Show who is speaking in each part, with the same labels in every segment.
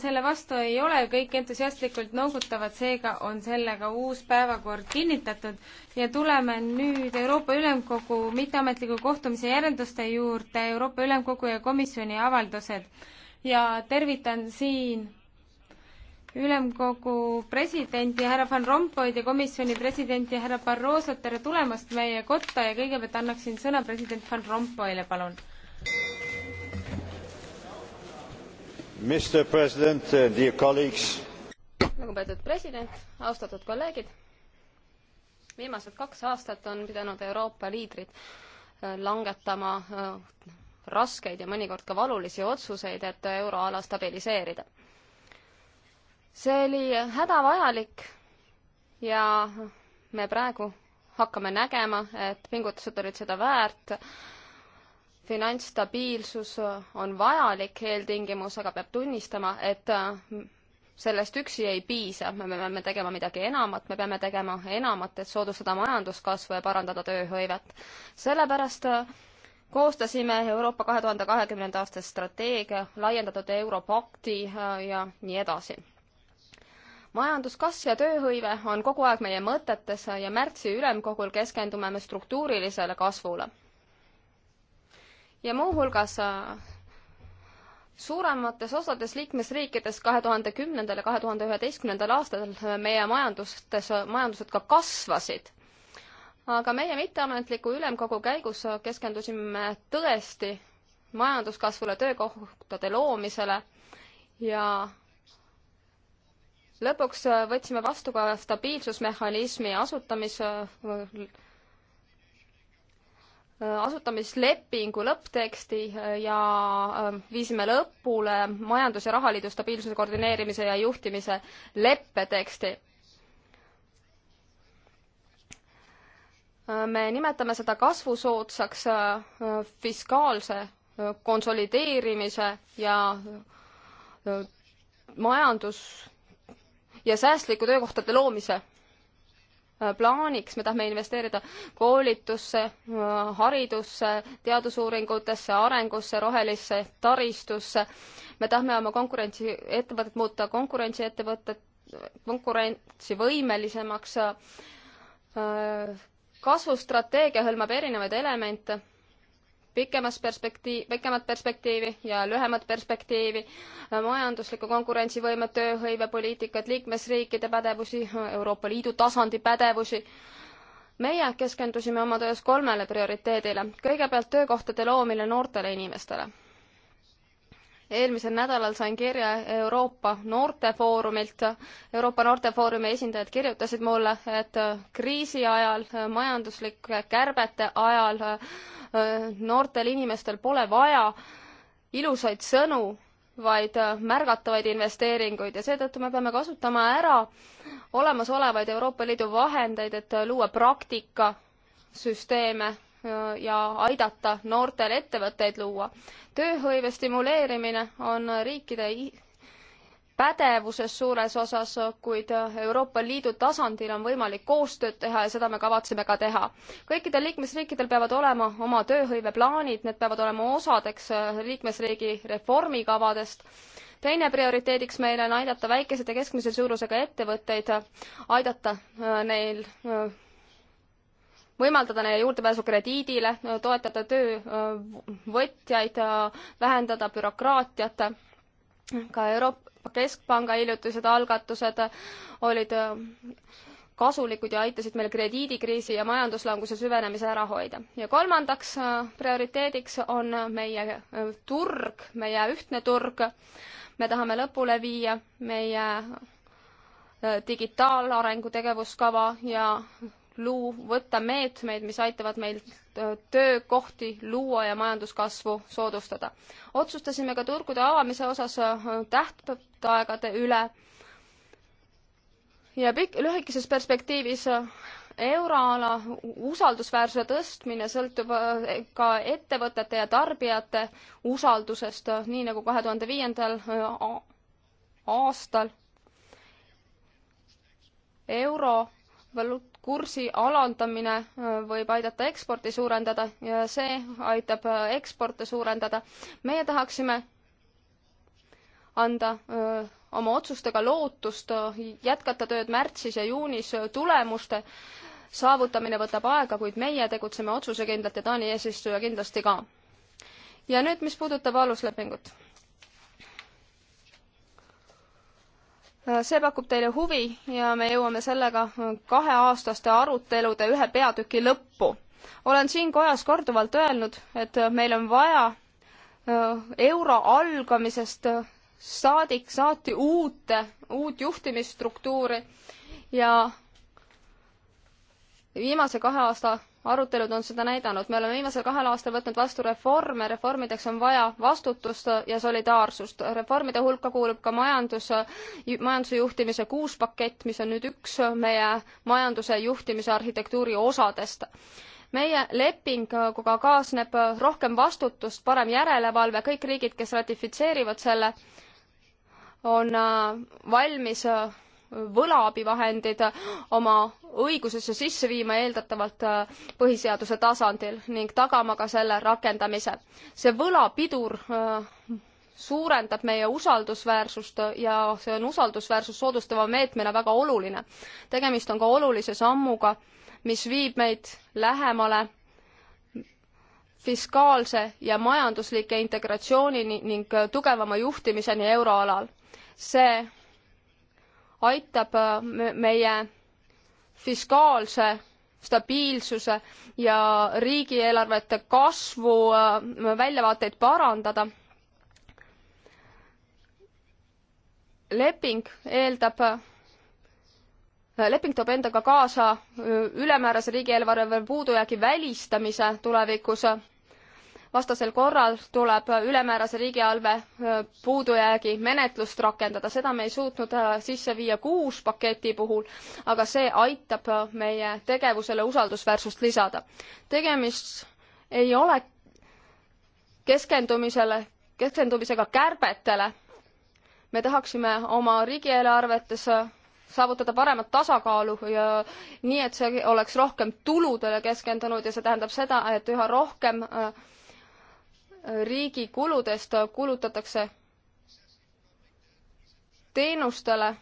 Speaker 1: selle vastu ei ole, kõik entusiastlikult noogutavad, seega on sellega uus päevakord kinnitatud ja tuleme nüüd Euroopa Ülemkogu mitteametliku kohtumise järelduste juurde, Euroopa Ülemkogu ja komisjoni avaldused. ja tervitan siin ülemkogu presidenti härra Van Rompuyd ja komisjoni presidenti härra Barrosot, tere tulemast meie kotta ja kõigepealt annaksin sõna president Van Rompuyle, palun Uh,
Speaker 2: lugupeetud president austatud kolleegid viimased kaks aastat on pidanud euroopa liidrid äh, langetama äh, raskeid ja mõnikord ka valulisi otsuseid et euroala stabiliseerida see oli hädavajalik ja me praegu hakkame nägema et pingutused olid seda väärt finantsstabiilsus on vajalik eeltingimus, aga peab tunnistama, et äh, sellest üksi ei piisa, me peame tegema midagi enamat, me peame tegema enamat, et soodustada majanduskasvu ja parandada tööhõivet. sellepärast äh, koostasime Euroopa kahe tuhande kahekümnenda aasta strateegia, laiendatud Europakti äh, ja nii edasi majanduskasv ja tööhõive on kogu aeg meie mõtetes ja märtsi ülemkogul keskendume me struktuurilisele kasvule ja muuhulgas äh, suuremates osades liikmesriikides kahe tuhande kümnendal ja kahe tuhande üheteistkümnendal aastal äh, meie majandustes, äh, majandused ka kasvasid. aga meie mitteametliku ülemkogu käigus keskendusime tõesti majanduskasvule, töökohtade loomisele ja lõpuks võtsime vastu ka stabiilsusmehhanismi asutamise asutamislepingu lõppteksti äh, ja ähm, viisime lõpule Majandus- ja Rahaliidu stabiilsuse koordineerimise ja juhtimise leppeteksti. Äh, me nimetame seda kasvusoodsaks äh, fiskaalse konsolideerimise ja majandus- ja säästliku töökohtade loomise plaaniks, me tahame investeerida koolitusse, haridusse, teadusuuringutesse, arengusse, rohelisse taristusse. me tahame oma konkurentsi, ettevõtet muuta konkurentsiettevõtet, konkurentsivõimelisemaks. kasvustrateegia hõlmab erinevaid elemente pikemas perspektiiv, pikemat perspektiivi ja lühemat perspektiivi, majanduslikku konkurentsivõimet, tööhõivepoliitikat, liikmesriikide pädevusi, Euroopa Liidu tasandi pädevusi. meie keskendusime oma töös kolmele prioriteedile. kõigepealt töökohtade loomine noortele inimestele eelmisel nädalal sain kirja Euroopa Noortefoorumilt. Euroopa Noortefoorumi esindajad kirjutasid mulle, et kriisi ajal, majanduslike kärbete ajal äh, noortel inimestel pole vaja ilusaid sõnu, vaid äh, märgatavaid investeeringuid ja seetõttu me peame kasutama ära olemasolevaid Euroopa Liidu vahendeid, et äh, luua praktikasüsteeme ja aidata noortel ettevõtteid luua. tööhõive stimuleerimine on riikide pädevuses suures osas, kuid Euroopa Liidu tasandil on võimalik koostööd teha ja seda me kavatseme ka teha. kõikidel liikmesriikidel peavad olema oma tööhõiveplaanid, need peavad olema osadeks liikmesriigi reformikavadest. teine prioriteediks meile on aidata väikesed ja keskmise suurusega ettevõtteid, aidata äh, neil äh, võimaldada neile juurdepääsu krediidile, toetada töövõtjaid, vähendada bürokraatiat. ka Euroopa Keskpanga hiljutised algatused olid kasulikud ja aitasid meil krediidikriisi ja majanduslanguse süvenemise ära hoida. ja kolmandaks prioriteediks on meie turg, meie ühtne turg. me tahame lõpule viia meie digitaalarengu tegevuskava ja luu-, võtta meetmeid, mis aitavad meil töökohti luua ja majanduskasvu soodustada. otsustasime ka turgude avamise osas tähtaegade üle ja pikk, lühikeses perspektiivis euroala usaldusväärsuse tõstmine sõltub ka ettevõtete ja tarbijate usaldusest, nii nagu kahe tuhande viiendal aastal euro valuut-, kursi alandamine äh, võib aidata eksporti suurendada ja see aitab äh, eksporte suurendada. meie tahaksime anda öö, äh, oma otsustega lootust jätkata tööd märtsis ja juunis tulemuste saavutamine võtab aega, kuid meie tegutseme otsusekindlalt ja Taani eesistuja kindlasti ka. ja nüüd, mis puudutab aluslepingut see pakub teile huvi ja me jõuame sellega kaheaastaste arutelude ühe peatüki lõppu. olen siin kojas korduvalt öelnud, et meil on vaja euro algamisest saadik saati uute, uut juhtimisstruktuuri ja viimase kahe aasta arutelud on seda näidanud, me oleme viimasel kahel aastal võtnud vastu reforme, reformideks on vaja vastutust ja solidaarsust. reformide hulka kuulub ka majandus, majanduse juhtimise kuus pakett, mis on nüüd üks meie majanduse juhtimise arhitektuuri osadest meie lepinguga kaasneb rohkem vastutust, parem järelevalve, kõik riigid, kes ratifitseerivad selle, on valmis võlaabivahendid oma õigusesse sisse viima eeldatavalt äh, põhiseaduse tasandil ning tagama ka selle rakendamise. see võlapidur äh, suurendab meie usaldusväärsust ja see on usaldusväärsust soodustava meetmena väga oluline. tegemist on ka olulise sammuga, mis viib meid lähemale fiskaalse ja majanduslike integratsioonini ning tugevama juhtimiseni euroalal. see aitab äh, meie fiskaalse stabiilsuse ja riigieelarvete kasvu äh, väljavaateid parandada. leping eeldab äh, leping toob endaga kaasa ülemäärase riigieelarve puudujäägi välistamise tulevikus vastasel korral tuleb ülemäärase riigialve puudujäägi menetlust rakendada, seda me ei suutnud sisse viia kuus paketi puhul, aga see aitab meie tegevusele usaldusväärsust lisada. tegemist ei ole keskendumisele, keskendumisega kärbetele. me tahaksime oma riigieelarvetes saavutada paremat tasakaalu ja nii, et see oleks rohkem tuludele keskendunud ja see tähendab seda, et üha rohkem äh, riigi kuludest kulutatakse teenustele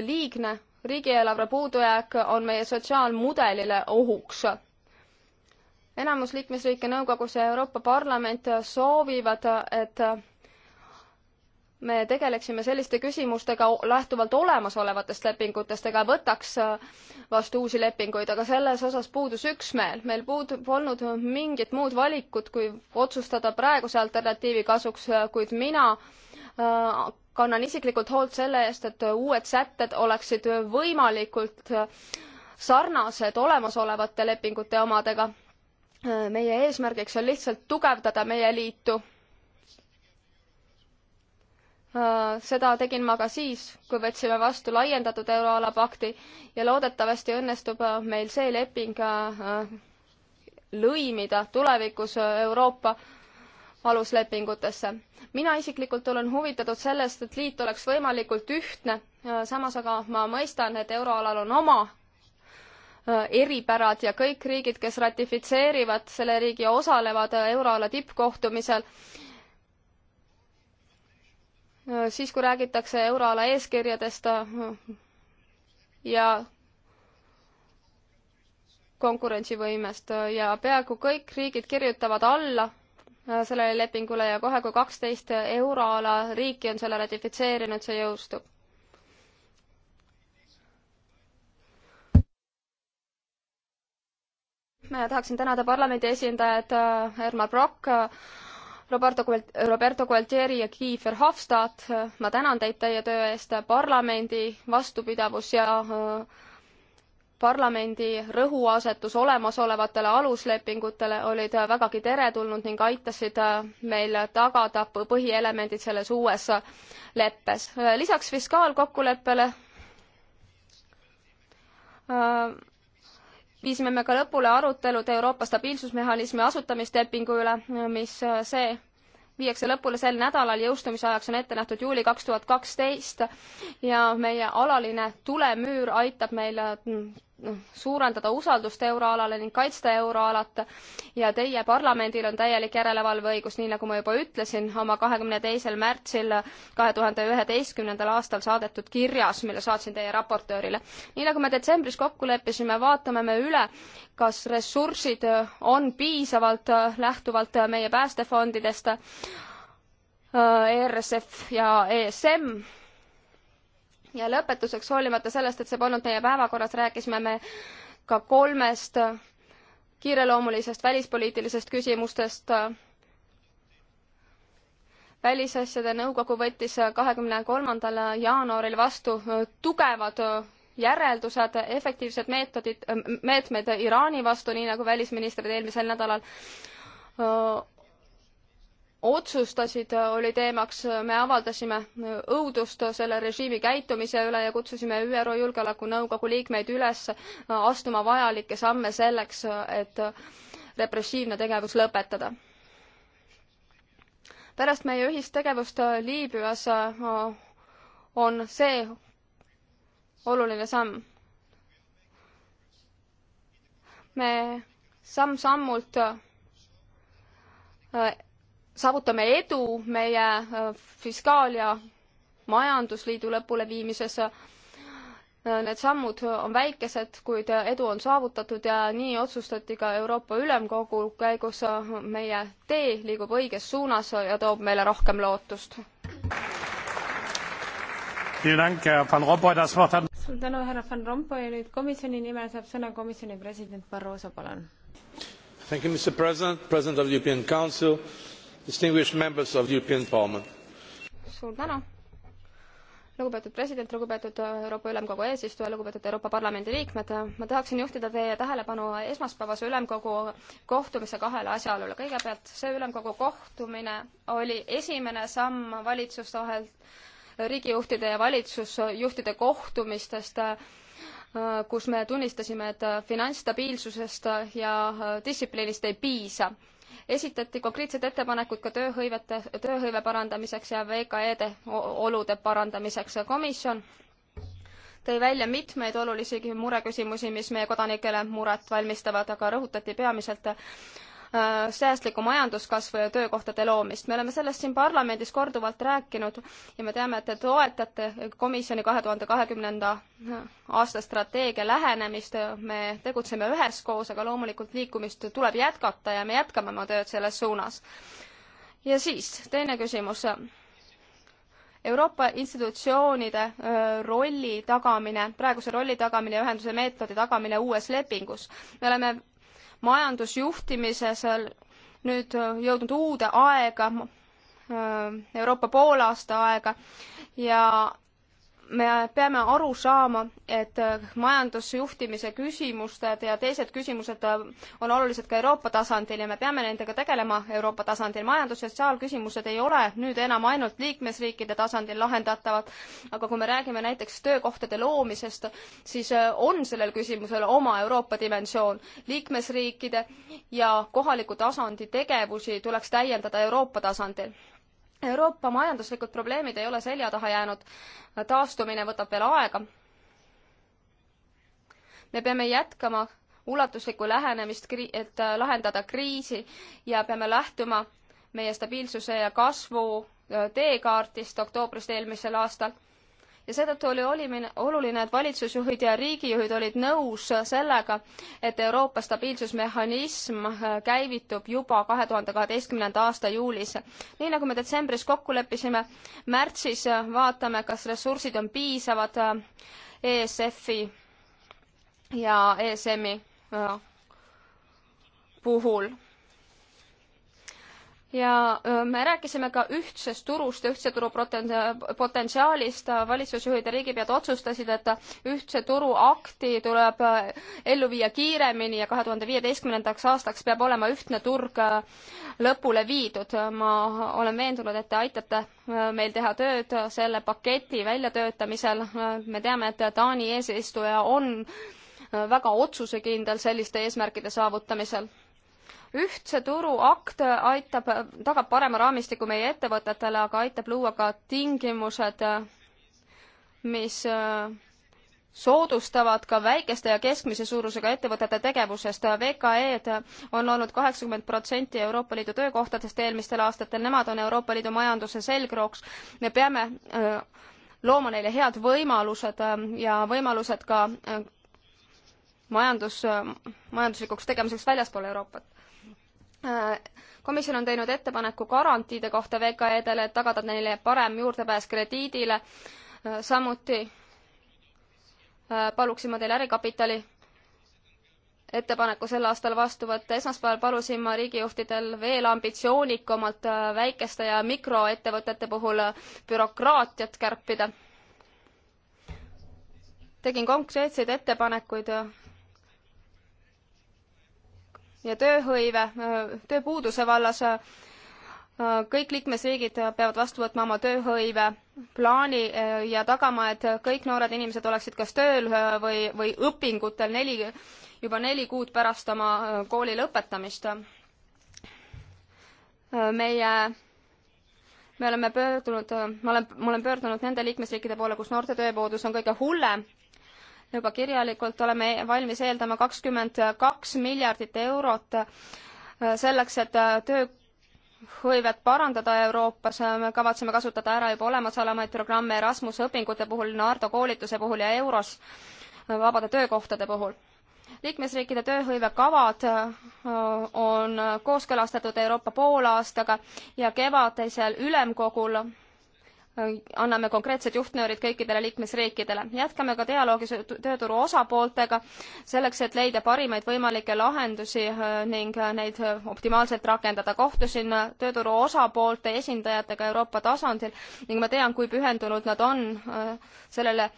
Speaker 2: liigne riigieelarve puudujääk on meie sotsiaalmudelile ohuks. enamus liikmesriike nõukogus ja Euroopa Parlament soovivad, et me tegeleksime selliste küsimustega lähtuvalt olemasolevatest lepingutest ega võtaks äh, vastu uusi lepinguid, aga selles osas puudus üksmeel. meil puud-, polnud mingit muud valikut, kui otsustada praeguse alternatiivi kasuks, äh, kuid mina äh, kannan isiklikult hoolt selle eest, et uued sätted oleksid võimalikult äh, sarnased olemasolevate lepingute omadega. meie eesmärgiks on lihtsalt tugevdada meie liitu Äh, seda tegin ma ka siis, kui võtsime vastu laiendatud euroala pakti ja loodetavasti õnnestub äh, meil see leping äh, lõimida tulevikus Euroopa aluslepingutesse. mina isiklikult olen huvitatud sellest, et liit oleks võimalikult ühtne, samas aga ma mõistan, et euroalal on oma eripärad ja kõik riigid, kes ratifitseerivad selle riigi, osalevad euroala tippkohtumisel äh, siis, kui räägitakse euroala eeskirjadest äh, ja konkurentsivõimest äh, ja peaaegu kõik riigid kirjutavad alla äh, sellele lepingule ja kohe, kui kaksteist euroala riiki on selle ratifitseerinud, see jõustub. ma tahaksin tänada parlamendi esindajat Elmar Brokk Roberto Gualt-, Roberto Gualtieri ja Kiefer Hofstadt, ma tänan teid teie töö eest, parlamendi vastupidavus ja äh, parlamendi rõhuasetus olemasolevatele aluslepingutele olid vägagi teretulnud ning aitasid äh, meil tagada põhielemendid selles uues leppes. Äh, lisaks fiskaalkokkuleppele viisime me ka lõpule arutelud Euroopa stabiilsusmehhanismi asutamislepingu üle, mis äh, see viiakse lõpule sel nädalal, jõustumise ajaks on ette nähtud juuli kaks tuhat kaksteist ja meie alaline tulemüür aitab meil äh, Noh, suurendada usaldust euroalale ning kaitsta euroalat ja teie parlamendil on täielik järelevalveõigus, nii nagu ma juba ütlesin oma kahekümne teisel märtsil kahe tuhande üheteistkümnendal aastal saadetud kirjas, mille saatsin teie raportöörile. nii nagu me detsembris kokku leppisime, vaatame me üle, kas ressursid on piisavalt lähtuvalt meie päästefondidest, ERSF ja ESM ja lõpetuseks, hoolimata sellest, et see polnud meie päevakorras, rääkisime me ka kolmest kiireloomulisest välispoliitilisest küsimustest. välisasjade nõukogu võttis kahekümne kolmandal jaanuaril vastu tugevad järeldused, efektiivsed meetodid, meetmed Iraani vastu, nii nagu välisministrid eelmisel nädalal otsustasid, äh, oli teemaks, äh, me avaldasime äh, õudust selle režiimi käitumise üle ja kutsusime ÜRO Julgeolekunõukogu liikmeid üles astuma vajalikke samme selleks, et repressiivne tegevus lõpetada. pärast meie ühist tegevust Liibüas on see oluline samm. me samm-sammult saavutame edu meie äh, fiskaal- ja majandusliidu lõpuleviimises. Äh, need sammud on väikesed, kuid äh, edu on saavutatud ja nii otsustati ka Euroopa Ülemkogu käigus. meie tee liigub õiges suunas ja toob meile rohkem lootust.
Speaker 1: suur tänu, härra Van Rompuy, nüüd komisjoni nimel saab sõna komisjoni president Barroso, palun.
Speaker 3: President, president of the European Council distinguished members of the European Parliament.
Speaker 1: suur tänu,
Speaker 2: lugupeetud president, lugupeetud äh, Euroopa Ülemkogu eesistuja, lugupeetud Euroopa Parlamendi liikmed. Äh, ma tahaksin juhtida teie tähelepanu esmaspäevase ülemkogu kohtumise kahele asjaolule. kõigepealt see ülemkogu kohtumine oli esimene samm valitsuste vahel, äh, riigijuhtide ja valitsusjuhtide kohtumistest kus me tunnistasime, et finantsstabiilsusest ja distsipliinist ei piisa esitati konkreetseid ettepanekuid ka tööhõivete, tööhõive parandamiseks ja VKE-de olude parandamiseks. komisjon tõi välja mitmeid olulisi mureküsimusi, mis meie kodanikele muret valmistavad, aga rõhutati peamiselt Äh, säästlikku majanduskasvu ja töökohtade loomist. me oleme sellest siin parlamendis korduvalt rääkinud ja me teame, et te toetate komisjoni kahe tuhande kahekümnenda aasta strateegia lähenemist, me tegutseme üheskoos, aga loomulikult liikumist tuleb jätkata ja me jätkame oma tööd selles suunas. ja siis teine küsimus. Euroopa institutsioonide äh, rolli tagamine, praeguse rolli tagamine ja ühenduse meetodi tagamine uues lepingus. me oleme majandusjuhtimises nüüd äh, jõudnud uude aega, äh, Euroopa poolaasta aega ja me peame aru saama, et äh, majandusjuhtimise küsimused ja teised küsimused äh, on olulised ka Euroopa tasandil ja me peame nendega tegelema Euroopa tasandil. majandus- ja sotsiaalküsimused ei ole nüüd enam ainult liikmesriikide tasandil lahendatavad, aga kui me räägime näiteks töökohtade loomisest, siis äh, on sellel küsimusel oma Euroopa dimensioon. liikmesriikide ja kohaliku tasandi tegevusi tuleks täiendada Euroopa tasandil Euroopa majanduslikud probleemid ei ole selja taha jäänud, taastumine võtab veel aega. me peame jätkama ulatuslikku lähenemist, et äh, lahendada kriisi ja peame lähtuma meie stabiilsuse ja kasvu äh, teekaardist oktoobrist eelmisel aastal ja seetõttu oli olimine, oluline, et valitsusjuhid ja riigijuhid olid nõus sellega, et Euroopa stabiilsusmehhanism äh, käivitub juba kahe tuhande kaheteistkümnenda aasta juulis. nii nagu me detsembris kokku leppisime, märtsis äh, vaatame, kas ressursid on piisavad äh, ESF-i ja ESM-i puhul ja me rääkisime ka ühtsest turust ja ühtse turu potentsiaalist. valitsusjuhid ja riigipead otsustasid, et ühtse turu akti tuleb ellu viia kiiremini ja kahe tuhande viieteistkümnendaks aastaks peab olema ühtne turg lõpule viidud. ma olen veendunud, et te aitate meil teha tööd selle paketi väljatöötamisel. me teame, et Taani eesistuja on väga otsusekindel selliste eesmärkide saavutamisel ühtse turu akt aitab, tagab parema raamistiku meie ettevõtetele, aga aitab luua ka tingimused, mis äh, soodustavad ka väikeste ja keskmise suurusega ettevõtete tegevusest. VKE-d on olnud kaheksakümmend protsenti Euroopa Liidu töökohtadest eelmistel aastatel, nemad on Euroopa Liidu majanduse selgrooks. me peame äh, looma neile head võimalused äh, ja võimalused ka majandus, majanduslikuks tegemiseks väljaspool Euroopat komisjon on teinud ettepaneku garantiide kohta VKE-dele, et tagada neile parem juurdepääs krediidile. samuti äh, paluksin ma teile ärikapitali ettepaneku sel aastal vastu võtta. esmaspäeval palusin ma riigijuhtidel veel ambitsioonikamalt äh, väikeste ja mikroettevõtete puhul äh, bürokraatiat kärpida. tegin konkreetseid ettepanekuid ja tööhõive, tööpuuduse vallas äh, kõik liikmesriigid peavad vastu võtma oma tööhõive plaani äh, ja tagama, et kõik noored inimesed oleksid kas tööl äh, või, või õpingutel neli, juba neli kuud pärast oma kooli lõpetamist. meie, me oleme pöördunud, ma olen, ma olen pöördunud nende liikmesriikide poole, kus noorte tööpuudus on kõige hullem juba kirjalikult, oleme valmis eeldama kakskümmend kaks miljardit eurot äh, selleks, et äh, tööhõivet parandada Euroopas, äh, me kavatseme kasutada ära juba olemasolevaid programme Erasmus õpingute puhul, Nardo koolituse puhul ja Euros vabade töökohtade puhul liikmesriikide tööhõivekavad on kooskõlastatud Euroopa poolaastaga ja kevadisel ülemkogul anname konkreetsed juhtnöörid kõikidele liikmesriikidele. jätkame ka dialoogi tööturu osapooltega selleks, et leida parimaid võimalikke lahendusi äh, ning äh, neid äh, optimaalselt rakendada. kohtusin tööturu osapoolte esindajatega Euroopa tasandil ning ma tean, kui pühendunud nad on sellele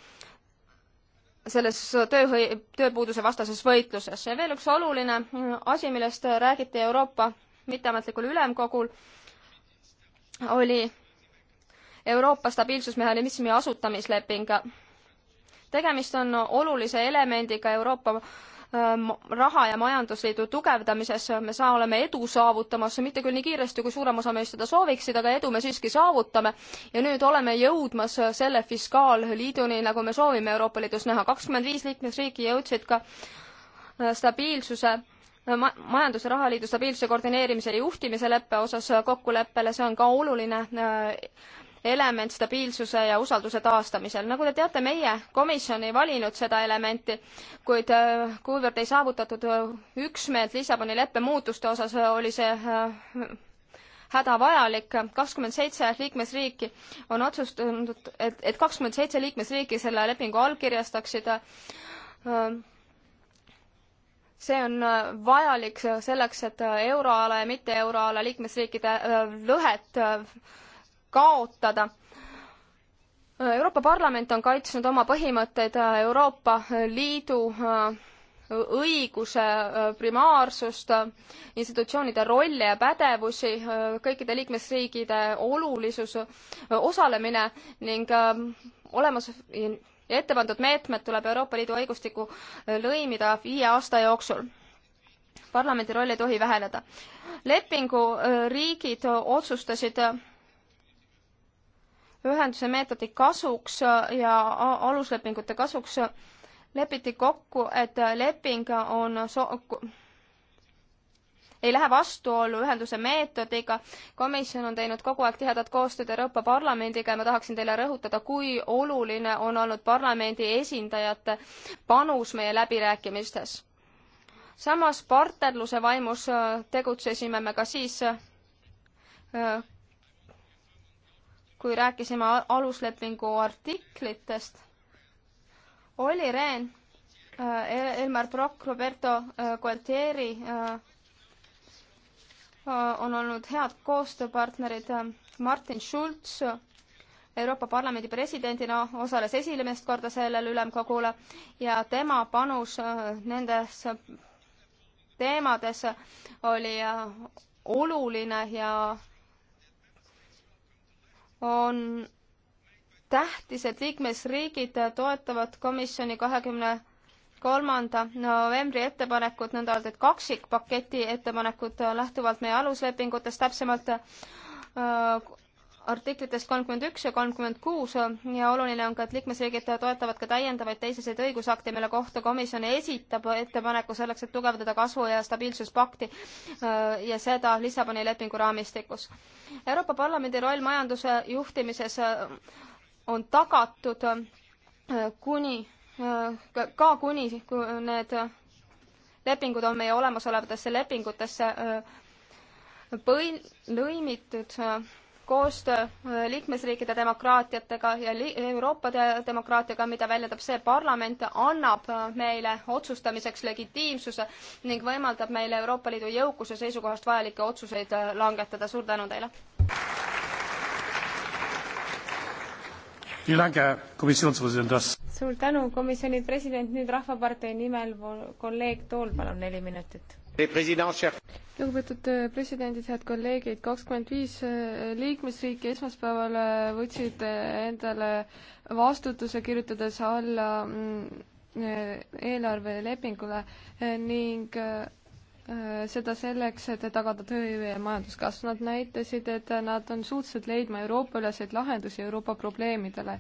Speaker 2: selles tööhõi-, tööpuuduse vastases võitluses. ja veel üks oluline mm, asi, millest räägiti Euroopa mitteametlikul ülemkogul, oli Euroopa stabiilsusmehhanismi asutamisleping. tegemist on olulise elemendiga Euroopa ähm, raha- ja majandusliidu tugevdamises me saa-, oleme edu saavutamas, mitte küll nii kiiresti, kui suurem osa meist seda sooviksid, aga edu me siiski saavutame. ja nüüd oleme jõudmas selle fiskaalliiduni, nagu me soovime Euroopa Liidus näha. kakskümmend viis liikmesriiki jõudsid ka äh, stabiilsuse äh, ma-, majandus- ja rahaliidu stabiilsuse koordineerimise ja juhtimise leppe osas kokkuleppele, see on ka oluline äh, element stabiilsuse ja usalduse taastamisel. nagu te teate, meie komisjon ei valinud seda elementi, kuid äh, kuivõrd ei saavutatud äh, üksmeelt Lissaboni leppe muutuste osas, äh, oli see hädavajalik, kakskümmend seitse liikmesriiki on otsustanud, et, et kakskümmend seitse liikmesriiki selle lepingu allkirjastaksid see on vajalik selleks, et euroala ja mitte euroala liikmesriikide lõhet kaotada. Euroopa Parlament on kaitsnud oma põhimõtteid Euroopa Liidu äh, õiguse äh, primaarsust, institutsioonide rolle ja pädevusi, äh, kõikide liikmesriigide olulisus, osalemine ning olemas ja ette pandud meetmed tuleb Euroopa Liidu õigustikku lõimida viie aasta jooksul. parlamendi roll ei tohi väheneda. lepinguriigid otsustasid ühenduse meetodi kasuks ja aluslepingute kasuks lepiti kokku, et leping on so-, ei lähe vastuollu ühenduse meetodiga. komisjon on teinud kogu aeg tihedat koostööd Euroopa Parlamendiga ja ma tahaksin teile rõhutada, kui oluline on olnud parlamendi esindajate panus meie läbirääkimistes. samas partnerluse vaimus tegutsesime me ka siis kui rääkisime aluslepingu artiklitest, oli Rehn, äh, e-, Elmar Brock, Roberto äh, Gualtieri äh, on olnud head koostööpartnerid, Martin Schulz Euroopa Parlamendi presidendina osales esimest korda sellel ülemkogul ja tema panus nendes teemades oli oluline ja on tähtis, et liikmesriigid toetavad komisjoni kahekümne kolmanda novembri ettepanekut, nõnda öeldud kaksikpaketi ettepanekut lähtuvalt meie aluslepingutest, täpsemalt äh, artiklitest kolmkümmend üks ja kolmkümmend kuus ja oluline on ka, et liikmesriigid toetavad ka täiendavaid teiseseid õigusakte, mille kohta komisjon esitab ettepaneku selleks, et tugevdada kasvu- ja stabiilsuspakti äh, ja seda Lissaboni lepingu raamistikus. Euroopa Parlamendi roll majanduse juhtimises äh, on tagatud äh, kuni, ka kuni need lepingud on meie olemasolevatesse lepingutesse põi-, lõimitud koostöö äh, liikmesriikide demokraatiatega ja li Euroopa demokraatiaga, mida väljendab see parlament, annab äh, meile otsustamiseks legitiimsuse ning võimaldab meile Euroopa Liidu jõukuse seisukohast vajalikke otsuseid äh, langetada.
Speaker 1: suur tänu teile! suur tänu, komisjoni president, nüüd Rahvapartei nimel kolleeg Tool, palun neli minutit lugupeetud äh, presidendid, head kolleegid,
Speaker 4: kakskümmend viis äh, liikmesriiki esmaspäeval äh, võtsid endale vastutuse kirjutades alla mm, eelarvelepingule ning Äh, seda selleks, et tagada tööhõive ja majanduskasv. Nad näitasid, et nad on suutsed leidma Euroopa-üleseid lahendusi Euroopa probleemidele.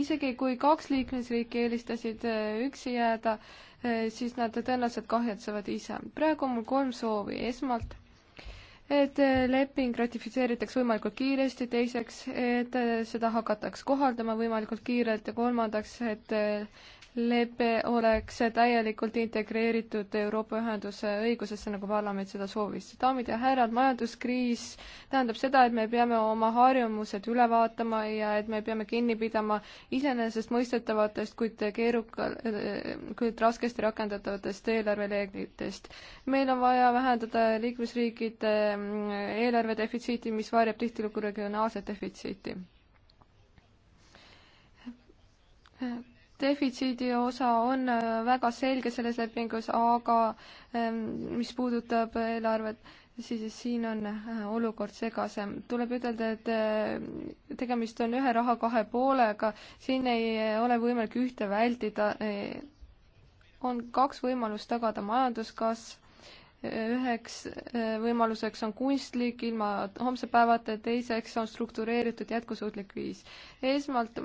Speaker 4: isegi kui kaks liikmesriiki eelistasid äh, üksi jääda, äh, siis nad tõenäoliselt kahjatsevad ise. praegu on mul kolm soovi. esmalt, et leping ratifitseeritaks võimalikult kiiresti, teiseks, et seda hakataks kohaldama võimalikult kiirelt ja kolmandaks, et lepe oleks täielikult integreeritud Euroopa Ühenduse õigusesse, nagu parlament seda soovis. daamid ja härrad, majanduskriis tähendab seda, et me peame oma harjumused üle vaatama ja et me peame kinni pidama iseenesestmõistetavatest, kuid keeruka, kuid raskesti rakendatavatest eelarvereeglitest. meil on vaja vähendada liikmesriikide mm, eelarvedefitsiiti, mis varjab tihtilugu regionaalset defitsiiti defitsiidi osa on äh, väga selge selles lepingus, aga ähm, mis puudutab eelarvet, siis siin on äh, olukord segasem. tuleb ütelda, et äh, tegemist on ühe raha kahe poolega, siin ei ole võimalik ühte vältida. on kaks võimalust tagada majanduskasv, üheks võimaluseks on kunstlik ilma homse päevata, teiseks on struktureeritud jätkusuutlik viis. esmalt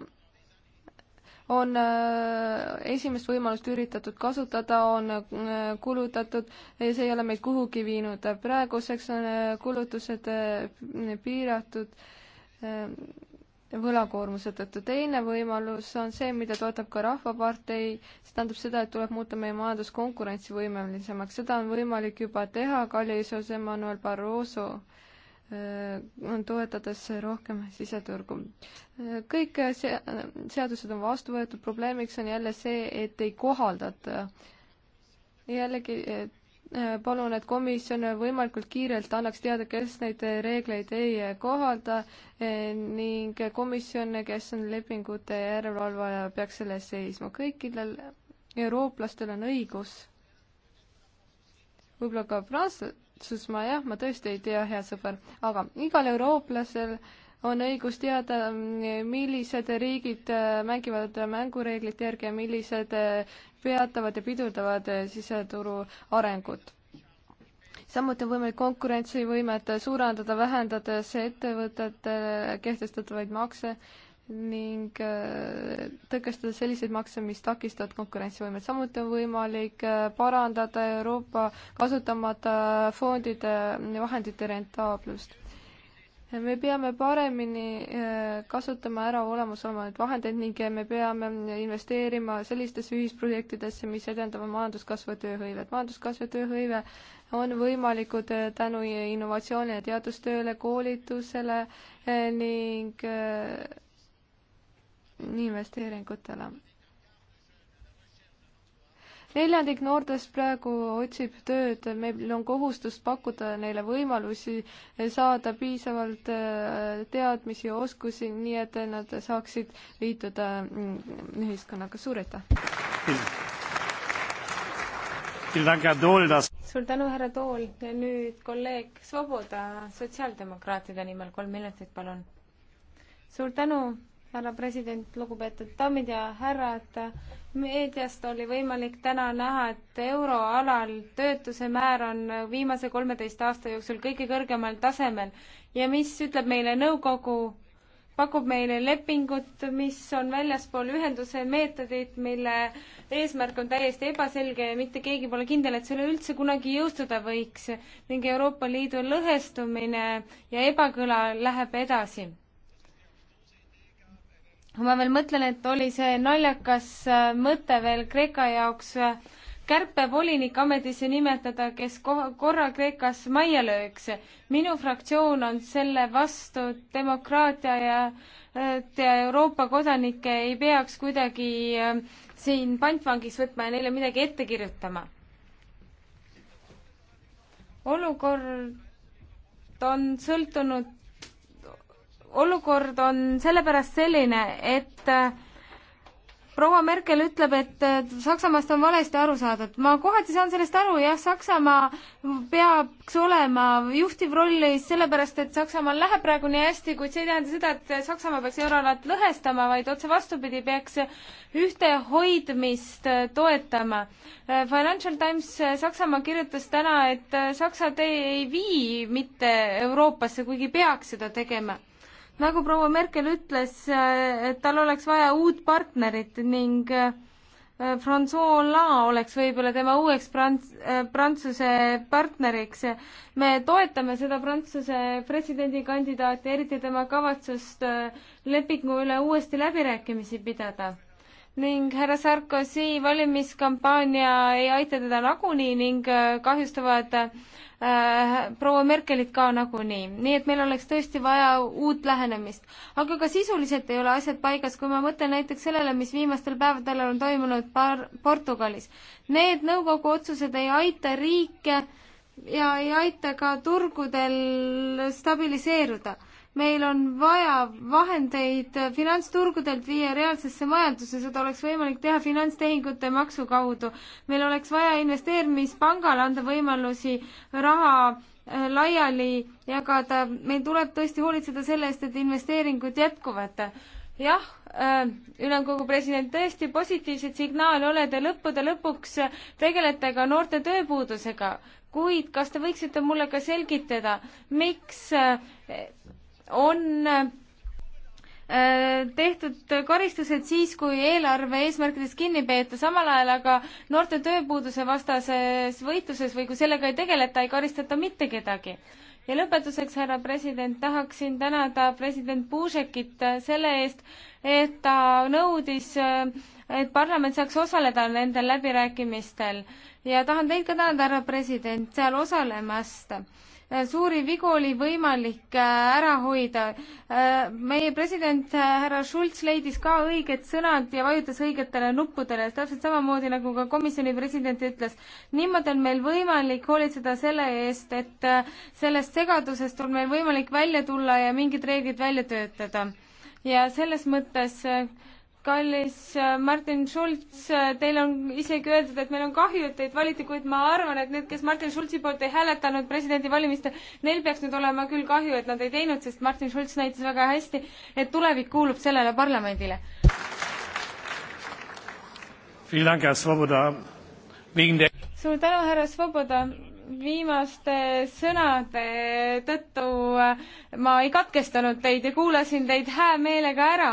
Speaker 4: on äh, esimest võimalust üritatud kasutada, on äh, kulutatud ja see ei ole meid kuhugi viinud. praeguseks on äh, kulutused piiratud võlakoormuse tõttu. teine võimalus on see, mida toetab ka Rahvapartei, see tähendab seda, et tuleb muuta meie majandus konkurentsivõimelisemaks, seda on võimalik juba teha, kallis Jose Manuel Barroso Äh, toetades rohkem siseturgu. Äh, kõik se-, seadused on vastu võetud, probleemiks on jälle see, et ei kohaldata. jällegi äh, palun, et komisjon võimalikult kiirelt annaks teada, kes neid reegleid ei kohalda ning komisjon, kes on lepingute järelevalvaja, peaks selle eest seisma. kõikidel eurooplastel on õigus, võib-olla ka prantslastel, Prantsusmaa, jah, ma tõesti ei tea, hea sõber, aga igal eurooplasel on õigus teada, millised riigid äh, mängivad mängureeglite järgi ja millised äh, peatavad ja pidurdavad äh, siseturu arengut. samuti on võimalik konkurentsivõimet suurendada, vähendades ettevõtetele kehtestatavaid makse ning äh, tõkestada selliseid makse, mis takistavad konkurentsivõimet. samuti on võimalik äh, parandada Euroopa kasutamata fondide vahendite rentaablust. me peame paremini äh, kasutama ära olemasolevaid vahendeid ning me peame investeerima sellistesse ühisprojektidesse, mis edendavad majanduskasvu ja tööhõivet. majanduskasv ja tööhõive on võimalikud tänu innovatsioonile, teadustööle, koolitusele ning investeeringutele. neljandik noortest praegu otsib tööd, meil on kohustus pakkuda neile võimalusi saada piisavalt äh, teadmisi ja oskusi, nii et nad saaksid liituda mm, ühiskonnaga. suur aitäh!
Speaker 1: suur tänu, härra Tool. nüüd kolleeg Svoboda sotsiaaldemokraatide nimel, kolm minutit, palun. suur tänu, härra president, lugupeetud daamid ja härrad. meediast oli võimalik täna näha, et euroalal töötuse määr on viimase kolmeteist aasta jooksul kõige kõrgemal tasemel ja mis ütleb meile nõukogu, pakub meile lepingut, mis on väljaspool ühenduse meetodit, mille eesmärk on täiesti ebaselge ja mitte keegi pole kindel, et see üleüldse kunagi jõustuda võiks ning Euroopa Liidu lõhestumine ja ebakõla läheb edasi ma veel mõtlen, et oli see naljakas äh, mõte veel Kreeka jaoks äh, kärpevolinik ametisse nimetada, kes korra Kreekas majja lööks. minu fraktsioon on selle vastu, demokraatia ja, äh, ja Euroopa kodanikke ei peaks kuidagi siin pantvangis võtma ja neile midagi ette kirjutama. olukord on sõltunud olukord on sellepärast selline, et äh, proua Merkel ütleb, et äh, Saksamaast on valesti aru saadud. ma kohati saan sellest aru, jah, Saksamaa peaks olema juhtiv rollis, sellepärast et Saksamaal läheb praegu nii hästi, kuid see ei tähenda seda, et Saksamaa peaks euroalat lõhestama, vaid otse vastupidi, peaks ühtehoidmist äh, toetama. Financial Times Saksamaa kirjutas täna, et Saksa tee ei vii mitte Euroopasse, kuigi peaks seda tegema nagu proua Merkel ütles, äh, et tal oleks vaja uut partnerit ning äh, Francois Hollande oleks võib-olla tema uueks prants-, äh, Prantsuse partneriks. me toetame seda Prantsuse presidendikandidaati, eriti tema kavatsust lepingu üle uuesti läbirääkimisi pidada ning härra Sarkozy valimiskampaania ei aita teda nagunii ning äh, kahjustavad äh, proua Merkelit ka nagunii, nii et meil oleks tõesti vaja uut lähenemist. aga ka sisuliselt ei ole asjad paigas, kui ma mõtlen näiteks sellele, mis viimastel päevadel on toimunud par-, Portugalis. Need nõukogu otsused ei aita riike ja ei aita ka turgudel stabiliseeruda meil on vaja vahendeid finantsturgudelt viia reaalsesse majandusse, seda oleks võimalik teha finantstehingute maksu kaudu. meil oleks vaja investeerimispangale anda võimalusi raha äh, laiali jagada, meil tuleb tõesti hoolitseda selle eest, et investeeringud jätkuvad. jah, äh, ülemkogu president, tõesti positiivseid signaale olete, lõppude lõpuks tegelete ka noorte tööpuudusega, kuid kas te võiksite mulle ka selgitada, miks äh, on äh, tehtud karistused siis, kui eelarve eesmärkidest kinni peeta, samal ajal aga noorte tööpuuduse vastases võitluses või kui sellega ei tegeleta, ei karistata mitte kedagi. ja lõpetuseks, härra president, tahaksin tänada president Puusekit selle eest, et ta nõudis, et parlament saaks osaleda nendel läbirääkimistel ja tahan teid ka tänada, härra president, seal osalemast suuri vigu oli võimalik äh, ära hoida. Äh, meie president äh, härra Schulz leidis ka õiged sõnad ja vajutas õigetele nuppudele, täpselt samamoodi nagu ka komisjoni president ütles. niimoodi on meil võimalik hoolitseda selle eest, et sellest segadusest on meil võimalik välja tulla ja mingid reeglid välja töötada. ja selles mõttes kallis äh, Martin Schulz, äh, teil on isegi öeldud, et meil on kahju, et teid valiti, kuid ma arvan, et need, kes Martin Schulzi poolt ei hääletanud presidendivalimistel, neil peaks nüüd olema küll kahju, et nad ei teinud, sest Martin Schulz näitas väga hästi, et tulevik kuulub sellele parlamendile. suur tänu, härra Svoboda viimaste sõnade tõttu äh, ma ei katkestanud teid ja kuulasin teid hää meelega ära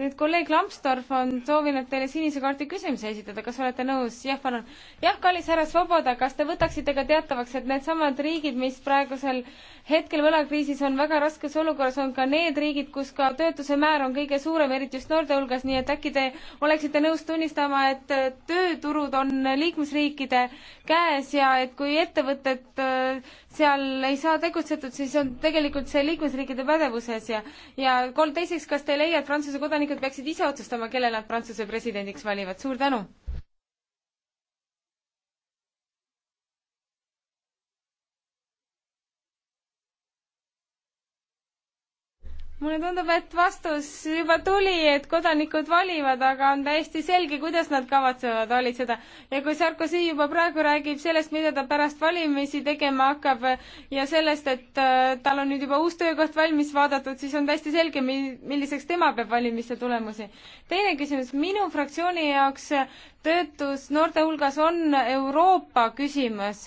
Speaker 1: nüüd kolleeg Lambsdorff on soovinud teile sinise kaardi küsimuse esitada, kas olete nõus? jah, palun. jah, kallis härra Svoboda, kas te võtaksite ka teatavaks, et needsamad riigid, mis praegusel hetkel võlakriisis on väga raskes olukorras, on ka need riigid, kus ka töötuse määr on kõige suurem, eriti just noorte hulgas, nii et äkki te oleksite nõus tunnistama, et äh, tööturud on liikmesriikide käes ja et kui ettevõtted äh, seal ei saa tegutsetud, siis on tegelikult see liikmesriikide pädevuses ja ja kolm teiseks, kas te ei leia, et Prantsuse kodanikud peaksid ise otsustama, kelle nad Prantsuse presidendiks valivad? suur tänu! mulle tundub, et vastus juba tuli, et kodanikud valivad, aga on täiesti selge, kuidas nad kavatsevad valitseda. ja kui Sarkozy juba praegu räägib sellest, mida ta pärast valimisi tegema hakkab ja sellest, et äh, tal on nüüd juba uus töökoht valmis vaadatud, siis on täiesti selge, milliseks tema peab valimiste tulemusi. teine küsimus, minu fraktsiooni jaoks töötus noorte hulgas on Euroopa küsimus.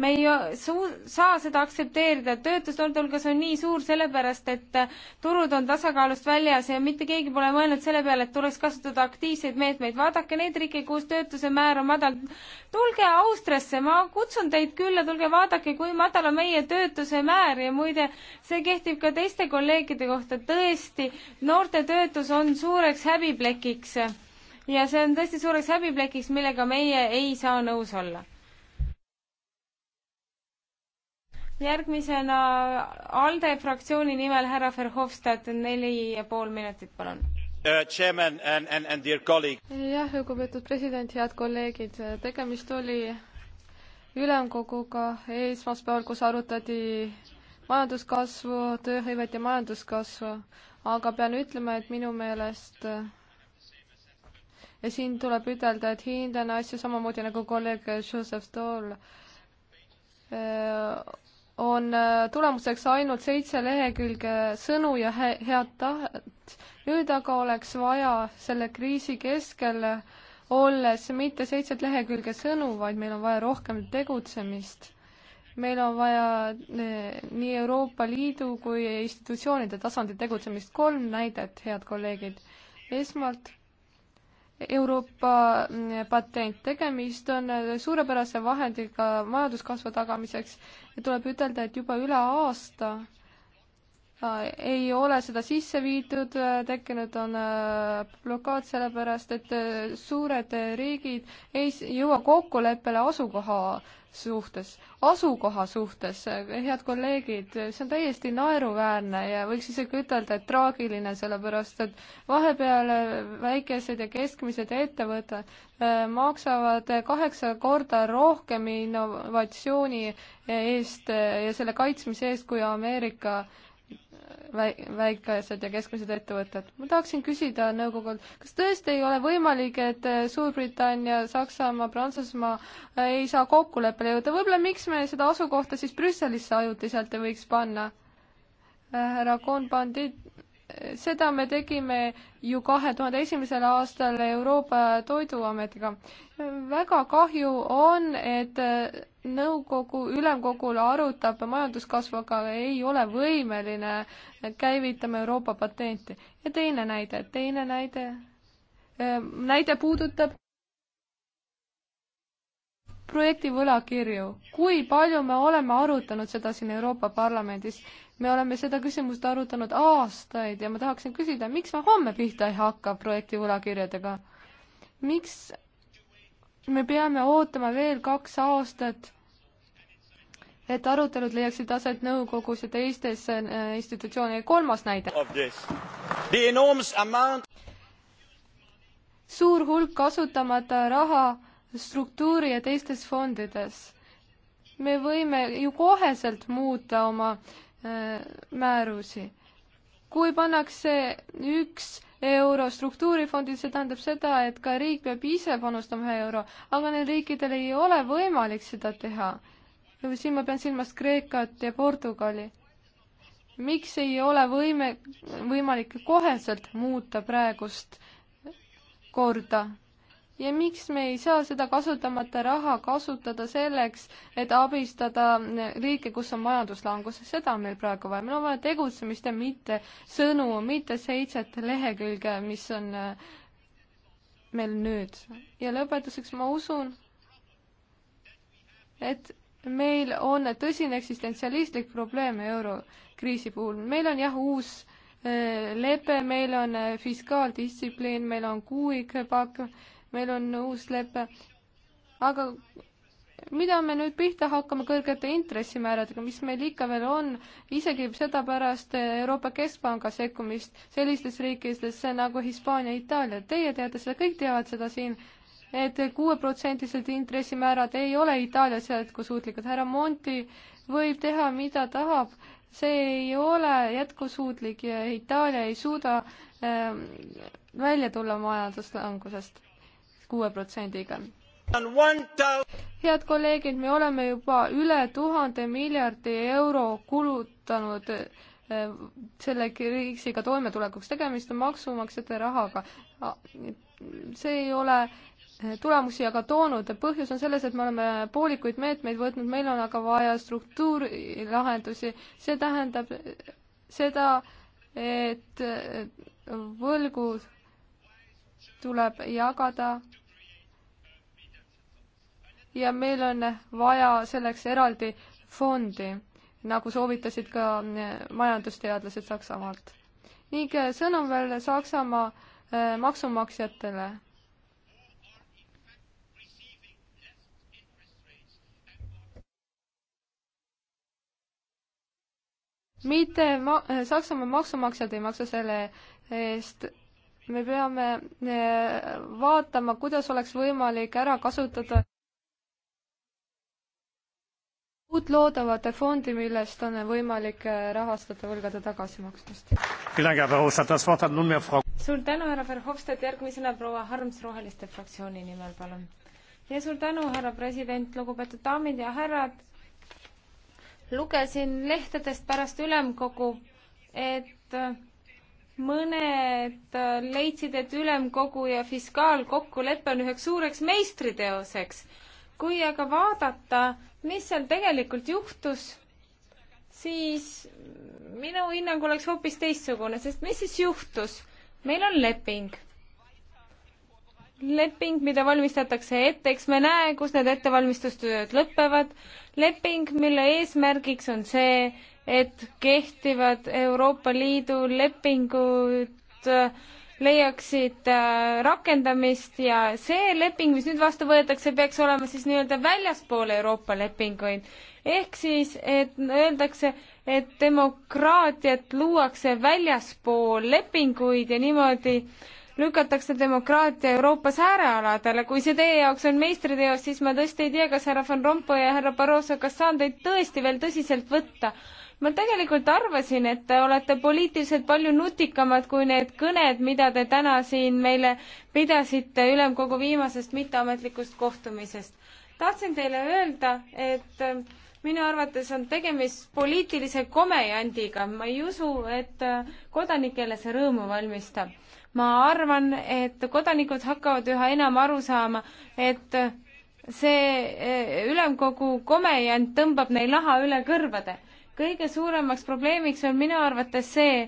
Speaker 1: me ei suu-, saa seda aktsepteerida, töötus noorte hulgas on nii suur sellepärast, et turu turud on tasakaalust väljas ja mitte keegi pole mõelnud selle peale, et tuleks kasutada aktiivseid meetmeid. vaadake neid riike, kus töötuse määr on madal. tulge Austriasse, ma kutsun teid külla, tulge vaadake, kui madal on meie töötuse määr ja muide, see kehtib ka teiste kolleegide kohta. tõesti, noorte töötus on suureks häbiplekiks ja see on tõesti suureks häbiplekiks, millega meie ei saa nõus olla järgmisena ALDE fraktsiooni nimel härra Verhofstadt, neli ja pool minutit, palun.
Speaker 3: Uh,
Speaker 1: jah, lugupeetud president, head kolleegid, tegemist oli
Speaker 4: ülemkoguga esmaspäeval, kus arutati majanduskasvu, tööhõivet ja majanduskasvu, aga pean ütlema, et minu meelest ja siin tuleb ütelda, et hindan asju samamoodi nagu kolleeg Joseph Toll on äh, tulemuseks ainult seitse lehekülge sõnu ja he head tahet. nüüd aga oleks vaja selle kriisi keskel olles mitte seitset lehekülge sõnu, vaid meil on vaja rohkem tegutsemist. meil on vaja äh, nii Euroopa Liidu kui institutsioonide tasandil tegutsemist. kolm näidet, head kolleegid. esmalt Euroopa mm, patent, tegemist on äh, suurepärase vahendiga majanduskasvu tagamiseks tuleb ütelda, et juba üle aasta Äh, ei ole seda sisse viidud, äh, tekkinud on äh, blokaad sellepärast, et suured riigid ei jõua kokkuleppele asukoha suhtes, asukoha suhtes, head kolleegid, see on täiesti naeruväärne ja võiks isegi ütelda, et traagiline, sellepärast et vahepeal väikesed ja keskmised ettevõtted maksavad kaheksa korda rohkem innovatsiooni eest ja selle kaitsmise eest kui Ameerika äh, väikesed ja keskmised ettevõtted. ma tahaksin küsida nõukogult, kas tõesti ei ole võimalik, et eh, Suurbritannia, Saksamaa, Prantsusmaa eh, ei saa kokkuleppele jõuda, võib-olla miks me seda asukohta siis Brüsselisse ajutiselt ei võiks panna? Eh, härra Kohn-Bandit seda me tegime ju kahe tuhande esimesel aastal Euroopa Toiduametiga. väga kahju on, et nõukogu, ülemkogul arutab majanduskasvu, aga ei ole võimeline käivitama Euroopa patenti. ja teine näide, teine näide, e, näide puudutab projekti võlakirju. kui palju me oleme arutanud seda siin Euroopa Parlamendis? me oleme seda küsimust arutanud aastaid ja ma tahaksin küsida, miks me homme pihta ei hakka projekti võlakirjadega? miks me peame ootama veel kaks aastat, et arutelud leiaksid aset nõukogus ja teistes äh, institutsioonides. kolmas näide. suur hulk kasutamata raha struktuuri ja teistes fondides. me võime ju koheselt muuta oma äh, Äh, määrusi. kui pannakse üks euro struktuurifondi, see tähendab seda, et ka riik peab ise panustama ühe euro, aga neil riikidel ei ole võimalik seda teha. siin ma pean silmas Kreekat ja Portugali. miks ei ole võime, võimalik koheselt muuta praegust korda? ja miks me ei saa seda kasutamata raha kasutada selleks, et abistada riike, kus on majanduslangus, seda on meil praegu vaja, meil on vaja tegutsemist ja mitte sõnu, mitte seitset lehekülge, mis on äh, meil nüüd. ja lõpetuseks ma usun, et meil on tõsine eksistentsialistlik probleem eurokriisi puhul, meil on jah, uus äh, lepe, meil on äh, fiskaaldistsipliin, meil on kuuikpakk, meil on uus lepe, aga mida me nüüd pihta hakkame kõrgete intressimääradega, mis meil ikka veel on, isegi seda pärast Euroopa Keskpanga sekkumist sellistes riikides nagu Hispaania, Itaalia, teie teate seda, kõik teavad seda siin, et kuueprotsendised intressimäärad ei ole Itaalias jätkusuutlikud, härra Monti võib teha, mida tahab, see ei ole jätkusuutlik ja Itaalia ei suuda äh, välja tulla majanduslangusest kuue protsendiga. head kolleegid, me oleme juba üle tuhande miljardi euro kulutanud eh, selle kriisiga toimetulekuks, tegemist on maksumaksjate rahaga. see ei ole eh, tulemusi aga toonud, põhjus on selles, et me oleme poolikuid meetmeid võtnud, meil on aga vaja struktuurilahendusi, see tähendab eh, seda, et võlgu tuleb jagada ja meil on vaja selleks eraldi fondi, nagu soovitasid ka eh, majandusteadlased Saksamaalt. ning eh, sõnum veel Saksamaa eh, maksumaksjatele. mitte ma-, Saksamaa maksumaksjad ei maksa selle eest me peame vaatama, kuidas oleks võimalik ära kasutada uut loodavate fondi, millest on võimalik eh, rahastada võlgade
Speaker 1: tagasimaksmist. suur tänu, härra Verhofstadt, järgmisena proua Harms Roheliste fraktsiooni nimel, palun. ja suur tänu, härra president, lugupeetud daamid ja härrad. lugesin lehtedest pärast ülemkogu, et eh, mõned eh, leidsid, et ülemkogu ja fiskaalkokkulepe on üheks suureks meistriteoseks kui aga vaadata, mis seal tegelikult juhtus, siis minu hinnang oleks hoopis teistsugune, sest mis siis juhtus? meil on leping. leping, mida valmistatakse ette, eks me näe, kus need ettevalmistustööd lõpevad. leping, mille eesmärgiks on see, et kehtivad Euroopa Liidu lepingud äh, leiaksid äh, rakendamist ja see leping, mis nüüd vastu võetakse, peaks olema siis nii-öelda väljaspool Euroopa lepinguid. ehk siis, et öeldakse, et demokraatiat luuakse väljaspool lepinguid ja niimoodi lükatakse demokraatia Euroopas äärealadele. kui see teie jaoks on meistriteos, siis ma tõesti ei tea, kas härra Van Rompuy ja härra Barroso, kas saan teid tõesti veel tõsiselt võtta ma tegelikult arvasin, et te olete poliitiliselt palju nutikamad kui need kõned, mida te täna siin meile pidasite ülemkogu viimasest mitteametlikust kohtumisest. tahtsin teile öelda, et äh, minu arvates on tegemist poliitilise komejandiga, ma ei usu, et äh, kodanikele see rõõmu valmistab. ma arvan, et kodanikud hakkavad üha enam aru saama, et äh, see ülemkogu komejand tõmbab neil naha üle kõrvade kõige suuremaks probleemiks on minu arvates see,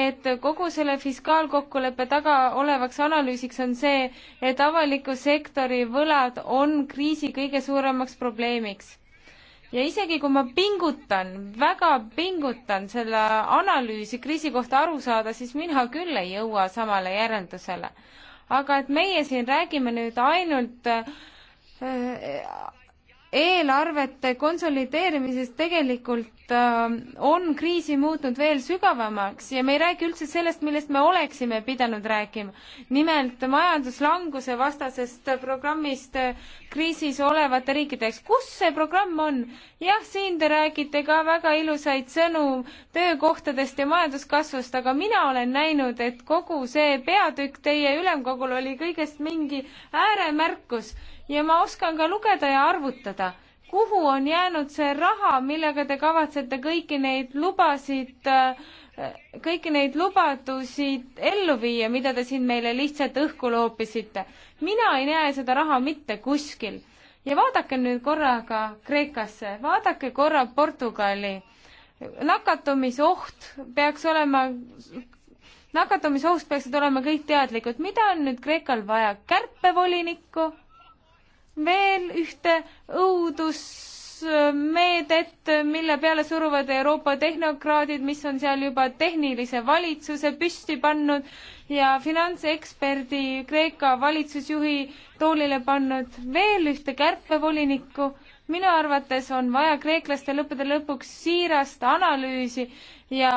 Speaker 1: et kogu selle fiskaalkokkuleppe taga olevaks analüüsiks on see, et avaliku sektori võlad on kriisi kõige suuremaks probleemiks. ja isegi kui ma pingutan, väga pingutan selle analüüsi kriisi kohta aru saada, siis mina küll ei jõua samale järeldusele. aga et meie siin räägime nüüd ainult äh, eelarvete konsolideerimisest tegelikult äh, on kriisi muutnud veel sügavamaks ja me ei räägi üldse sellest, millest me oleksime pidanud rääkima. nimelt majanduslanguse vastasest programmist äh, kriisis olevate riikide jaoks. kus see programm on? jah, siin te räägite ka väga ilusaid sõnu töökohtadest ja majanduskasvust, aga mina olen näinud, et kogu see peatükk teie ülemkogul oli kõigest mingi ääremärkus ja ma oskan ka lugeda ja arvutada, kuhu on jäänud see raha, millega te kavatsete kõiki neid lubasid, kõiki neid lubadusi ellu viia, mida te siin meile lihtsalt õhku loopisite. mina ei näe seda raha mitte kuskil. ja vaadake nüüd korraga Kreekasse, vaadake korra Portugali. nakatumisoht peaks olema nakatumisohust peaksid olema kõik teadlikud, mida on nüüd Kreekal vaja, kärpevolinikku veel ühte õudusmeedet, mille peale suruvad Euroopa tehnokraadid, mis on seal juba tehnilise valitsuse püsti pannud ja finantseksperdi Kreeka valitsusjuhi toolile pannud veel ühte kärpevolinikku. minu arvates on vaja kreeklaste lõppude lõpuks siirast analüüsi ja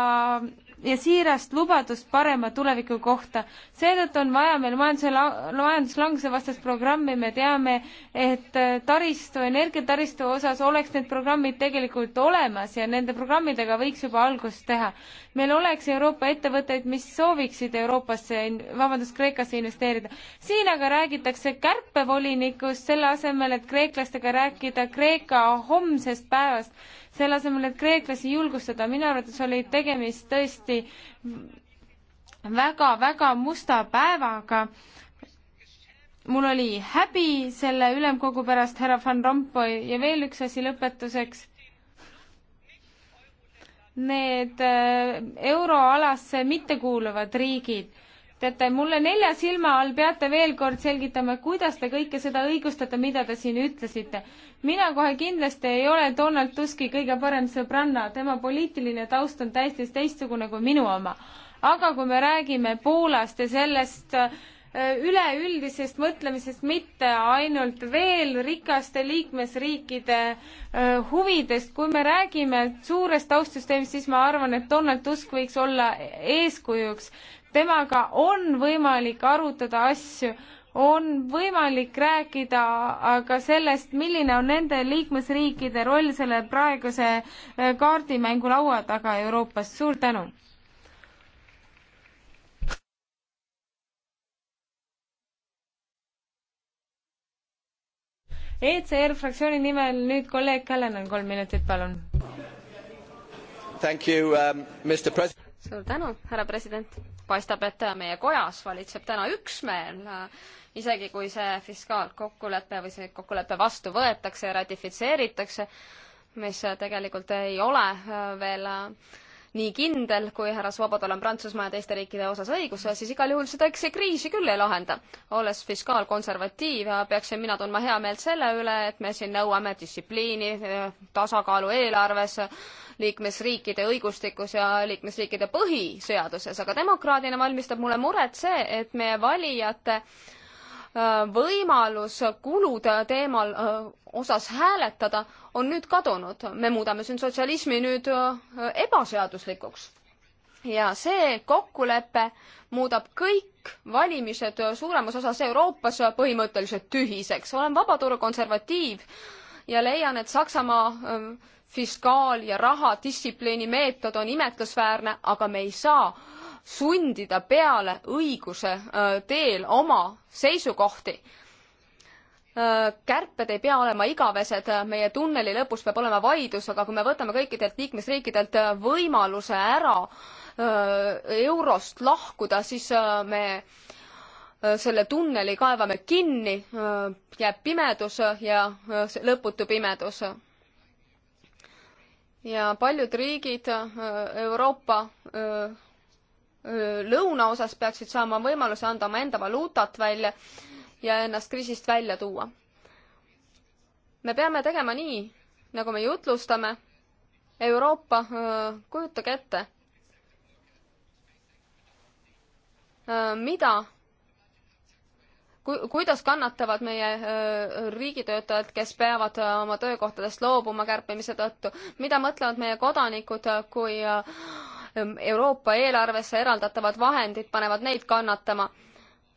Speaker 1: ja siirast lubadust parema tuleviku kohta. seetõttu on vaja meil majanduse, majanduslanguse vastast programmi, me teame, et äh, taristu, energiataristu osas oleks need programmid tegelikult olemas ja nende programmidega võiks juba algust teha. meil oleks Euroopa ettevõtteid, mis sooviksid Euroopasse, vabandust, Kreekasse investeerida. siin aga räägitakse kärpevolinikust, selle asemel, et kreeklastega rääkida Kreeka homsest päevast selle asemel, et kreeklasi julgustada, minu arvates oli tegemist tõesti väga-väga musta päevaga. mul oli häbi selle ülemkogu pärast, härra Van Rompuy, ja veel üks asi lõpetuseks. Need äh, euroalasse mittekuuluvad riigid teate, mulle nelja silma all peate veel kord selgitama, kuidas te kõike seda õigustate, mida te siin ütlesite. mina kohe kindlasti ei ole Donald Tuski kõige parem sõbranna, tema poliitiline taust on täiesti teistsugune kui minu oma. aga kui me räägime Poolast ja sellest äh, üleüldisest mõtlemisest, mitte ainult veel rikaste liikmesriikide äh, huvidest, kui me räägime suurest taustsüsteemist, siis ma arvan, et Donald Tusk võiks olla eeskujuks temaga on võimalik arutada asju, on võimalik rääkida aga sellest, milline on nende liikmesriikide roll selle praeguse äh, kaardimängu laua taga Euroopas. suur tänu! ECR fraktsiooni nimel nüüd kolleeg Kälenan, kolm minutit, palun.
Speaker 4: Um,
Speaker 2: suur tänu, härra president paistab, et meie kojas valitseb täna üksmeel, isegi kui see fiskaalkokkulepe või see kokkulepe vastu võetakse ja ratifitseeritakse, mis tegelikult ei ole veel nii kindel, kui härra Svobodal on Prantsusmaa ja teiste riikide osas õigus, siis igal juhul seda eks see kriisi küll ei lahenda. olles fiskaalkonservatiiv, peaksin mina tundma heameelt selle üle, et me siin nõuame distsipliini, tasakaalu eelarves, liikmesriikide õigustikus ja liikmesriikide põhiseaduses, aga demokraadina valmistab mulle muret see, et meie valijate äh, Äh, võimalus kulude teemal äh, osas hääletada on nüüd kadunud. me muudame siin sotsialismi nüüd äh, ebaseaduslikuks. ja see kokkulepe muudab kõik valimised suuremas osas Euroopas põhimõtteliselt tühiseks. olen vabaturukonservatiiv ja leian, et Saksamaa fiskaal- ja rahadistsipliini meetod on imetlusväärne, aga me ei saa sundida peale õiguse äh, teel oma seisukohti. Äh, kärped ei pea olema igavesed, äh, meie tunneli lõpus peab olema vaidlus, aga kui me võtame kõikidelt liikmesriikidelt võimaluse ära eurost lahkuda, siis me selle tunneli kaevame kinni, jääb pimedus ja lõputu pimedus ja paljud riigid Euroopa lõunaosas peaksid saama võimaluse anda omaenda valuutat välja ja ennast kriisist välja tuua. me peame tegema nii, nagu me jutlustame. Euroopa, kujutage ette, mida ku-, kuidas kannatavad meie riigitöötajad, kes peavad oma töökohtadest loobuma kärpimise tõttu, mida mõtlevad meie kodanikud, kui Ehm, Euroopa eelarvesse eraldatavad vahendid panevad neid kannatama.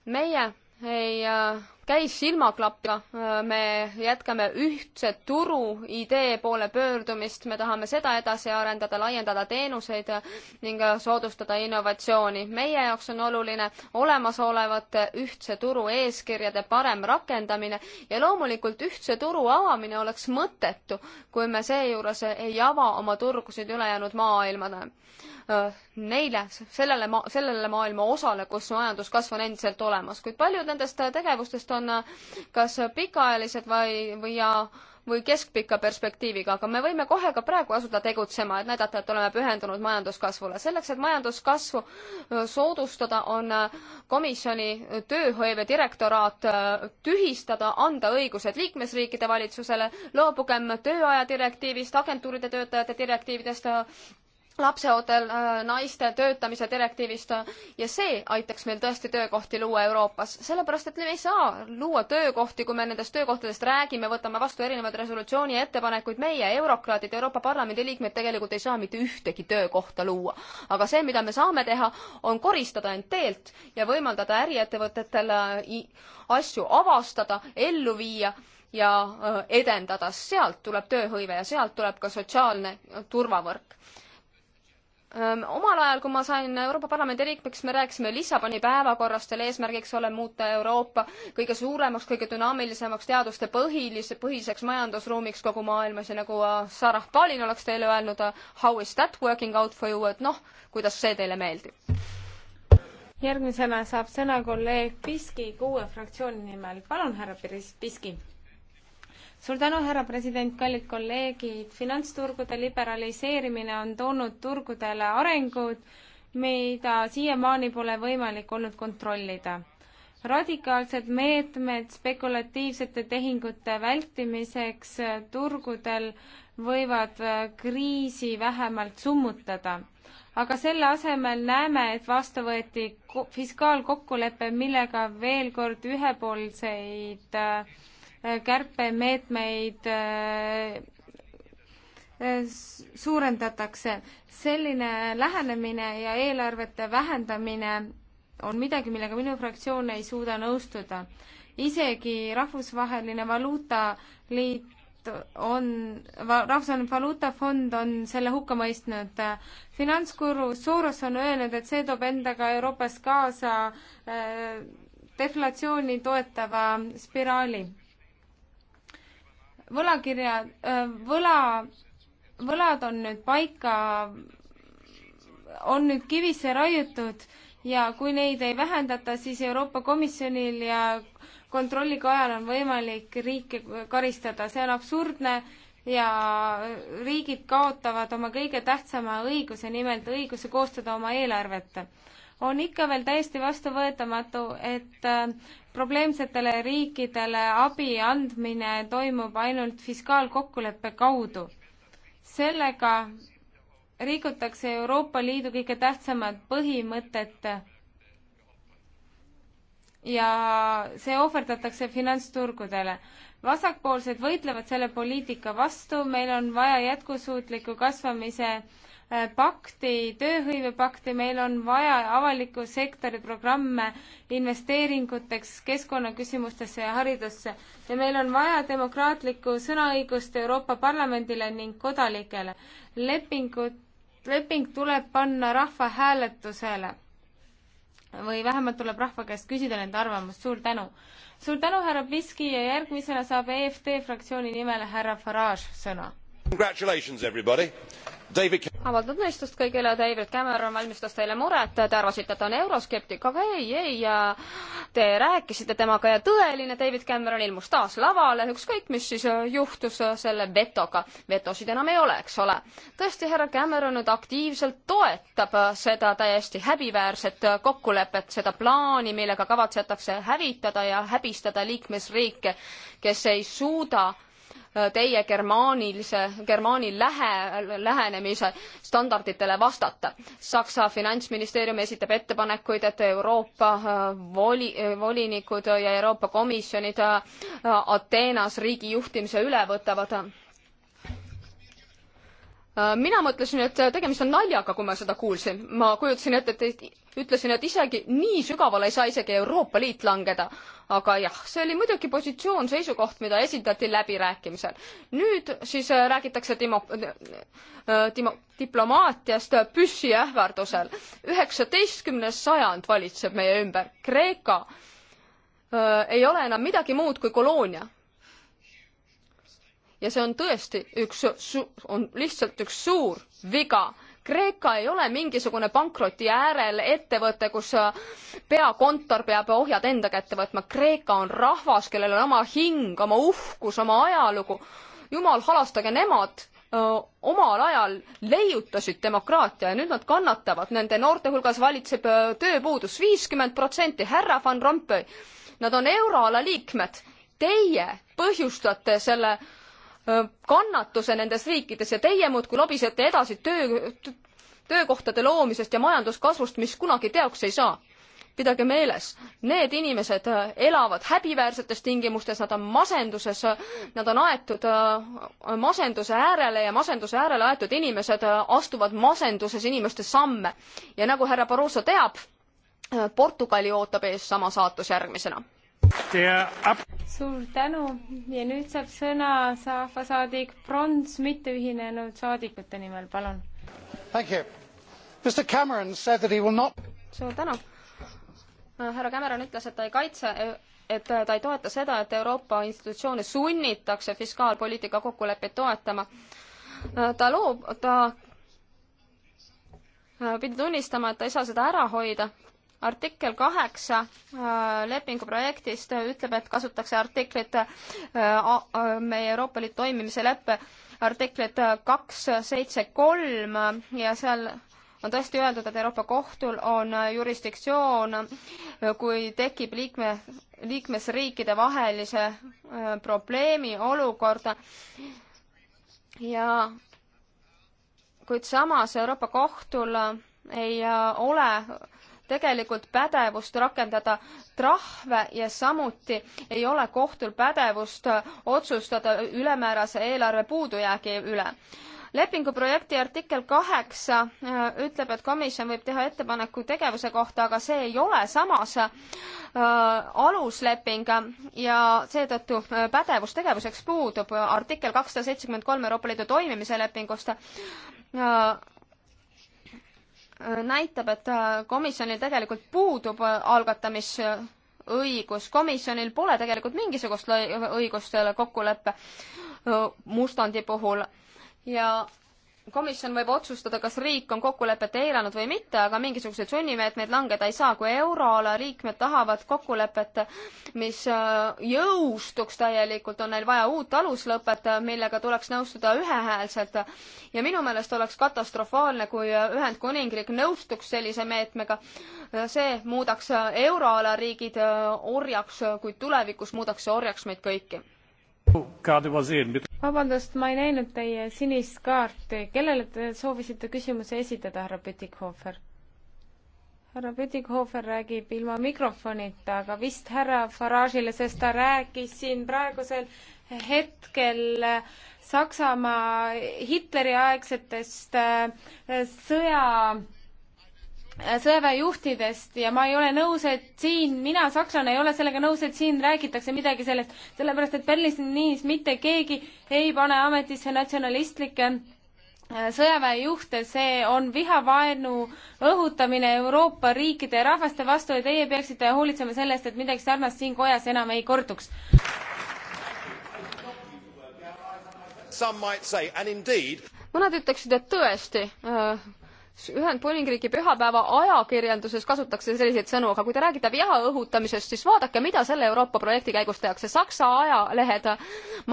Speaker 2: meie ei äh, käi silmaklappiga, äh, me jätkame ühtse turu idee poole pöördumist, me tahame seda edasi arendada, laiendada teenuseid äh, ning soodustada innovatsiooni. meie jaoks on oluline olemasolevate ühtse turu eeskirjade parem rakendamine ja loomulikult ühtse turu avamine oleks mõttetu, kui me seejuures ei ava oma turgusid ülejäänud maailmadele Äh, neile, sellele ma-, sellele maailma osale, kus majanduskasv on endiselt olemas, kuid paljud nendest äh, tegevustest on äh, kas pikaajalised või, või ja või keskpika perspektiiviga, aga me võime kohe ka praegu asuda tegutsema, et näidata, et oleme pühendunud majanduskasvule. selleks, et majanduskasvu soodustada, on komisjoni tööhõive direktoraat tühistada, anda õigused liikmesriikide valitsusele, loobugem tööaja direktiivist, agentuuride töötajate direktiividest, lapseootel äh, naiste töötamise direktiivist ja see aitaks meil tõesti töökohti luua Euroopas, sellepärast et me ei saa luua töökohti, kui me nendest töökohtadest räägime, võtame vastu erinevaid resolutsiooni ettepanekuid, meie, eurokraadid, Euroopa Parlamendi liikmed tegelikult ei saa mitte ühtegi töökohta luua. aga see, mida me saame teha, on koristada end teelt ja võimaldada äriettevõtetel äh, asju avastada, ellu viia ja äh, edendada, sealt tuleb tööhõive ja sealt tuleb ka sotsiaalne turvavõrk omal ajal, kui ma sain Euroopa Parlamendi liikmeks, me rääkisime Lissaboni päevakorrast, selle eesmärgiks oli muuta Euroopa kõige suuremaks, kõige dünaamilisemaks teaduste põhilise, põhiseks majandusruumiks kogu maailmas ja nagu äh, Sarah Palin oleks teile öelnud, äh, how is that working out for you, et noh, kuidas see teile
Speaker 1: meeldib? järgmisena saab sõna kolleeg Piski kuue fraktsiooni nimel, palun härra Piski suur tänu, härra president, kallid kolleegid. finantsturgude liberaliseerimine on toonud turgudele arengud, mida siiamaani pole võimalik olnud kontrollida. radikaalsed meetmed spekulatiivsete tehingute vältimiseks turgudel võivad kriisi vähemalt summutada. aga selle asemel näeme, et vastu võeti fiskaalkokkulepe, millega veel kord ühepoolseid äh, kärpemeetmeid äh, äh, suurendatakse. selline lähenemine ja eelarvete vähendamine on midagi, millega minu fraktsioon ei suuda nõustuda. isegi Rahvusvaheline Valuutaliit on, Rahvusvaheline Valuutafond on selle hukka mõistnud. finantskuru Soros on öelnud, et see toob endaga Euroopas kaasa äh, deflatsiooni toetava spiraali võlakirja, äh, võla, võlad on nüüd paika, on nüüd kivisse raiutud ja kui neid ei vähendata, siis Euroopa Komisjonil ja kontrollikojal on võimalik riike karistada, see on absurdne ja riigid kaotavad oma kõige tähtsama õiguse, nimelt õiguse koostada oma eelarvet. on ikka veel täiesti vastuvõetamatu, et äh, probleemsetele riikidele abi andmine toimub ainult fiskaalkokkuleppe kaudu. sellega rikutakse Euroopa Liidu kõige tähtsamat põhimõtet ja see ohverdatakse finantsturgudele. vasakpoolsed võitlevad selle poliitika vastu, meil on vaja jätkusuutliku kasvamise äh, Äh, pakti, tööhõivepakti, meil on vaja avaliku sektori programme investeeringuteks keskkonnaküsimustesse ja haridusse ja meil on vaja demokraatlikku sõnaõigust Euroopa Parlamendile ning kodanikele. lepingut, leping tuleb panna rahvahääletusele või vähemalt tuleb rahva käest küsida nende arvamust, suur tänu. suur tänu, härra Biski ja järgmisena saab EFD fraktsiooni nimel härra Farage sõna.
Speaker 4: Congratulations everybody. David
Speaker 1: avaldan mõistust kõigile, David Cameron valmistas teile
Speaker 2: muret, te arvasite, et ta on euroskeptik, aga ei, ei, te rääkisite temaga ja tõeline David Cameron ilmus taas lavale, ükskõik mis siis äh, juhtus äh, selle vetoga. vetosid enam ei ole, eks ole. tõesti, härra Cameron nüüd aktiivselt toetab äh, seda täiesti häbiväärset kokkulepet, seda plaani, millega kavatsetakse hävitada ja häbistada liikmesriike, kes ei suuda teie germaanilise, germaani lähe, lähenemise standarditele vastata. Saksa finantsministeerium esitab ettepanekuid, et Euroopa äh, voli, volinikud ja Euroopa komisjonid äh, Ateenas riigi juhtimise üle võtavad Äh, mina mõtlesin, et äh, tegemist on naljaga, kui ma seda kuulsin. ma kujutasin ette, et te ütlesin, et isegi nii sügavale ei saa isegi Euroopa Liit langeda. aga jah, see oli muidugi positsioon, seisukoht, mida esindati läbirääkimisel. nüüd siis äh, räägitakse dimo-, dimo-, diplomaatiast püssi ähvardusel. üheksateistkümnes sajand valitseb meie ümber. Kreeka öö, ei ole enam midagi muud kui koloonia ja see on tõesti üks, on lihtsalt üks suur viga. Kreeka ei ole mingisugune pankroti äärel ettevõte, kus äh, peakontor peab ohjad enda kätte võtma. Kreeka on rahvas, kellel on oma hing, oma uhkus, oma ajalugu. jumal halastage nemad, omal ajal leiutasid demokraatia ja nüüd nad kannatavad. Nende noorte hulgas valitseb tööpuudus viiskümmend protsenti, härra Van Rompuy. Nad on euroala liikmed. Teie põhjustate selle äh, kannatuse nendes riikides ja teie muudkui lobisete edasi töö, töökohtade loomisest ja majanduskasvust, mis kunagi teoks ei saa pidage meeles, need inimesed elavad häbiväärsetes tingimustes, nad on masenduses, nad on aetud masenduse äärele ja masenduse äärele aetud inimesed astuvad masenduses inimeste samme. ja nagu härra Barroso teab, Portugali ootab ees sama saatus järgmisena
Speaker 1: suur tänu ja nüüd saab sõna rahvasaadik Brons mitteühinenud saadikute nimel, palun. Not... suur tänu. Äh, härra Cameron ütles, et ta ei kaitse et ta
Speaker 2: ei toeta seda, et Euroopa institutsioone sunnitakse fiskaalpoliitika kokkuleppeid toetama. Äh, ta loob, ta äh, pidi tunnistama, et ta ei saa seda ära hoida artikkel kaheksa äh, lepingu projektist äh, ütleb, et kasutatakse artiklit äh, meie Euroopa Liidu toimimise leppe artiklit kaks, seitse, kolm ja seal on tõesti öeldud, et Euroopa Kohtul on jurisdiktsioon, kui tekib liikme, liikmesriikide vahelise probleemi olukorda ja kuid samas Euroopa Kohtul ei ole tegelikult pädevust rakendada trahve ja samuti ei ole kohtul pädevust otsustada ülemäärase eelarve puudujäägi üle lepingu projekti artikkel kaheksa äh, ütleb, et komisjon võib teha ettepaneku tegevuse kohta, aga see ei ole samas äh, alusleping ja seetõttu äh, pädevus tegevuseks puudub. artikkel kakssada seitsekümmend kolm Euroopa Liidu toimimise lepingust äh, näitab, et äh, komisjonil tegelikult puudub äh, algatamisõigus, komisjonil pole tegelikult mingisugust õigust selle kokkuleppe äh, mustandi puhul ja komisjon võib otsustada, kas riik on kokkulepet eiranud või mitte, aga mingisuguseid sunnimeetmeid langeda ei saa. kui euroala liikmed tahavad kokkulepet, mis äh, jõustuks täielikult, on neil vaja uut aluslõpet, millega tuleks nõustuda ühehäälselt. ja minu meelest oleks katastrofaalne, kui Ühendkuningriik nõustuks sellise meetmega. see muudaks euroala riigid äh, orjaks, kuid tulevikus
Speaker 1: muudaks see orjaks meid kõiki
Speaker 3: vabandust,
Speaker 1: ma ei näinud teie sinist kaarti. kellele te soovisite küsimuse esitada, härra Pütikhofer? härra Pütikhofer räägib ilma mikrofonita, aga vist härra Farage'ile, sest ta rääkis siin praegusel hetkel Saksamaa Hitleri aegsetest äh, sõja sõjaväejuhtidest ja ma ei ole nõus, et siin, mina sakslane ei ole sellega nõus, et siin räägitakse midagi sellest, sellepärast et Berliinis mitte keegi ei pane ametisse natsionalistlikke äh, sõjaväejuhte, see on vihavaenu õhutamine Euroopa riikide ja rahvaste vastu ja teie peaksite hoolitsema selle eest, et midagi sarnast siin kojas enam ei korduks.
Speaker 2: mõned ütleksid, et tõesti äh Ühendkuningriigi pühapäeva ajakirjanduses kasutatakse selliseid sõnu, aga kui te räägite viha õhutamisest, siis vaadake, mida selle Euroopa projekti käigus tehakse. Saksa ajalehed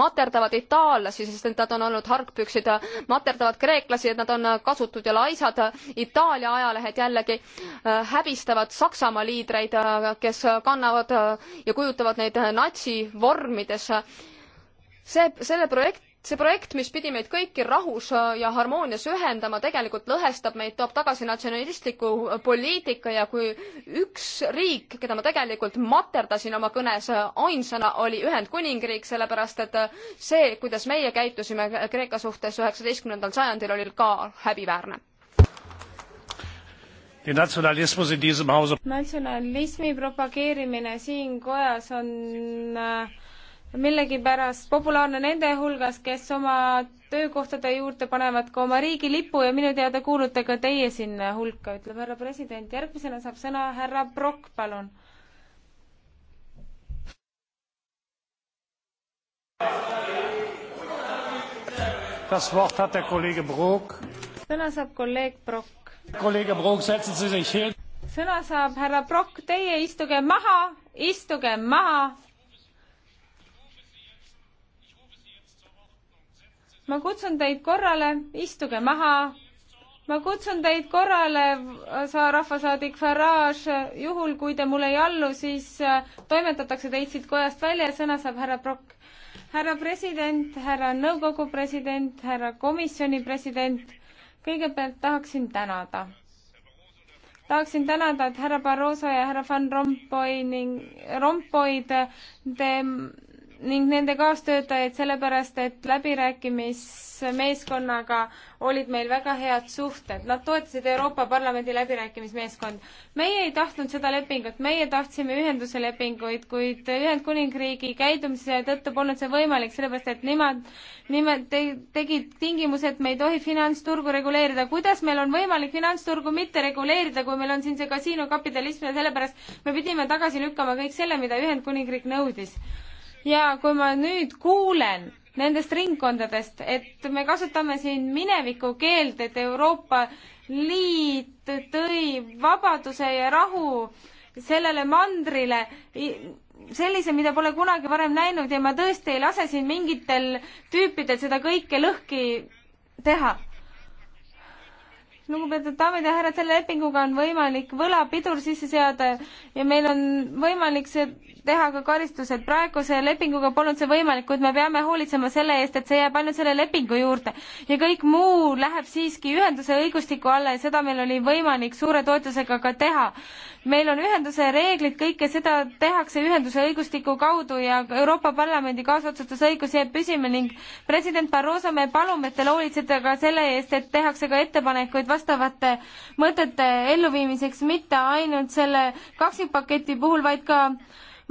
Speaker 2: materdavad itaallasi, sest nad on olnud hargpüksid, materdavad kreeklasi, et nad on kasutud ja laisad. Itaalia ajalehed jällegi äh, häbistavad Saksamaa liidreid, äh, kes kannavad äh, ja kujutavad neid natsivormides. see, selle projekt see projekt, mis pidi meid kõiki rahus ja harmoonias ühendama, tegelikult lõhestab meid, toob tagasi natsionalistliku poliitika ja kui üks riik, keda ma tegelikult materdasin oma kõnes ainsana, oli Ühendkuningriik, sellepärast et see, kuidas meie käitusime Kreeka suhtes
Speaker 1: üheksateistkümnendal sajandil, oli ka häbiväärne
Speaker 3: den Nationalismus in diesem Hause.
Speaker 1: Natsionalismi propageerimine siin kojas on äh, millegipärast populaarne nende hulgas, kes oma töökohtade juurde panevad ka oma riigilipu ja minu teada kuulute ka teie sinna hulka, ütleb härra president. järgmisena saab sõna härra Brock, palun. sõna saab kolleeg Brock. sõna saab härra Brock, teie istuge maha, istuge maha ma kutsun teid korrale, istuge maha. ma kutsun teid korrale, sa rahvasaadik Farage, juhul kui te mulle ei allu, siis äh, toimetatakse teid siit kojast välja ja sõna saab härra Brock. härra president, härra nõukogu president, härra komisjoni president, kõigepealt tahaksin tänada tahaksin tänada, et härra Barroso ja härra Van Rompuy ning Rompuyd, te ning nende kaastöötajaid, sellepärast et läbirääkimismeeskonnaga olid meil väga head suhted. Nad toetasid Euroopa Parlamendi läbirääkimismeeskond. meie ei tahtnud seda lepingut, meie tahtsime ühenduse lepinguid, kuid Ühendkuningriigi käidumise tõttu polnud see võimalik, sellepärast et nemad, nimelt te, tegid tingimuse, et me ei tohi finantsturgu reguleerida. kuidas meil on võimalik finantsturgu mitte reguleerida, kui meil on siin see kasiinokapitalism ja sellepärast me pidime tagasi lükkama kõik selle, mida Ühendkuningriik nõudis ja kui ma nüüd kuulen nendest ringkondadest, et me kasutame siin mineviku keelt, et Euroopa Liit tõi vabaduse ja rahu sellele mandrile, sellise, mida pole kunagi varem näinud ja ma tõesti ei lase siin mingitel tüüpidel seda kõike lõhki teha lugupeetud daamid ja härrad, selle lepinguga on võimalik võlapidur sisse seada ja meil on võimalik see teha ka karistused. praeguse lepinguga polnud see võimalik, kuid me peame hoolitsema selle eest, et see jääb ainult selle lepingu juurde ja kõik muu läheb siiski ühenduse õigustiku alla ja seda meil oli võimalik suure toetusega ka teha. meil on ühenduse reeglid, kõike seda tehakse ühenduse õigustiku kaudu ja Euroopa Parlamendi kaasotsustusõigus jääb püsima ning president Barroso, me palume, et te hoolitsete ka selle eest, et tehakse ka ettepanekuid vastavate mõtete elluviimiseks, mitte ainult selle kaksikpaketi puhul, vaid ka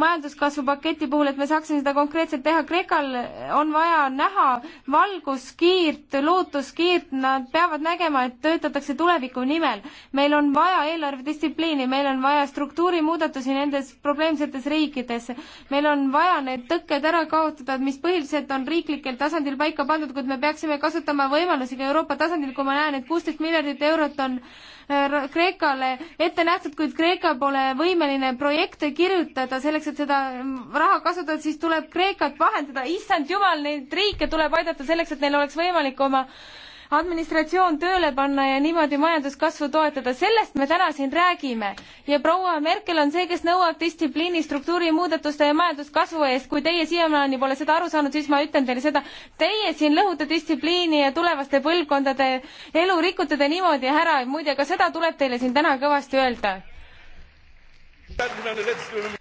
Speaker 1: majanduskasvupaketi puhul, et me saaksime seda konkreetselt teha. Kreekal on vaja näha valguskiirt, lootuskiirt, nad peavad nägema, et töötatakse tuleviku nimel. meil on vaja eelarvedistsipliini, meil on vaja struktuurimuudatusi nendes probleemsetes riikides. meil on vaja need tõkked ära kaotada, mis põhiliselt on riiklikel tasandil paika pandud, kuid me peaksime kasutama võimalusi ka Euroopa tasandil, kui ma näen, et kuusteist miljardit eurot on Kreekale ette nähtud, kuid Kreeka pole võimeline projekte kirjutada selleks, et seda raha kasutada, siis tuleb Kreekat vahendada. issand jumal, neid riike tuleb aidata selleks, et neil oleks võimalik oma administratsioon tööle panna ja niimoodi majanduskasvu toetada, sellest me täna siin räägime. ja proua Merkel on see, kes nõuab distsipliini struktuurimuudatuste ja majanduskasvu eest, kui teie siiamaani pole seda aru saanud, siis ma ütlen teile seda, teie siin lõhute distsipliini ja tulevaste põlvkondade elu rikute te niimoodi ära, muide ka seda tuleb teile siin täna kõvasti öelda.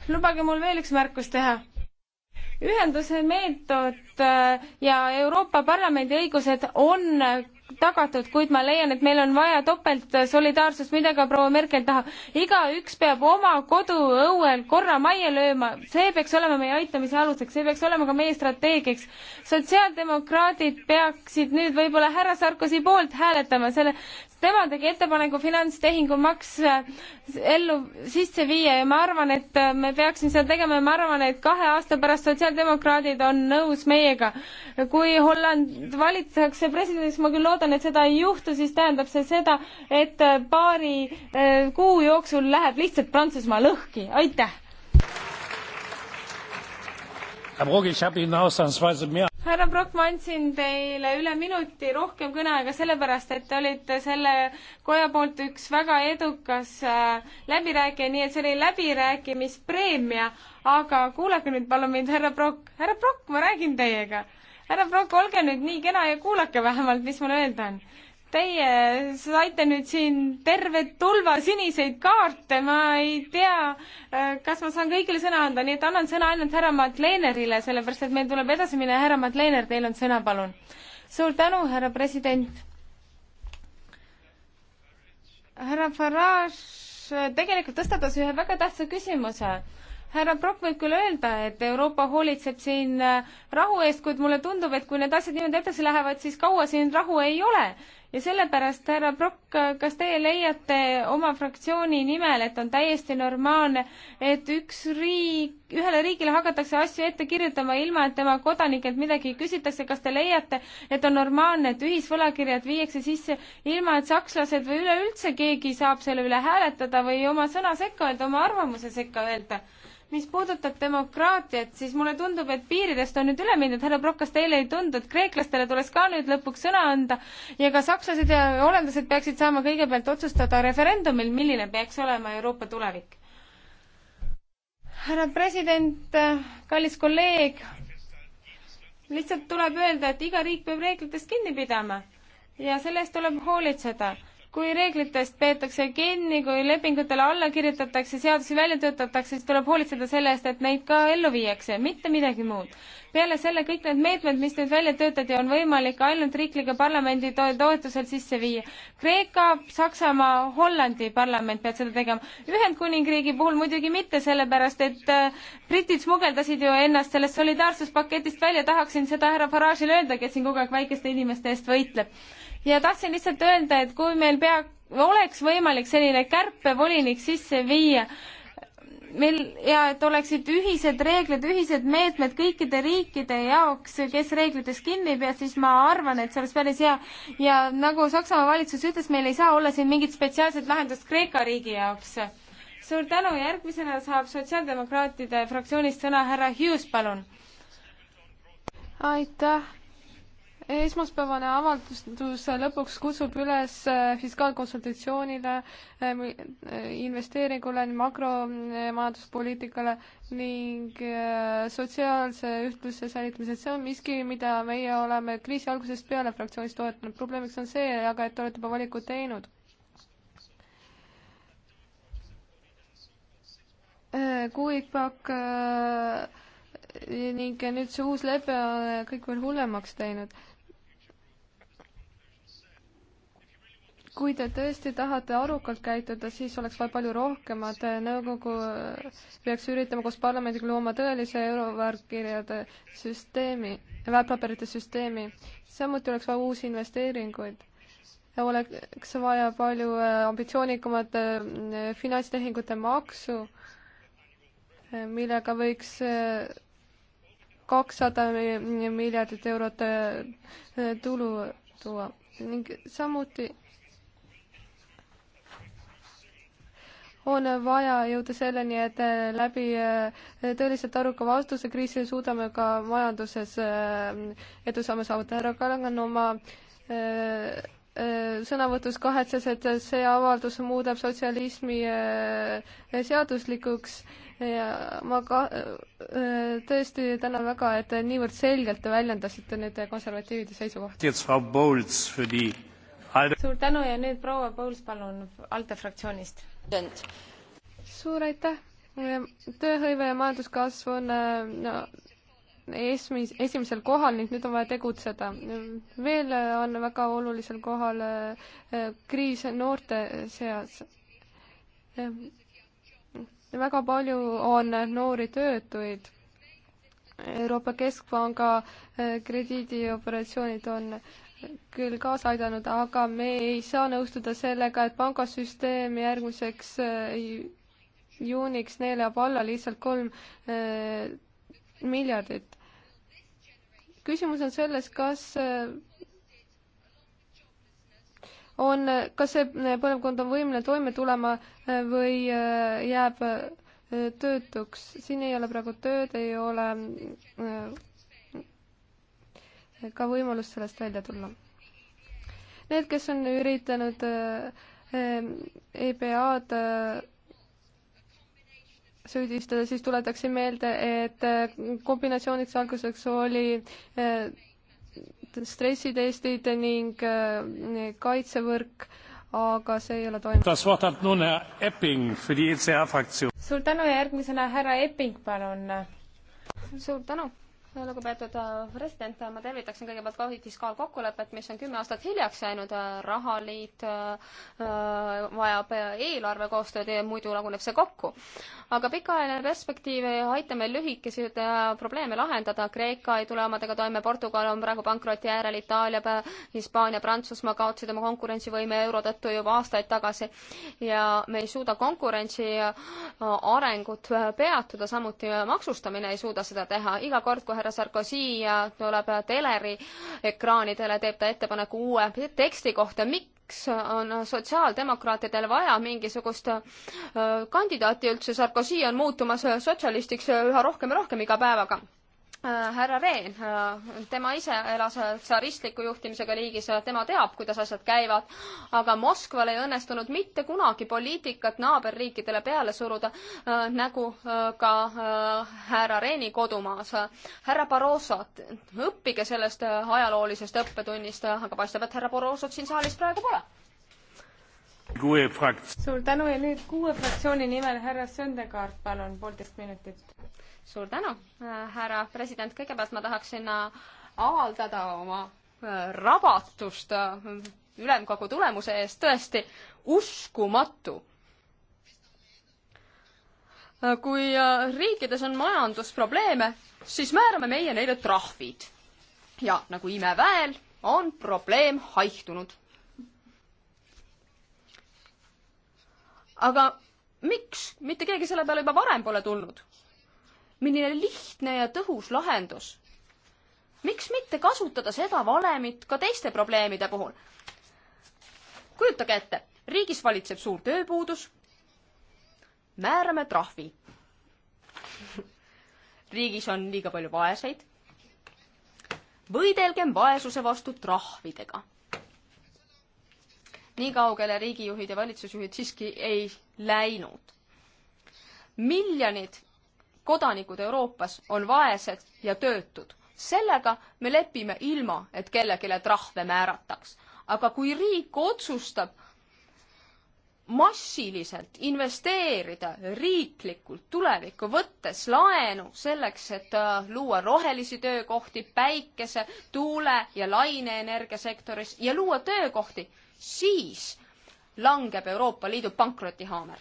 Speaker 1: lubage mul veel üks märkus teha ühenduse meetod äh, ja Euroopa Parlamendi õigused on tagatud, kuid ma leian, et meil on vaja topeltsolidaarsust, mida ka proua Merkel tahab. igaüks peab oma koduõuel korra majja lööma, see peaks olema meie aitamise aluseks, see peaks olema ka meie strateegiaks. sotsiaaldemokraadid peaksid nüüd võib-olla härra Sarkozy poolt hääletama selle, tema tegi ettepaneku finantstehingumaks äh, ellu sisse viia ja ma arvan, et äh, me peaksime seda tegema ja ma arvan, et kahe aasta pärast sotsiaaldemokraadid on nõus meiega. kui Holland valitakse presidendiks, ma küll loodan, et seda ei juhtu, siis tähendab see seda, et äh, paari kuu jooksul läheb lihtsalt Prantsusmaa lõhki, aitäh! härra Brock, ma andsin teile üle minuti rohkem kõneaega sellepärast, et te olite selle koja poolt üks väga edukas äh, läbirääkija, nii et see oli läbirääkimispreemia. aga kuulake nüüd palun mind, härra Brock. härra Brock, ma räägin teiega. härra Brock, olge nüüd nii kena ja kuulake vähemalt, mis mul öelda on Teie saite nüüd siin terve tulva siniseid kaarte, ma ei tea, äh, kas ma saan kõigile sõna anda, nii et annan sõna ainult härra Madlenerile, sellepärast et meil tuleb edasi minna. härra Madlener, teil on sõna, palun. suur tänu, härra president. härra Farage äh, tegelikult tõstatas ühe väga tähtsa küsimuse härra Brock võib küll öelda, et Euroopa hoolitseb siin äh, rahu eest, kuid mulle tundub, et kui need asjad niimoodi edasi lähevad, siis kaua siin rahu ei ole ja sellepärast, härra Prokk, kas teie leiate oma fraktsiooni nimel, et on täiesti normaalne, et üks riik, ühele riigile hakatakse asju ette kirjutama, ilma et tema kodanikelt midagi küsitakse, kas te leiate, et on normaalne, et ühisvõlakirjad viiakse sisse ilma, et sakslased või üleüldse keegi saab selle üle hääletada või oma sõna sekka öelda, oma arvamuse sekka öelda? mis puudutab demokraatiat, siis mulle tundub, et piiridest on nüüd üle mindud, härra Prokk, kas teile ei tundu, et kreeklastele tuleks ka nüüd lõpuks sõna anda ja ka sakslased ja hollandlased peaksid saama kõigepealt otsustada referendumil, milline peaks olema Euroopa tulevik? härra president, kallis kolleeg, lihtsalt tuleb öelda, et iga riik peab reeglitest kinni pidama ja selle eest tuleb hoolitseda kui reeglitest peetakse kinni, kui lepingutele alla kirjutatakse, seadusi välja töötatakse, siis tuleb hoolitseda selle eest, et neid ka ellu viiakse, mitte midagi muud. peale selle kõik need meetmed, mis nüüd välja töötati, on võimalik ainult riiklike parlamendi to toetusel sisse viia. Kreeka, Saksamaa, Hollandi parlament peab seda tegema. Ühendkuningriigi puhul muidugi mitte, sellepärast et äh, britid smugeldasid ju ennast sellest solidaarsuspaketist välja, tahaksin seda härra Farage'ile öelda, kes siin kogu aeg väikeste inimeste eest võitleb ja tahtsin lihtsalt öelda, et kui meil pea, oleks võimalik selline kärpevolinik sisse viia, meil ja et oleksid ühised reeglid, ühised meetmed kõikide riikide jaoks, kes reeglitest kinni ei pea, siis ma arvan, et see oleks päris hea. ja nagu Saksamaa valitsus ütles, meil ei saa olla siin mingit spetsiaalset lahendust Kreeka riigi jaoks. suur tänu, järgmisena saab sotsiaaldemokraatide fraktsioonist sõna härra Hughes, palun. aitäh esmaspäevane avaldus
Speaker 4: lõpuks kutsub üles eh, fiskaalkonsultatsioonile, eh, eh, investeeringule, makromajanduspoliitikale ning sotsiaalse ühtluse säilitamisele. see on miski, mida meie oleme kriisi algusest peale fraktsioonis toetanud. probleemiks on see aga, et te olete juba valiku teinud. kuuikpakk ning nüüd see uus lepe on kõik veel hullemaks teinud kui te tõesti tahate arukalt käituda, siis oleks vaja palju rohkemat. nõukogu eh, peaks üritama koos parlamendiga looma tõelise euroväärkirjade süsteemi, väärtpaberite süsteemi. samuti oleks vaja uusi investeeringuid. oleks vaja palju eh, ambitsioonikamat eh, finantstehingute maksu, millega võiks kakssada miljardit eurot tulu tuua ning samuti on vaja jõuda selleni, et äh, läbi äh, tõeliselt aruka vastuse kriisile suudame ka majanduses äh, edusamme saavutada. härra Kalangan oma sõnavõtus kahetses, et see avaldus muudab sotsialismi seaduslikuks ja ma ka tõesti tänan väga, et te niivõrd selgelt väljendasite nüüd konservatiivide seisukohti. suur tänu ja nüüd proua Pouls, palun, ALDE fraktsioonist suur aitäh! tööhõive ja majanduskasv on no, esmis, esimesel kohal ning nüüd on vaja tegutseda. veel on väga olulisel kohal eh, kriis noorte seas. väga palju on noori töötuid. Euroopa Keskpanga eh, krediidioperatsioonid on küll kaasa aidanud, aga me ei saa nõustuda sellega, et pangasüsteem järgmiseks äh, juuniks neelab alla lihtsalt kolm äh, miljardit. küsimus on selles, kas äh, on, kas see põlvkond on võimeline toime tulema või jääb töötuks, siin ei ole praegu tööd, ei ole ka võimalust sellest välja tulla. Need, kes on üritanud äh, äh, EBA-d äh, süüdistada, siis tuletaksin meelde, et kombinatsiooniks alguseks oli stressitestid ning
Speaker 1: kaitsevõrk, aga see ei ole toimunud. E suur tänu ja järgmisena härra Epping, palun. suur
Speaker 2: tänu lugupeetud äh, president, äh, ma tervitaksin kõigepealt ka fiskaalkokkulepet, mis on kümme aastat hiljaks jäänud, äh, rahaliit vajab eelarve koostööd ja muidu laguneb see kokku. aga pikaajaline perspektiiv ei aita meil lühikesi probleeme lahendada, Kreeka ei tule omadega toime, Portugal on praegu pankroti äärel, Itaalia, Hispaania, Prantsusmaa kaotasid oma konkurentsivõime euro tõttu juba aastaid tagasi ja me ei suuda konkurentsi arengut peatuda, samuti maksustamine ei suuda seda teha, iga kord, kui härra Sarkozy tuleb teleri ekraanidele, teeb ta ettepaneku uue teksti kohta, miks on sotsiaaldemokraatidel vaja mingisugust äh, kandidaati üldse, Sarkozy on muutumas sotsialistiks üha rohkem ja rohkem iga päevaga Äh, härra Rehn, äh, tema ise elas äh, tsaristliku juhtimisega riigis, tema teab, kuidas asjad käivad, aga Moskval ei õnnestunud mitte kunagi poliitikat naaberriikidele peale suruda, nagu ka härra Rehni kodumaas. härra Barroso, õppige sellest ajaloolisest õppetunnist, aga paistab, et härra
Speaker 1: Barrosot siin saalis praegu pole. suur tänu ja nüüd kuue fraktsiooni nimel härra Söndekaart, palun, poolteist minutit suur tänu, äh, härra president, kõigepealt ma tahaksin äh, avaldada oma äh, rabatust
Speaker 2: ülemkogu tulemuse eest, tõesti uskumatu. kui riikides on majandusprobleeme, siis määrame meie neile trahvid. ja nagu imeväel, on probleem haihtunud. aga miks mitte keegi selle peale juba varem pole tulnud? milline lihtne ja tõhus lahendus. miks mitte kasutada seda valemit ka teiste probleemide puhul? kujutage ette, riigis valitseb suur tööpuudus. määrame trahvi riigis on liiga palju vaeseid. võidelgem vaesuse vastu trahvidega. nii kaugele riigijuhid ja valitsusjuhid siiski ei läinud. miljonid kodanikud Euroopas on vaesed ja töötud. sellega me lepime ilma, et kellelegi trahve määrataks. aga kui riik otsustab massiliselt investeerida riiklikult tulevikku, võttes laenu selleks, et äh, luua rohelisi töökohti päikese, tuule ja laineenergiasektoris ja luua töökohti, siis langeb Euroopa Liidu pankrotihaamer.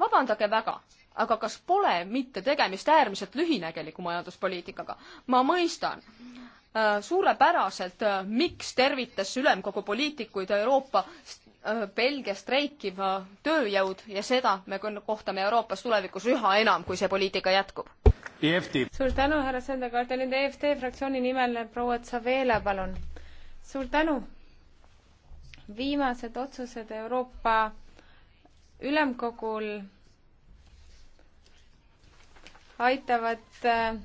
Speaker 2: vabandage väga, aga kas pole mitte tegemist äärmiselt lühinägeliku majanduspoliitikaga? ma mõistan äh, suurepäraselt, äh, miks tervitas ülemkogu poliitikuid Euroopa äh, Belgia streikiv
Speaker 1: tööjõud ja seda me kohtame Euroopas tulevikus üha enam, kui see poliitika jätkub. E suur tänu, härra Sõndekaart e ja nüüd EFT fraktsiooni nimel proua Tsavela, palun. suur tänu. viimased otsused Euroopa Ülemkogul aitavad äh,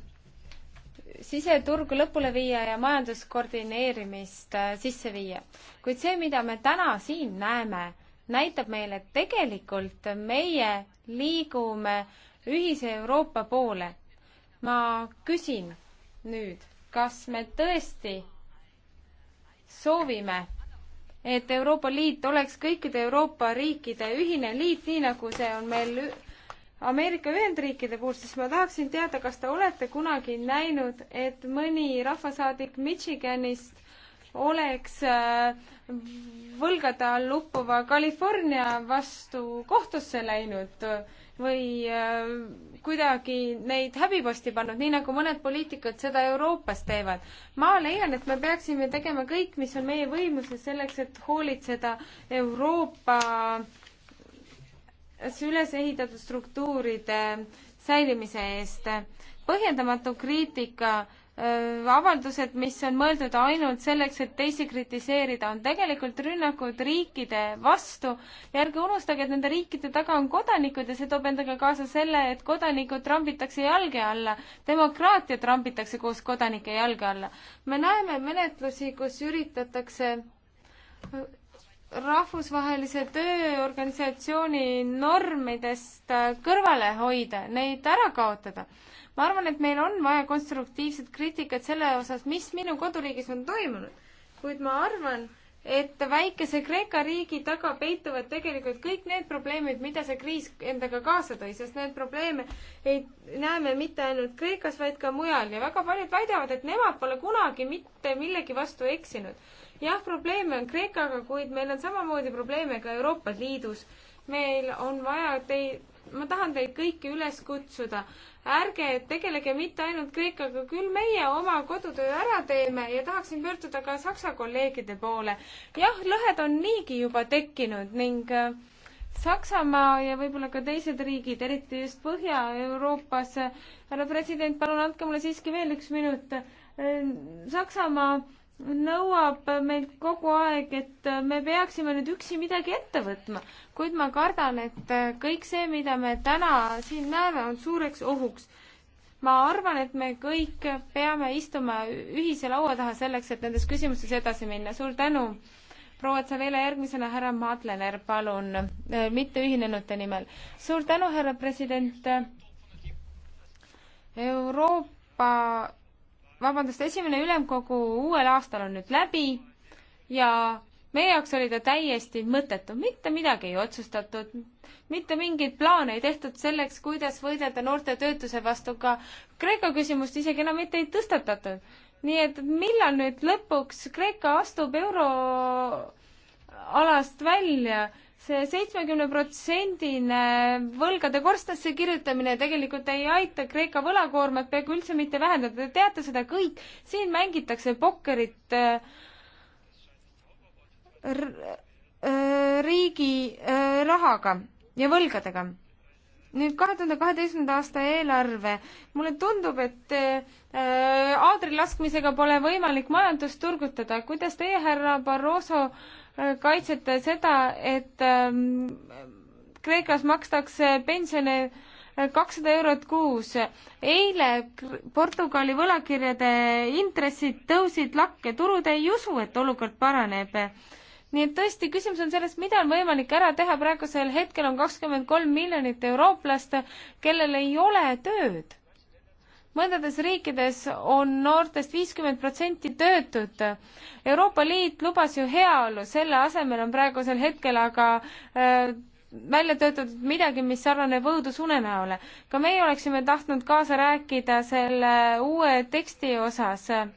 Speaker 1: siseturgu lõpule viia ja majanduskoordineerimist äh, sisse viia. kuid see, mida me täna siin näeme, näitab meile, et tegelikult meie liigume ühise Euroopa poole. ma küsin nüüd, kas me tõesti soovime, et Euroopa Liit oleks kõikide Euroopa riikide ühine liit, nii nagu see on meil Ameerika Ühendriikide puhul, siis ma tahaksin teada, kas te olete kunagi näinud, et mõni rahvasaadik Michiganist oleks äh, võlgade all uppuva California vastu kohtusse läinud või äh, kuidagi neid häbiposti pannud, nii nagu mõned poliitikud seda Euroopas teevad. ma leian, et me peaksime tegema kõik, mis on meie võimuses selleks, et hoolitseda Euroopa äh, üles ehitatud struktuuride säilimise eest. põhjendamatu kriitika avaldused, mis on mõeldud ainult selleks, et teisi kritiseerida, on tegelikult rünnakud riikide vastu ja ärge unustage, et nende riikide taga on kodanikud ja see toob endaga kaasa selle, et kodanikud trambitakse jalge alla, demokraatia trambitakse koos kodanike jalge alla. me näeme menetlusi, kus üritatakse rahvusvahelise tööorganisatsiooni normidest kõrvale hoida, neid ära kaotada. ma arvan, et meil on vaja konstruktiivset kriitikat selle osas, mis minu koduriigis on toimunud, kuid ma arvan, et väikese Kreeka riigi taga peituvad tegelikult kõik need probleemid, mida see kriis endaga kaasa tõi, sest need probleeme ei, näeme mitte ainult Kreekas, vaid ka mujal ja väga paljud väidavad, et nemad pole kunagi mitte millegi vastu eksinud jah, probleeme on Kreekaga, kuid meil on samamoodi probleeme ka Euroopa Liidus. meil on vaja teid, ma tahan teid kõiki üles kutsuda, ärge tegelege mitte ainult Kreekaga, küll meie oma kodutöö ära teeme ja tahaksin pöörduda ka Saksa kolleegide poole. jah, lõhed on niigi juba tekkinud ning äh, Saksamaa ja võib-olla ka teised riigid, eriti just Põhja-Euroopas. Äh, härra president, palun andke mulle siiski veel üks minut. Äh, Saksamaa nõuab meilt kogu aeg, et me peaksime nüüd üksi midagi ette võtma, kuid ma kardan, et kõik see, mida me täna siin näeme, on suureks ohuks. ma arvan, et me kõik peame istuma ühise laua taha selleks, et nendes küsimustes edasi minna. suur tänu, proua Tsaveele, järgmisena härra Madlener, palun, mitteühinenute nimel. suur tänu, härra president. Euroopa vabandust, esimene ülemkogu uuel aastal on nüüd läbi ja meie jaoks oli ta täiesti mõttetu, mitte midagi ei otsustatud, mitte mingeid plaane ei tehtud selleks, kuidas võidelda noorte töötuse vastu, ka Kreeka küsimust isegi enam mitte ei tõstatatud. nii et millal nüüd lõpuks Kreeka astub euroalast välja see seitsmekümne protsendine võlgade korstnasse kirjutamine tegelikult ei aita Kreeka võlakoormat peaaegu üldse mitte vähendada, te teate seda kõik, siin mängitakse pokkerit äh, äh, riigi äh, rahaga ja võlgadega. nüüd kahe tuhande kaheteistkümnenda aasta eelarve, mulle tundub, et aadri laskmisega pole võimalik majandust turgutada, kuidas teie, härra Barroso, kaitsete seda, et ähm, Kreekas makstakse pensione äh, kakssada eurot kuus. eile Portugali võlakirjade intressid tõusid lakke, turud ei usu, et olukord paraneb. nii et tõesti, küsimus on selles, mida on võimalik ära teha, praegusel hetkel on kakskümmend kolm miljonit eurooplast, kellel ei ole tööd mõndades riikides on noortest viiskümmend protsenti töötud. Euroopa Liit lubas ju heaolu, selle asemel on praegusel hetkel aga äh, välja töötatud midagi, mis sarnaneb õudusunenäole. ka meie oleksime tahtnud kaasa rääkida selle uue teksti osas äh,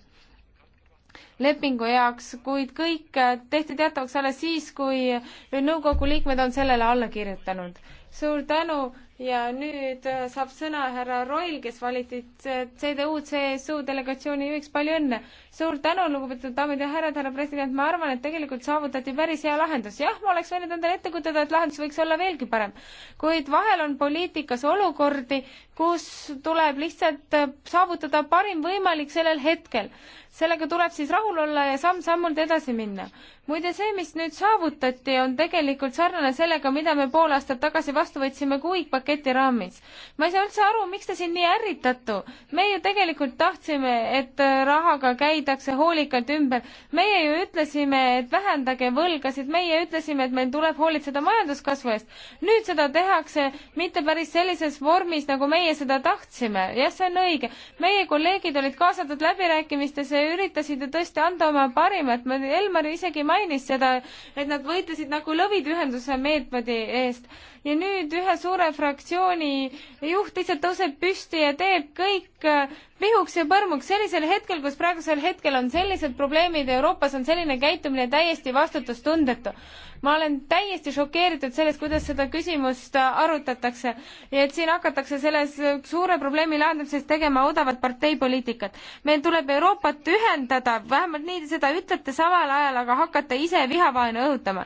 Speaker 1: lepingu jaoks, kuid kõik äh, tehti teatavaks alles siis, kui nõukogu liikmed on sellele alla kirjutanud. suur tänu ja nüüd äh, saab sõna härra Roil, kes valiti CDU-CSU delegatsiooni juhiks, palju õnne! suur tänu, lugupeetud daamid ja härrad, härra president, ma arvan, et tegelikult saavutati päris hea lahendus. jah, ma oleks võinud endale ette kujutada, et lahendus võiks olla veelgi parem. kuid vahel on poliitikas olukordi, kus tuleb lihtsalt äh, saavutada parim võimalik sellel hetkel. sellega tuleb siis rahul olla ja samm-sammult edasi minna. muide, see, mis nüüd saavutati, on tegelikult sarnane sellega, mida me pool aastat tagasi vastu võtsime kuuikpaketi raamis. ma ei saa üldse aru, miks te siin nii ärritatu. me ju tegelikult tahtsime, et äh, rahaga käib küsitakse hoolikalt ümber. meie ju ütlesime, et vähendage võlgasid, meie ütlesime, et meil tuleb hoolitseda majanduskasvu eest. nüüd seda tehakse mitte päris sellises vormis, nagu meie seda tahtsime. jah, see on õige. meie kolleegid olid kaasatud läbirääkimistesse ja üritasid ju tõesti anda oma parimat. Elmar isegi mainis seda, et nad võitlesid nagu lõvid ühenduse meetmedi eest ja nüüd ühe suure fraktsiooni juht lihtsalt tõuseb püsti ja teeb kõik äh, vihuks ja põrmuks sellisel hetkel, kus praegusel hetkel on sellised probleemid Euroopas, on selline käitumine täiesti vastutustundetu. ma olen täiesti šokeeritud sellest, kuidas seda küsimust äh, arutatakse ja et siin hakatakse selles äh, suure probleemi lahendamiseks tegema odavat parteipoliitikat. meil tuleb Euroopat ühendada, vähemalt nii te seda ütlete samal ajal, aga hakkate ise vihavaenu õhutama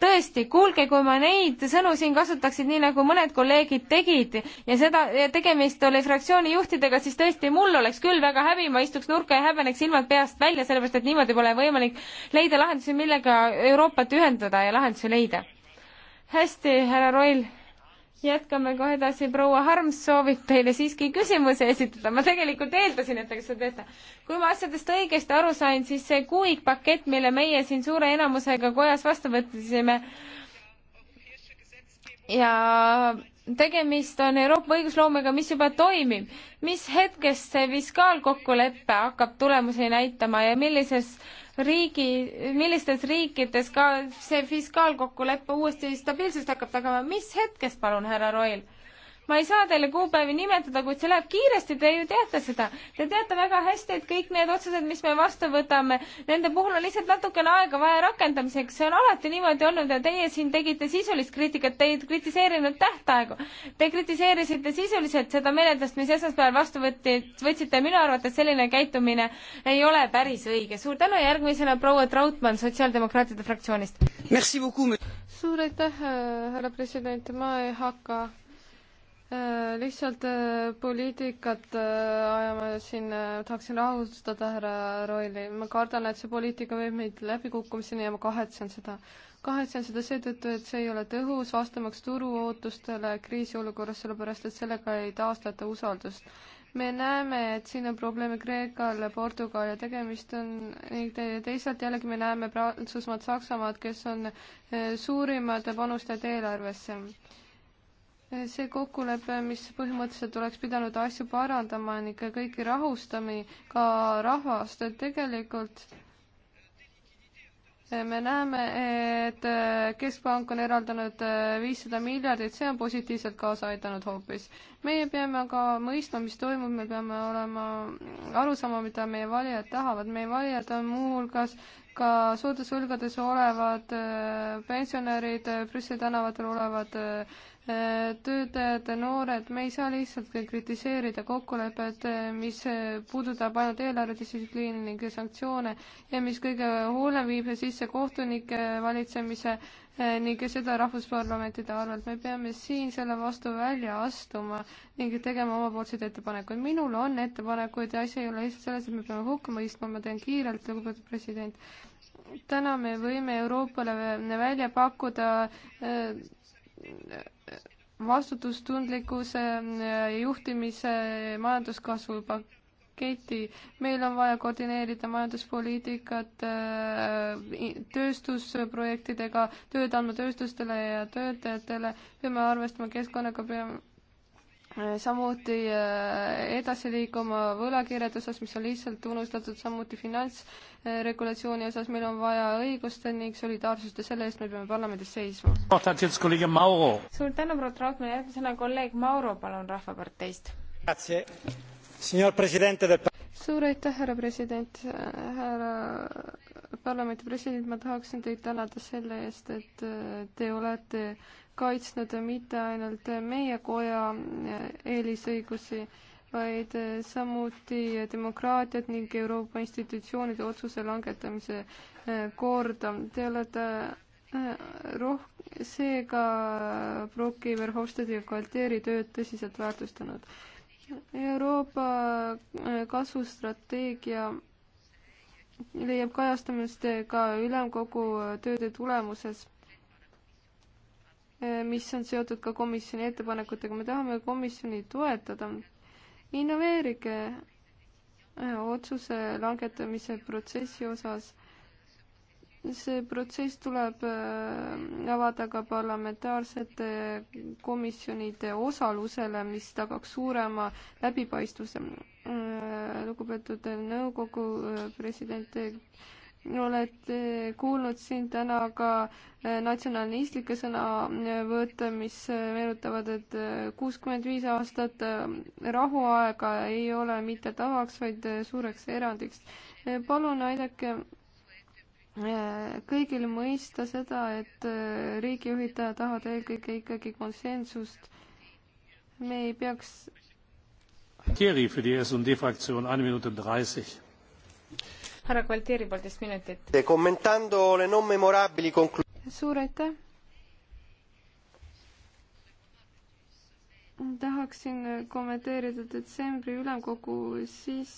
Speaker 1: tõesti, kuulge, kui ma neid sõnu siin kasutaksin, nii nagu mõned kolleegid tegid ja seda ja tegemist oli fraktsiooni juhtidega, siis tõesti, mul oleks küll väga häbi, ma istuks nurka ja häbeneks silmad peast välja, sellepärast et niimoodi pole võimalik leida lahendusi, millega Euroopat ühendada ja lahendusi leida. hästi, härra Roil jätkame kohe edasi, proua Harms soovib teile siiski küsimusi esitada, ma tegelikult eeldasin, et te seda teete. kui ma asjadest õigesti aru sain, siis see kuuik pakett, mille meie siin suure enamusega kojas vastu võtsime ja tegemist on Euroopa õigusloomega, mis juba toimib. mis hetkest see fiskaalkokkulepe hakkab tulemusi näitama ja millises äh, riigi, millistes riikides ka see fiskaalkokkulepe uuesti stabiilsust hakkab tagama, mis hetkest, palun, härra Roil? ma ei saa teile kuupäevi nimetada, kuid see läheb kiiresti, te ju teate seda. Te teate väga hästi, et kõik need otsused, mis me vastu võtame, nende puhul on lihtsalt natukene aega vaja rakendamiseks, see on alati niimoodi olnud ja teie siin tegite sisulist kriitikat, te ei kritiseerinud tähtaegu. Te kritiseerisite sisuliselt seda menetlust, mis esmaspäeval vastu võtti, võtsite, minu arvates selline käitumine ei ole päris õige. suur tänu, järgmisena proua Trautmann Sotsiaaldemokraatide fraktsioonist.
Speaker 4: suur aitäh, äh, härra president, ma ei hakka Äh, lihtsalt äh, poliitikat äh, ajama siin, tahaksin rahustada härra Roili, ma kardan, et see poliitika viib meid läbikukkumiseni ja ma kahetsen seda. kahetsen seda seetõttu, et see ei ole tõhus vastamaks turu ootustele kriisiolukorras, sellepärast et sellega ei taastata usaldust. me näeme, et siin on probleeme Kreekal, Portugal ja tegemist on ning te, teisalt jällegi me näeme Prantsusmaad, Saksamaad, kes on suurimad panustajad eelarvesse see kokkulepe, mis põhimõtteliselt oleks pidanud asju parandama ning kõiki rahustama, ka rahvast, et tegelikult me näeme, et Keskpank on eraldanud viissada miljardit, see on positiivselt kaasa aidanud hoopis. meie peame aga mõistma, mis toimub, me peame olema, aru saama, mida meie valijad tahavad. meie valijad on muuhulgas ka suurtes võlgades olevad äh, pensionärid, äh, Brüsseli tänavatel olevad äh, töötajad, noored, me ei saa lihtsalt kritiseerida kokkulepet, mis puudutab ainult eelarvedistsipliini ning sanktsioone ja mis kõige hullem viib sisse kohtunike valitsemise ning seda rahvusparlamentide arvelt. me peame siin selle vastu välja astuma ning tegema omapoolseid ettepanekuid. minul on ettepanekuid ja asi ei ole lihtsalt selles, et me peame hukka mõistma, ma teen kiirelt, lugupeetud president täna me võime Euroopale välja pakkuda äh, vastutustundlikkuse äh, juhtimise majanduskasvu paketi. meil on vaja koordineerida majanduspoliitikat äh, tööstusprojektidega, tööd andma tööstustele ja töötajatele, peame arvestama keskkonnaga, peame samuti äh, edasi liikuma võlakirjade osas, mis on lihtsalt unustatud, samuti finantsregulatsiooni osas meil on vaja õigust ning solidaarsust ja selle eest me peame parlamendis seisma. suur
Speaker 1: tänu, proua Trautmann, järgmisena kolleeg Mauro, palun, Rahvaparteist.
Speaker 4: suur aitäh, härra president, härra parlamendi president, ma tahaksin teid tänada selle eest, et äh, te olete äh, kaitsnud mitte ainult meie koja eh, eelisõigusi, vaid eh, samuti demokraatiat ning Euroopa institutsioonide otsuse langetamise eh, korda. Te olete roh-, seega Brocki, Verhofstadi ja Gualtieri tööd tõsiselt väärtustanud. Euroopa kasvustrateegia leiab kajastamist ka ülemkogu tööde tulemuses Eh, mis on seotud ka komisjoni ettepanekutega, me tahame komisjoni toetada. innoveerige eh, otsuse langetamise protsessi osas. see protsess tuleb eh, avada ka parlamentaarsete komisjonide osalusele, mis tagaks suurema läbipaistvuse. lugupeetud nõukogu president olete kuulnud siin täna ka äh, natsionalistlikke sõnavõtte, äh, mis äh, meenutavad, et kuuskümmend viis aastat rahuaega ei ole mitte tavaks, vaid suureks erandiks. palun aidake kõigil mõista seda, et riigijuhid tahavad eelkõige ikkagi konsensust. me ei peaks.
Speaker 3: Thierry für die SD-Fraktion, eine Minute dreißig
Speaker 1: härra Gualtieri poolteist minutit. Eh, suur aitäh.
Speaker 4: tahaksin eh, kommenteerida detsembri ülemkogu, siis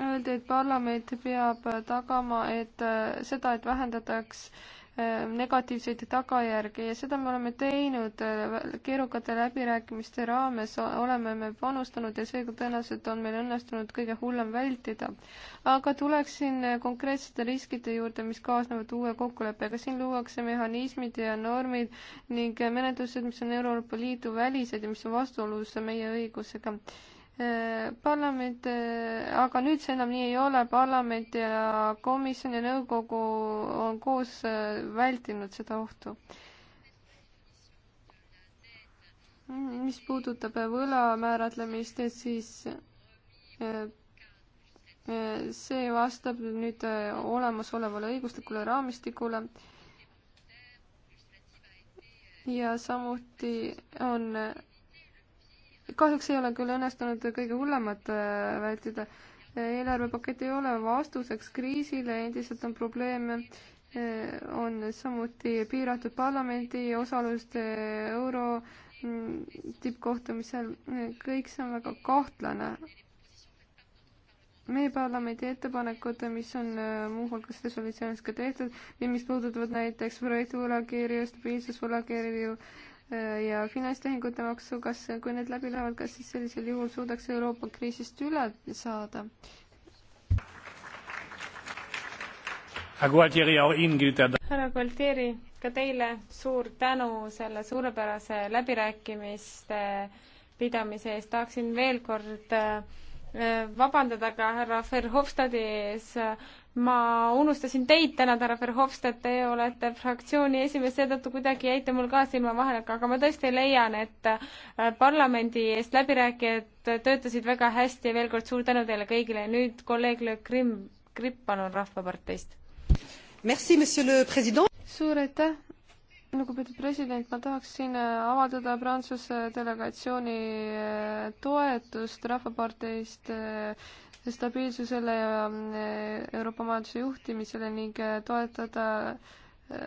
Speaker 4: öeldi, et parlament peab eh, tagama, et seda, et vähendataks äh, Ehm, negatiivseid tagajärgi ja seda me oleme teinud äh, keerukate läbirääkimiste raames, oleme me panustanud ja seega tõenäoliselt on meil õnnestunud kõige hullem vältida. aga tuleksin äh, konkreetsete riskide juurde, mis kaasnevad uue kokkuleppega, siin luuakse mehhanismid ja normid ning äh, menetlused, mis on Euroopa Liidu välised ja mis on vastuolus meie õigusega Äh, parlament, äh, aga nüüd see enam nii ei ole, parlament ja komisjon ja nõukogu on koos äh, vältinud seda ohtu. mis puudutab võla määratlemist, siis see vastab nüüd olemasolevale õiguslikule raamistikule. ja samuti on kahjuks ei ole küll õnnestunud kõige hullemat äh, vältida. eelarvepakett ei ole vastuseks kriisile, endiselt on probleeme, äh, on samuti piiratud parlamendi osalust äh, euro mm, tippkohtumisel, kõik see on väga kahtlane meie parlamendi ettepanekud, mis on muuhulgas resolutsioonis ka tehtud ja mis puudutavad näiteks projekti võlakirju, stabiilsusvõlakirju äh,, ja finantstehingute maksu, kas, kui need läbi lähevad, kas siis sellisel juhul suudaks Euroopa kriisist
Speaker 1: üle saada?
Speaker 3: härra
Speaker 1: Gualtieri, ka teile suur tänu selle suurepärase läbirääkimiste pidamise eest, tahaksin veel kord äh, vabandada ka härra Verhofstadi ees, ma unustasin teid tänada, härra Verhofstadt, teie olete fraktsiooni esimees, seetõttu kuidagi jäite mul ka silma vahele, aga ma tõesti leian, et äh, parlamendi eest läbirääkijad töötasid väga hästi ja veel kord suur tänu teile kõigile ja nüüd kolleeg Le Grimm, Gripp, palun Rahvaparteist.
Speaker 4: suur aitäh, lugupeetud president, ma tahaksin äh, avaldada Prantsuse delegatsiooni äh, toetust Rahvaparteist stabiilsusele ja eh, Euroopa majanduse juhtimisele ning eh, toetada eh,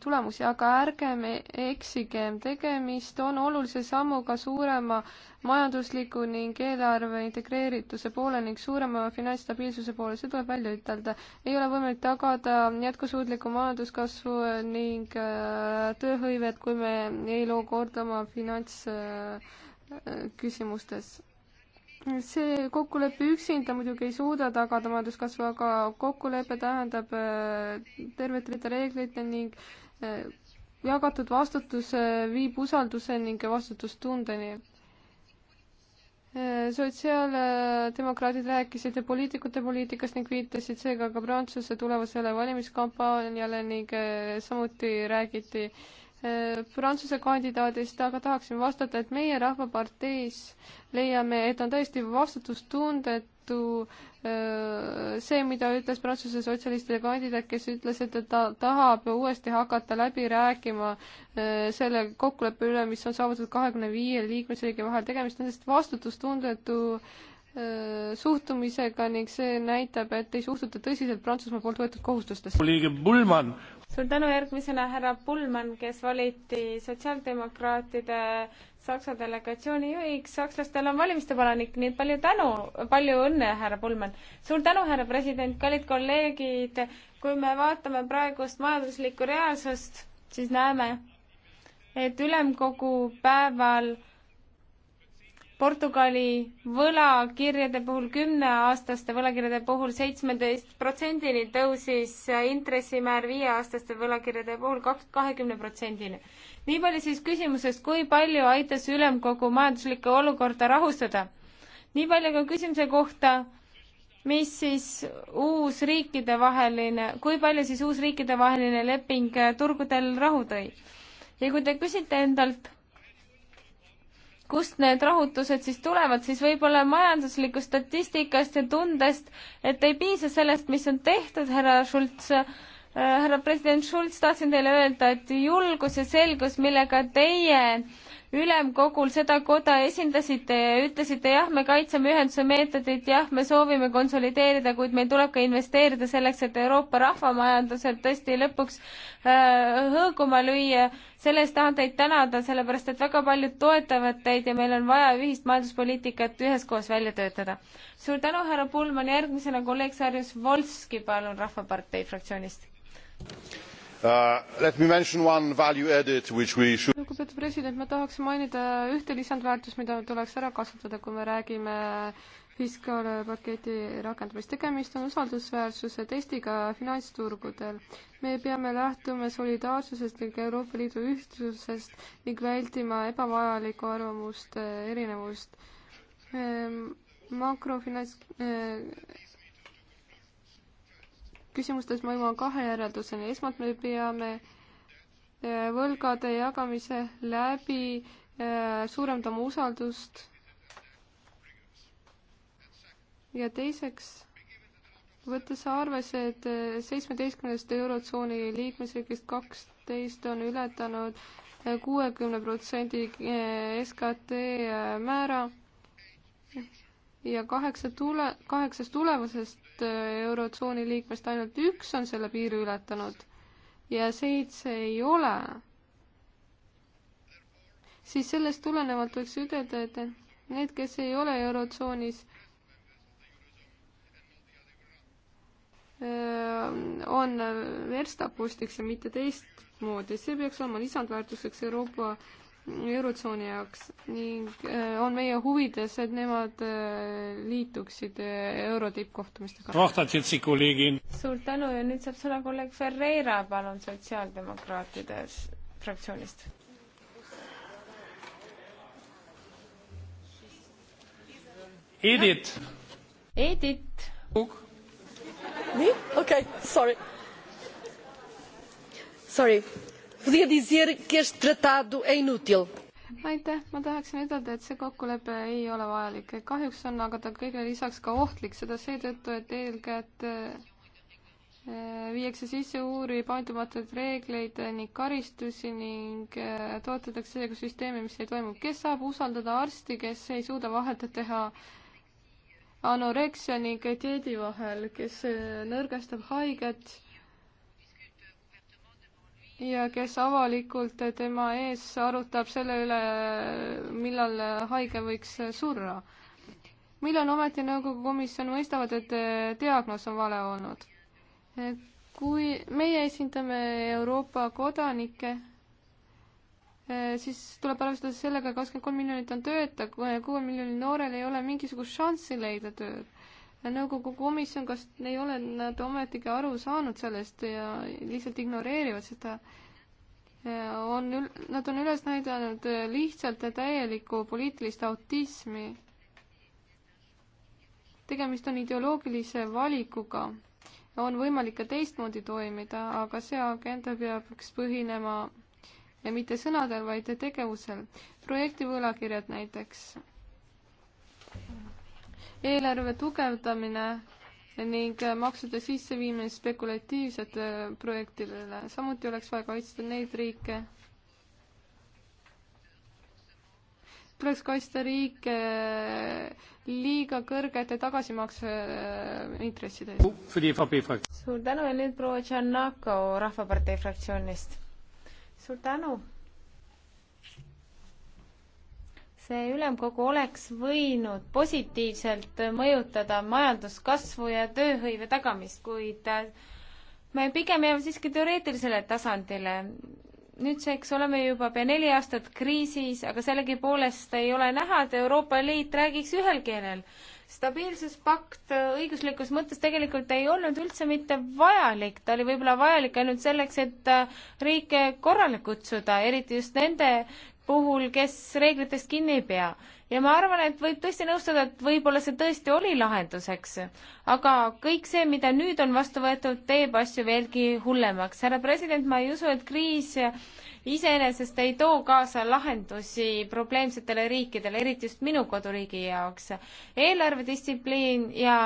Speaker 4: tulemusi, aga ärgem eksigem, tegemist on olulise sammuga suurema majandusliku ning eelarve integreerituse poole ning suurema finantsstabiilsuse poole, see tuleb välja ütelda. ei ole võimalik tagada jätkusuutlikku majanduskasvu ning tööhõivet, kui me ei loo korda oma finantsküsimustes äh, see kokkulepe üksinda muidugi ei suuda tagada majanduskasvu, aga kokkulepe tähendab äh, tervet rida reegleid ning äh, jagatud vastutus äh, viib usalduse ning vastutustundeni. sotsiaaldemokraadid rääkisid poliitikute poliitikast ning viitasid seega ka Prantsuse tulevasele valimiskampaaniale ning samuti räägiti äh, Äh, Prantsuse kandidaadist, aga tahaksin vastata, et meie Rahvaparteis leiame, et on täiesti vastutustundetu äh, see, mida ütles Prantsuse sotsialistide kandidaat, kes ütles, et ta tahab uuesti hakata läbi rääkima äh, selle kokkuleppe üle, mis on saavutatud kahekümne viie liikmesriigi vahel. tegemist on täiesti vastutustundetu suhtumisega ning see näitab, et ei suhtuta tõsiselt Prantsusmaa poolt võetud
Speaker 3: kohustustesse. kolleeg Bullmann
Speaker 1: suur tänu järgmisena härra Pullmann, kes valiti sotsiaaldemokraatide Saksa delegatsiooni juhiks. sakslastel on valimiste palanik, nii et palju tänu, palju õnne, härra Pullmann. suur tänu, härra president, kallid kolleegid. kui me vaatame praegust majanduslikku reaalsust, siis näeme, et ülemkogu päeval Portugali võlakirjade puhul, kümneaastaste võlakirjade puhul seitsmeteist protsendini tõusis intressimäär viieaastaste võlakirjade puhul kaks, kahekümne protsendini. nii palju siis küsimusest, kui palju aitas ülemkogu majanduslikku olukorda rahustada. nii palju ka küsimuse kohta, mis siis uus riikidevaheline, kui palju siis uus riikidevaheline leping turgudel rahu tõi. ja kui te küsite endalt, kust need rahutused siis tulevad, siis võib-olla majanduslikust statistikast ja tundest, et ei piisa sellest, mis on tehtud, härra Schultz äh, härra president Schulz, tahtsin teile öelda, et julgus ja selgus, millega teie ülemkogul seda koda esindasite ja ütlesite jah, me kaitseme ühenduse meetodit, jah, me soovime konsolideerida, kuid meil tuleb ka investeerida selleks, et Euroopa rahvamajandusel tõesti lõpuks äh, hõõguma lüüa. selle eest tahan teid tänada, sellepärast et väga paljud toetavad teid ja meil on vaja ühist majanduspoliitikat üheskoos välja töötada. suur tänu, härra Pullmann, järgmisena kolleeg Sarjus Volski, palun, Rahvapartei fraktsioonist
Speaker 3: Uh,
Speaker 4: lugupeetud president ma tahaks mainida ühte lisandväärtust mida tuleks ära kasutada kui me räägime fiskaalpaketi rakendamist tegemist on usaldusväärsuse testiga finantsturgudel me peame lähtuma solidaarsusest ning euroopa liidu ühtsusest ning vältima ebavajalikku arvamuste erinevust ehm, makrofinants eh, küsimustes ma jõuan kahe järelduseni. esmalt me peame e, võlgade jagamise läbi e, suurendama usaldust. ja teiseks, võttes arvesse, et seitsmeteistkümnest Eurotsooni liikmesriigist kaksteist on ületanud kuuekümne protsendi e, SKT määra ja kaheksa tule, kaheksast tulevasest kahest äh, Eurotsooni liikmest ainult üks on selle piiri ületanud ja seitse ei ole, siis sellest tulenevalt võiks ütelda, et need, kes ei ole Eurotsoonis, äh, on verstapostiks ja mitte teistmoodi, see peaks olema lisandväärtuseks Euroopa Eurotsooni jaoks ning äh, on meie huvides, et nemad äh,
Speaker 1: liituksid äh, Euro tippkohtumistega. suur tänu ja nüüd saab sõna kolleeg Ferreira, palun, sotsiaaldemokraatide fraktsioonist. Edith. Edith. nii, okei okay,, sorry.
Speaker 4: Sorry podia dizer que este tratado é inútil. aitäh, ma tahaksin ütelda, et see kokkulepe ei ole vajalik. kahjuks on aga ta kõigele lisaks ka ohtlik, seda seetõttu, et eelkätt eh, viiakse sisse uuri paindumatuid reegleid ning karistusi ning eh, toetatakse seega süsteemi, mis ei toimu. kes saab usaldada arsti, kes ei suuda vahet teha anoreksia ning dieedi vahel, kes eh, nõrgestab haiget ja kes avalikult tema ees arutab selle üle, millal haige võiks surra. millal ometi nõukogu komisjon mõistavad, et diagnoos on vale olnud? kui meie esindame Euroopa kodanikke, eh, siis tuleb arvestada sellega, kakskümmend kolm miljonit on tööta, kuuel miljonil noorel ei ole mingisugust šanssi leida tööd nõukogu komisjon, kas ei ole nad ometigi aru saanud sellest ja lihtsalt ignoreerivad seda, on, nad on üles näidanud lihtsalt täielikku poliitilist autismi. tegemist on ideoloogilise valikuga. on võimalik ka teistmoodi toimida, aga see agenda peaks põhinema ja mitte sõnadel, vaid tegevusel. projekti võlakirjad näiteks eelarve tugevdamine ning maksude sisseviimine spekulatiivsete projektidele. samuti oleks vaja kaitsta neid riike, tuleks kaitsta riike liiga
Speaker 1: kõrgete tagasimakse äh, intresside eest. suur tänu ja nüüd proua Tšernako Rahvapartei fraktsioonist. suur tänu see ülemkogu oleks võinud positiivselt mõjutada majanduskasvu ja tööhõive tagamist, kuid äh, me pigem jääme siiski teoreetilisele tasandile. nüüdseks oleme juba pea neli aastat kriisis, aga sellegipoolest ei ole näha, et Euroopa Liit räägiks ühel keelel. stabiilsuspakt õiguslikus mõttes tegelikult ei olnud üldse mitte vajalik, ta oli võib-olla vajalik ainult selleks, et äh, riike korrale kutsuda, eriti just nende puhul, kes reeglitest kinni ei pea. ja ma arvan, et võib tõesti nõustuda, et võib-olla see tõesti oli lahenduseks, aga kõik see, mida nüüd on vastu võetud, teeb asju veelgi hullemaks. härra president, ma ei usu, et kriis iseenesest ei too kaasa lahendusi probleemsetele riikidele, eriti just minu koduriigi jaoks. eelarvedistsipliin ja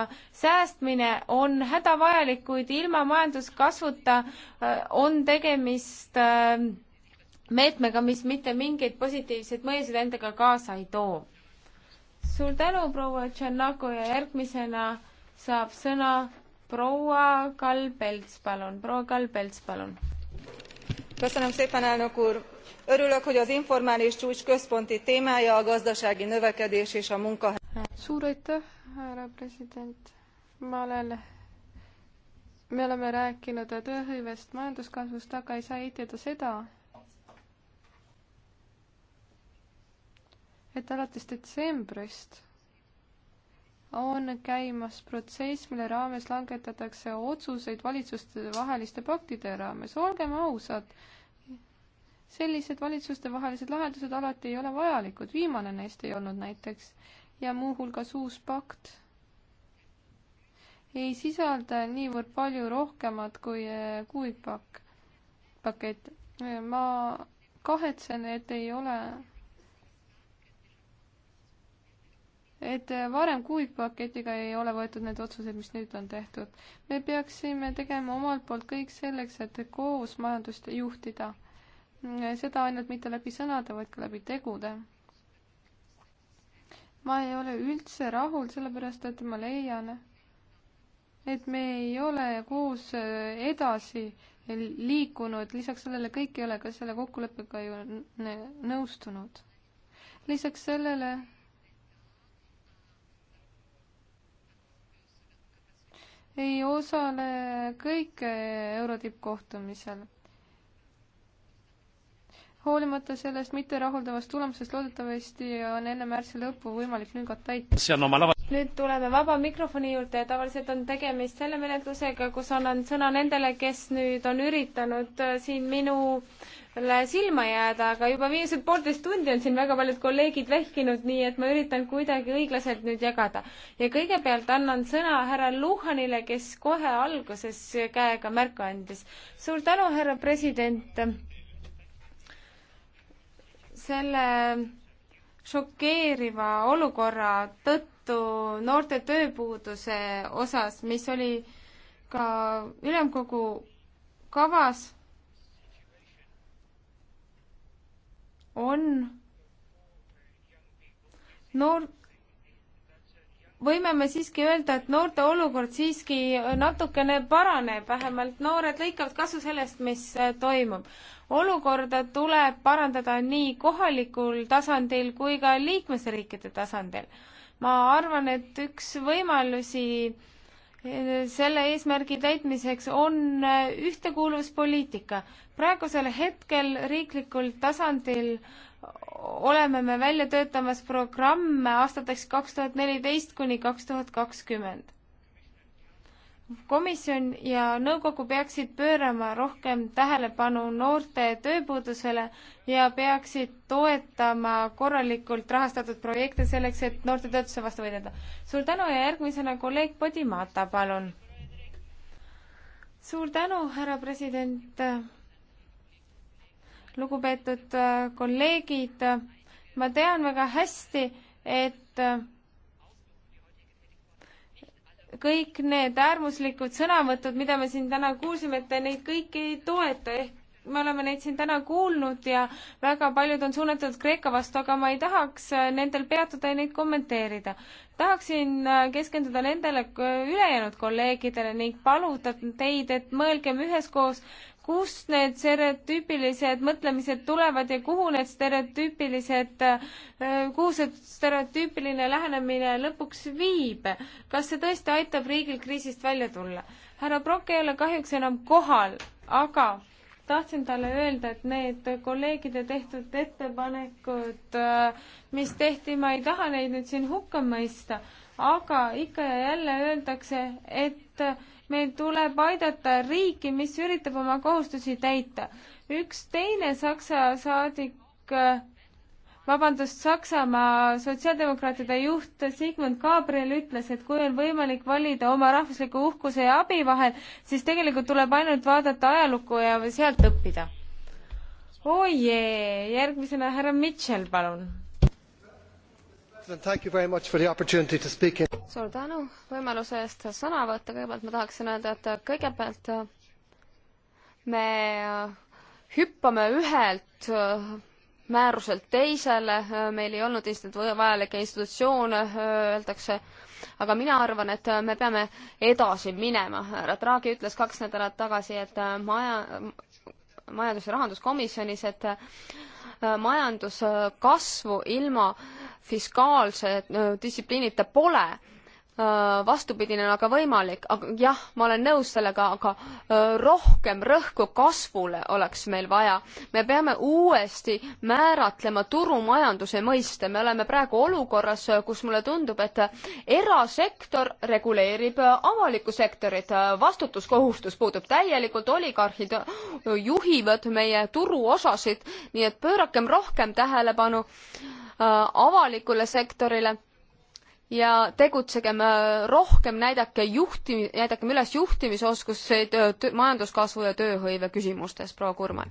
Speaker 1: säästmine on hädavajalik, kuid ilma majanduskasvuta äh, on tegemist äh, meetmega, mis mitte mingeid positiivseid mõjusid endaga kaasa ei too. suur tänu, proua Tšernako ja järgmisena saab sõna proua Kalbelts, palun, proua Kalbelts, palun. köszönöm szépen, elnök úr! Örülök, hogy az informális csúcs központi témája a gazdasági növekedés és a munkahely. Suur aitäh,
Speaker 4: härra president! Ma olen me oleme rääkinud tööhõivest, majanduskasvust, aga ei saa eitada seda, et alates detsembrist on käimas protsess, mille raames langetatakse otsuseid valitsustevaheliste paktide raames. olgem ausad, sellised valitsustevahelised lahendused alati ei ole vajalikud, viimane neist ei olnud näiteks ja muuhulgas uus pakt ei sisalda niivõrd palju rohkemat kui eh, kuupakk, pakett. ma kahetsen, et ei ole et varem kuupaketiga ei ole võetud need otsused, mis nüüd on tehtud. me peaksime tegema omalt poolt kõik selleks, et koos majandust juhtida. seda ainult mitte läbi sõnade, vaid ka läbi tegude. ma ei ole üldse rahul, sellepärast et ma leian, et me ei ole koos edasi liikunud, lisaks sellele kõik ei ole ka selle kokkuleppega ju nõustunud. lisaks sellele ei osale kõik eurotippkohtumisel. hoolimata sellest
Speaker 1: mitterahuldavast tulemusest loodetavasti on enne märtsi lõppu võimalik lüngad
Speaker 3: täita
Speaker 1: nüüd tuleme vaba mikrofoni juurde ja tavaliselt on tegemist selle menetlusega, kus annan sõna nendele, kes nüüd on üritanud äh, siin minule silma jääda, aga juba viimased poolteist tundi on siin väga paljud kolleegid vehkinud, nii et ma üritan kuidagi õiglaselt nüüd jagada. ja kõigepealt annan sõna härra Luhanile, kes kohe alguses käega märku andis. suur tänu, härra president, selle šokeeriva olukorra tõttu, vastu noorte tööpuuduse osas, mis oli ka ülemkogu kavas, on noor, võime me siiski öelda, et noorte olukord siiski natukene paraneb, vähemalt noored lõikavad kasu sellest, mis toimub. olukorda tuleb parandada nii kohalikul tasandil kui ka liikmesriikide tasandil ma arvan, et üks võimalusi eh, selle eesmärgi täitmiseks on eh, ühtekuuluvuspoliitika. praegusel hetkel riiklikul tasandil oleme me välja töötamas programme aastateks kaks tuhat neliteist kuni kaks tuhat kakskümmend komisjon ja nõukogu peaksid pöörama rohkem tähelepanu noorte tööpuudusele ja peaksid toetama korralikult rahastatud projekte selleks, et noorte töötuse vastu võidelda. suur tänu ja järgmisena kolleeg Podimata, palun. suur tänu, härra president. lugupeetud äh, kolleegid, ma tean väga hästi, et äh, kõik need äärmuslikud sõnavõtud, mida me siin täna kuulsime, et te neid kõiki ei toeta, ehk me oleme neid siin täna kuulnud ja väga paljud on suunatud Kreeka vastu, aga ma ei tahaks äh, nendel peatuda ja neid kommenteerida. tahaksin äh, keskenduda nendele äh, ülejäänud kolleegidele ning paluda teid, et mõelgem üheskoos, kust need stereotüüpilised mõtlemised tulevad ja kuhu need stereotüüpilised, kuhu see stereotüüpiline lähenemine lõpuks viib? kas see tõesti aitab riigil kriisist välja tulla? härra Prokk ei ole kahjuks enam kohal, aga tahtsin talle öelda, et need kolleegide tehtud ettepanekud, mis tehti, ma ei taha neid nüüd siin hukka mõista, aga ikka ja jälle öeldakse, et meil tuleb aidata riiki, mis üritab oma kohustusi täita. üks teine Saksa saadik, äh, vabandust, Saksamaa sotsiaaldemokraatide juht Sigmund Gabriel ütles, et kui on võimalik valida oma rahvusliku uhkuse ja abi vahel, siis tegelikult tuleb ainult vaadata ajalukku ja sealt õppida. oi oh jee, järgmisena härra Mitchell, palun
Speaker 2: suur tänu võimaluse eest sõna võtta, kõigepealt ma tahaksin öelda, et kõigepealt äh, me äh, hüppame ühelt äh, määruselt teisele, meil ei olnud instit-, vajalikke institutsioone, öeldakse, aga mina arvan, et me peame edasi minema. härra Draghi ütles kaks nädalat tagasi, et maja, majandus- ja rahanduskomisjonis, et majanduskasvu ilma fiskaalse äh, distsipliinita pole, äh, vastupidine on aga võimalik, aga jah, ma olen nõus sellega, aga äh, rohkem rõhku kasvule oleks meil vaja. me peame uuesti määratlema turumajanduse mõiste, me oleme praegu olukorras, kus mulle tundub, et erasektor reguleerib avalikku sektorit, vastutuskohustus puudub täielikult, oligarhid juhivad meie turuosasid, nii et pöörakem rohkem tähelepanu äh, Äh, avalikule sektorile ja tegutsegem äh, rohkem, näidake juhti-, näidakem üles juhtimisoskuseid äh, majanduskasvu ja tööhõive küsimustes, proua Kurman.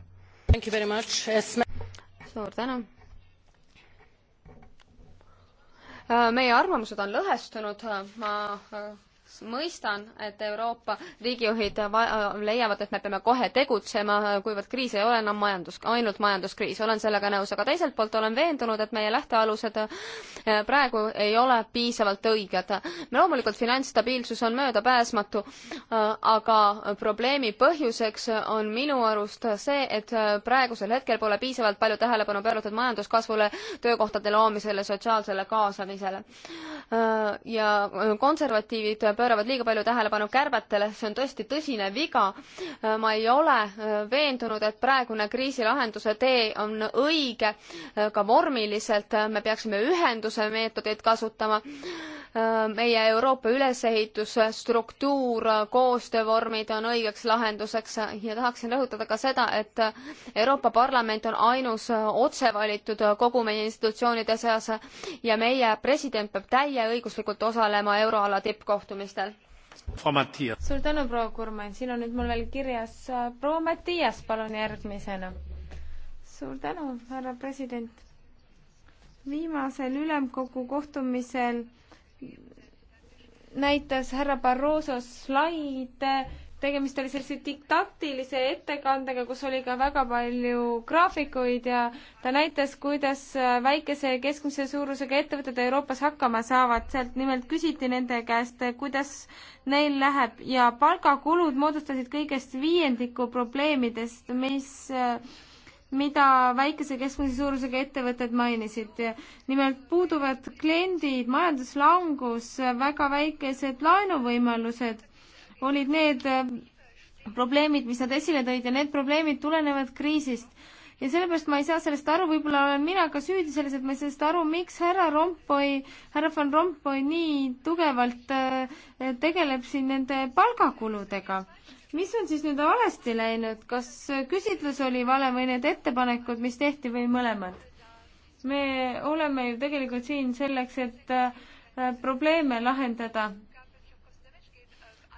Speaker 2: suur tänu. meie arvamused on lõhestunud, ma mõistan, et Euroopa riigijuhid leiavad, et me peame kohe tegutsema, kuivõrd kriis ei ole enam majandus, ainult majanduskriis, olen sellega nõus, aga teiselt poolt olen veendunud, et meie lähtealused äh, praegu ei ole piisavalt õiged. loomulikult finantsstabiilsus on möödapääsmatu, äh, aga probleemi põhjuseks on minu arust see, et äh, praegusel hetkel pole piisavalt palju tähelepanu pööratud majanduskasvule, töökohtade loomisele, sotsiaalsele kaasamisele. ja konservatiivid pööravad pööravad liiga palju tähelepanu kärbetele, see on tõesti tõsine viga. Äh, ma ei ole äh, veendunud, et praegune kriisilahenduse tee on õige äh, ka vormiliselt, me peaksime ühenduse meetodeid kasutama meie Euroopa ülesehituse struktuur, koostöövormid on õigeks lahenduseks ja tahaksin rõhutada ka seda, et Euroopa Parlament on ainus otsevalitud kogu meie institutsioonide seas ja meie president peab täieõiguslikult osalema
Speaker 1: euroala tippkohtumistel. suur tänu, proua Kurman, siin on nüüd mul veel kirjas äh, proua Mattias, palun järgmisena. suur tänu, härra president. viimasel ülemkogu kohtumisel näitas härra Barroso slaide, tegemist oli sellise diktaktilise ettekandega, kus oli ka väga palju graafikuid ja ta näitas, kuidas väikese ja keskmise suurusega ettevõtted Euroopas hakkama saavad. sealt nimelt küsiti nende käest, kuidas neil läheb ja palgakulud moodustasid kõigest viiendiku probleemidest, mis mida väikese keskmise suurusega ettevõtted mainisid. nimelt puuduvad kliendid, majanduslangus, väga väikesed laenuvõimalused olid need äh, probleemid, mis nad esile tõid ja need probleemid tulenevad kriisist. ja sellepärast ma ei saa sellest aru, võib-olla olen mina ka süüdi selles, et ma ei saa sellest aru, miks härra Rompoi, härra Van Rompuy nii tugevalt äh, tegeleb siin nende palgakuludega mis on siis nüüd valesti läinud, kas küsitlus oli vale või need ettepanekud, mis tehti või mõlemad? me oleme ju tegelikult siin selleks, et äh, probleeme lahendada.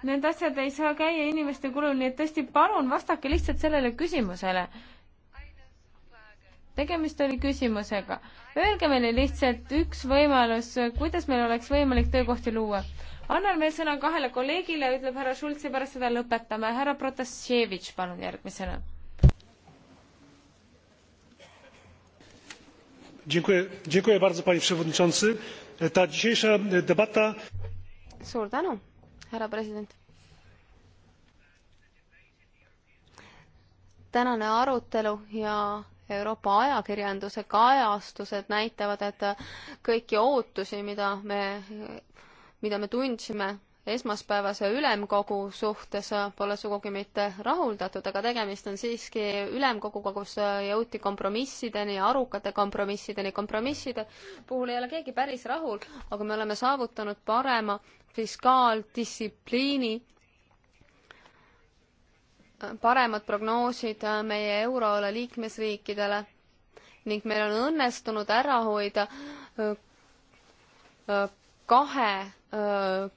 Speaker 1: Need asjad ei saa käia inimeste kulul, nii et tõesti palun vastake lihtsalt sellele küsimusele tegemist oli küsimusega. Öelge meile lihtsalt üks võimalus, kuidas meil oleks võimalik töökohti luua. annan veel sõna kahele kolleegile, ütleb härra Schulz ja pärast seda lõpetame. härra Protasevitš, palun järgmisena.
Speaker 2: suur tänu, härra president. tänane arutelu ja Euroopa ajakirjanduse kajastused näitavad, et kõiki ootusi, mida me, mida me tundsime esmaspäevase ülemkogu suhtes pole sugugi mitte rahuldatud, aga tegemist on siiski ülemkoguga, kus jõuti kompromissideni, arukate kompromissideni. kompromisside puhul ei ole keegi päris rahul, aga me oleme saavutanud parema fiskaaldistsipliini paremad prognoosid äh, meie euroala liikmesriikidele ning meil on õnnestunud ära hoida äh, äh, kahe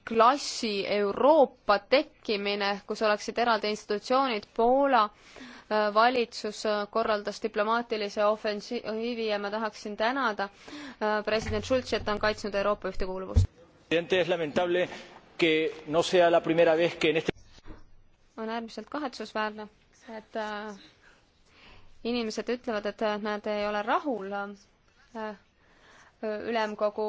Speaker 2: klassi Euroopa tekkimine, kus oleksid eraldi institutsioonid, Poola valitsus korraldas diplomaatilise ofensiivi ja ma tahaksin tänada president Schulzi, et ta on kaitsnud Euroopa ühtekuuluvust on äärmiselt kahetsusväärne, et äh, inimesed ütlevad, et äh, nad ei ole rahul äh, ülemkogu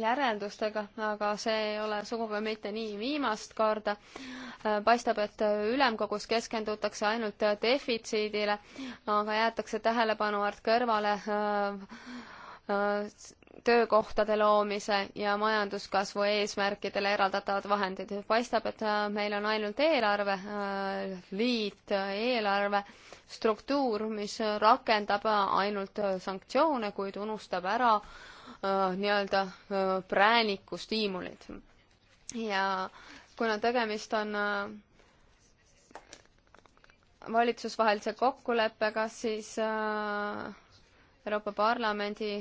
Speaker 2: järeldustega, aga see ei ole sugugi mitte nii viimast korda. paistab, et ülemkogus keskendutakse ainult defitsiidile, aga jäetakse tähelepanu alt kõrvale töökohtade loomise ja majanduskasvu eesmärkidele eraldatavad vahendid. paistab, et äh, meil on ainult eelarve äh, liit, äh, eelarve struktuur, mis rakendab ainult sanktsioone, kuid unustab ära nii-öelda präänikustiimulid. ja kuna tegemist on valitsusvahelise kokkuleppega, siis Euroopa Parlamendi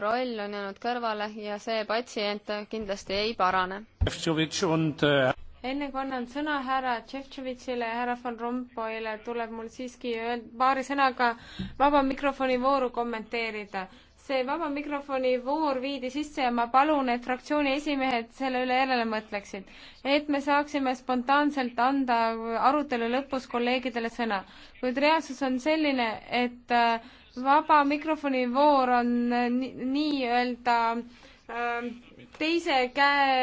Speaker 2: roll on jäänud kõrvale ja see patsient
Speaker 1: kindlasti ei parane.
Speaker 3: Äh,
Speaker 1: enne kui annan sõna härra Tšeftšovitšile ja härra Van Rompuyle, tuleb mul siiski öelda paari sõnaga vaba mikrofoni vooru kommenteerida see vaba mikrofoni voor viidi sisse ja ma palun, et fraktsiooni esimehed selle üle järele mõtleksid. et me saaksime spontaanselt anda arutelu lõpus kolleegidele sõna. kuid reaalsus on selline, et äh, vaba mikrofoni voor on nii-öelda ähm, teise käe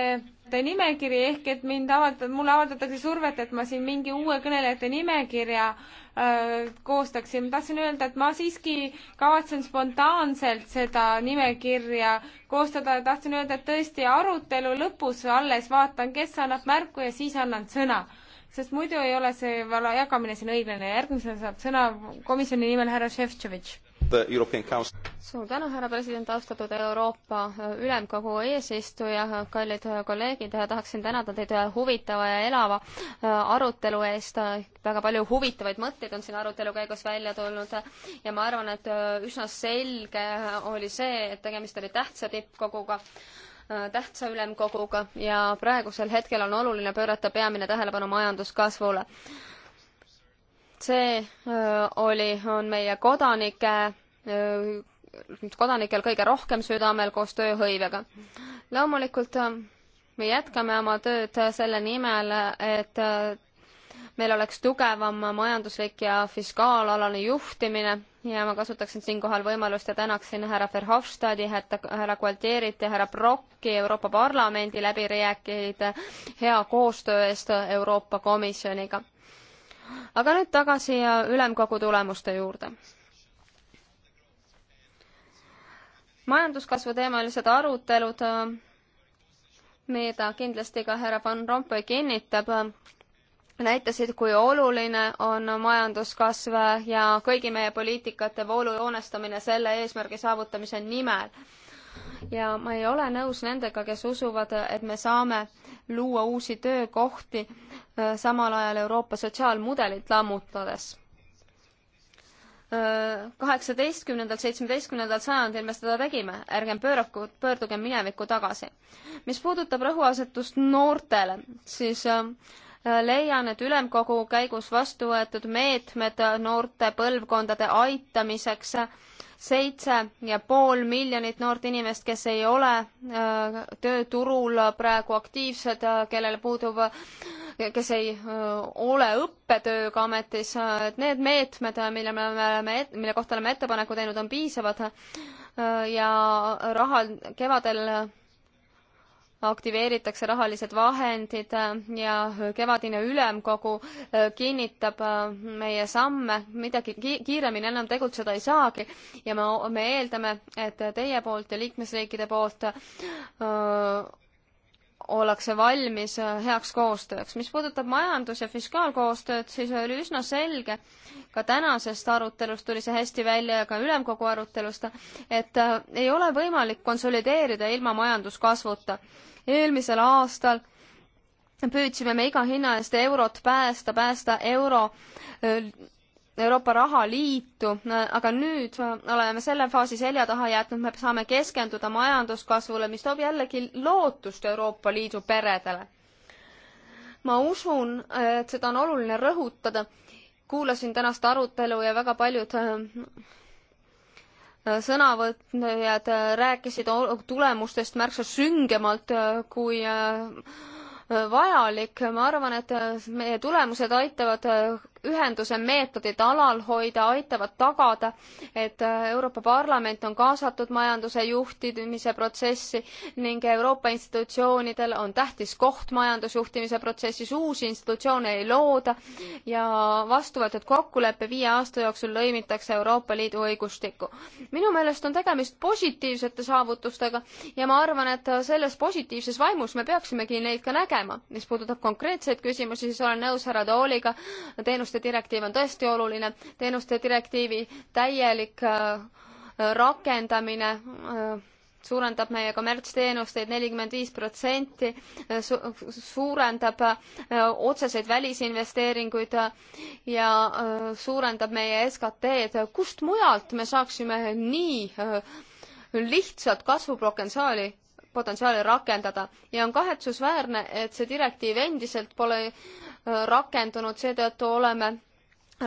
Speaker 1: kõnelejate nimekiri, ehk et mind avaldab, mulle avaldatakse survet, et ma siin mingi uue kõnelejate nimekirja öö, äh, koostaksin. ma tahtsin öelda, et ma siiski kavatsen spontaanselt seda nimekirja koostada ja tahtsin öelda, et tõesti arutelu lõpus alles vaatan, kes annab märku ja siis annan sõna sest muidu ei ole see vala jagamine siin õiglane. järgmisena saab sõna komisjoni nimel härra Šefčovitš. suur tänu, härra president, austatud Euroopa äh, Ülemkogu eesistuja,
Speaker 2: kallid äh, kolleegid, äh, tahaksin tänada teid huvitava ja elava arutelu eest. väga palju huvitavaid mõtteid on siin arutelu käigus välja tulnud ja ma arvan, et üsna selge oli see, et tegemist oli tähtsa tippkoguga Äh, tähtsa ülemkoguga ja praegusel hetkel on oluline pöörata peamine tähelepanu majanduskasvule. see äh, oli, on meie kodanike, äh, kodanikel kõige rohkem südamel koos tööhõivega. loomulikult me jätkame oma tööd selle nimel, et meil oleks tugevam majanduslik ja fiskaalalane juhtimine ja ma kasutaksin siinkohal võimalust ja tänaksin härra Verhofstadi, härra Gualtierit ja härra Brocki Euroopa Parlamendi läbirääkijaid hea koostöö eest Euroopa Komisjoniga. aga nüüd tagasi ülemkogu tulemuste juurde. majanduskasvu teemalised arutelud, mida kindlasti ka härra Van Rompuy kinnitab, näitasid, kui oluline on majanduskasv ja kõigi meie poliitikate voolujoonestamine selle eesmärgi saavutamise nimel. ja ma ei ole nõus nendega, kes usuvad, et me saame luua uusi töökohti, äh, samal ajal Euroopa sotsiaalmudelit lammutades. Äh, kaheksateistkümnendal, seitsmeteistkümnendal sajandil me seda tegime, ärgem pööraku, pöördugem minevikku tagasi. mis puudutab rõhuasetust noortele, siis äh, leian, et ülemkogu käigus vastu võetud meetmed noorte põlvkondade aitamiseks, seitse ja pool miljonit noort inimest, kes ei ole äh, tööturul praegu aktiivsed, äh, kellel puudub, kes ei äh, ole õppetööga ametis, et need meetmed, mille me oleme, mille kohta oleme ettepaneku teinud, on piisavad ja raha kevadel aktiveeritakse rahalised vahendid äh, ja kevadine ülemkogu äh, kinnitab äh, meie samme, midagi kiiremini enam tegutseda ei saagi ja me, me eeldame, et teie poolt ja liikmesriikide poolt öö, ollakse valmis heaks koostööks. mis puudutab majandus- ja fiskaalkoostööd, siis oli üsna selge, ka tänasest arutelust tuli see hästi välja ja ka ülemkogu arutelust, et ei ole võimalik konsolideerida ilma majanduskasvuta eelmisel aastal püüdsime me iga hinna eest eurot päästa, päästa euro Euroopa rahaliitu, aga nüüd oleme selle faasi selja taha jätnud, me saame keskenduda majanduskasvule, mis toob jällegi lootust Euroopa Liidu peredele. ma usun, et seda on oluline rõhutada. kuulasin tänast arutelu ja väga paljud sõnavõtjad rääkisid tulemustest märksa süngemalt äh, kui äh, vajalik. ma arvan, et äh, meie tulemused aitavad ühenduse meetodid alal hoida, aitavad tagada, et äh, Euroopa Parlament on kaasatud majanduse juhtimise protsessi ning Euroopa institutsioonidel on tähtis koht majandusjuhtimise protsessis, uusi institutsioone ei looda ja vastuvõetud kokkulepe viie aasta jooksul lõimitakse Euroopa Liidu õigustikku. minu meelest on tegemist positiivsete saavutustega ja ma arvan, et äh, selles positiivses vaimus me peaksimegi neid ka nägema. mis puudutab konkreetseid küsimusi, siis olen nõus härra Tooliga teenuste teenuste direktiiv on tõesti oluline, teenuste direktiivi täielik äh, rakendamine äh, suurendab meie kommertsteenusteid nelikümmend viis protsenti, äh, suurendab otseseid välisinvesteeringuid ja suurendab meie SKT-d. kust mujalt me saaksime nii lihtsalt kasvupotentsiaali potentsiaali rakendada ja on kahetsusväärne, et see direktiiv endiselt pole rakendunud, seetõttu oleme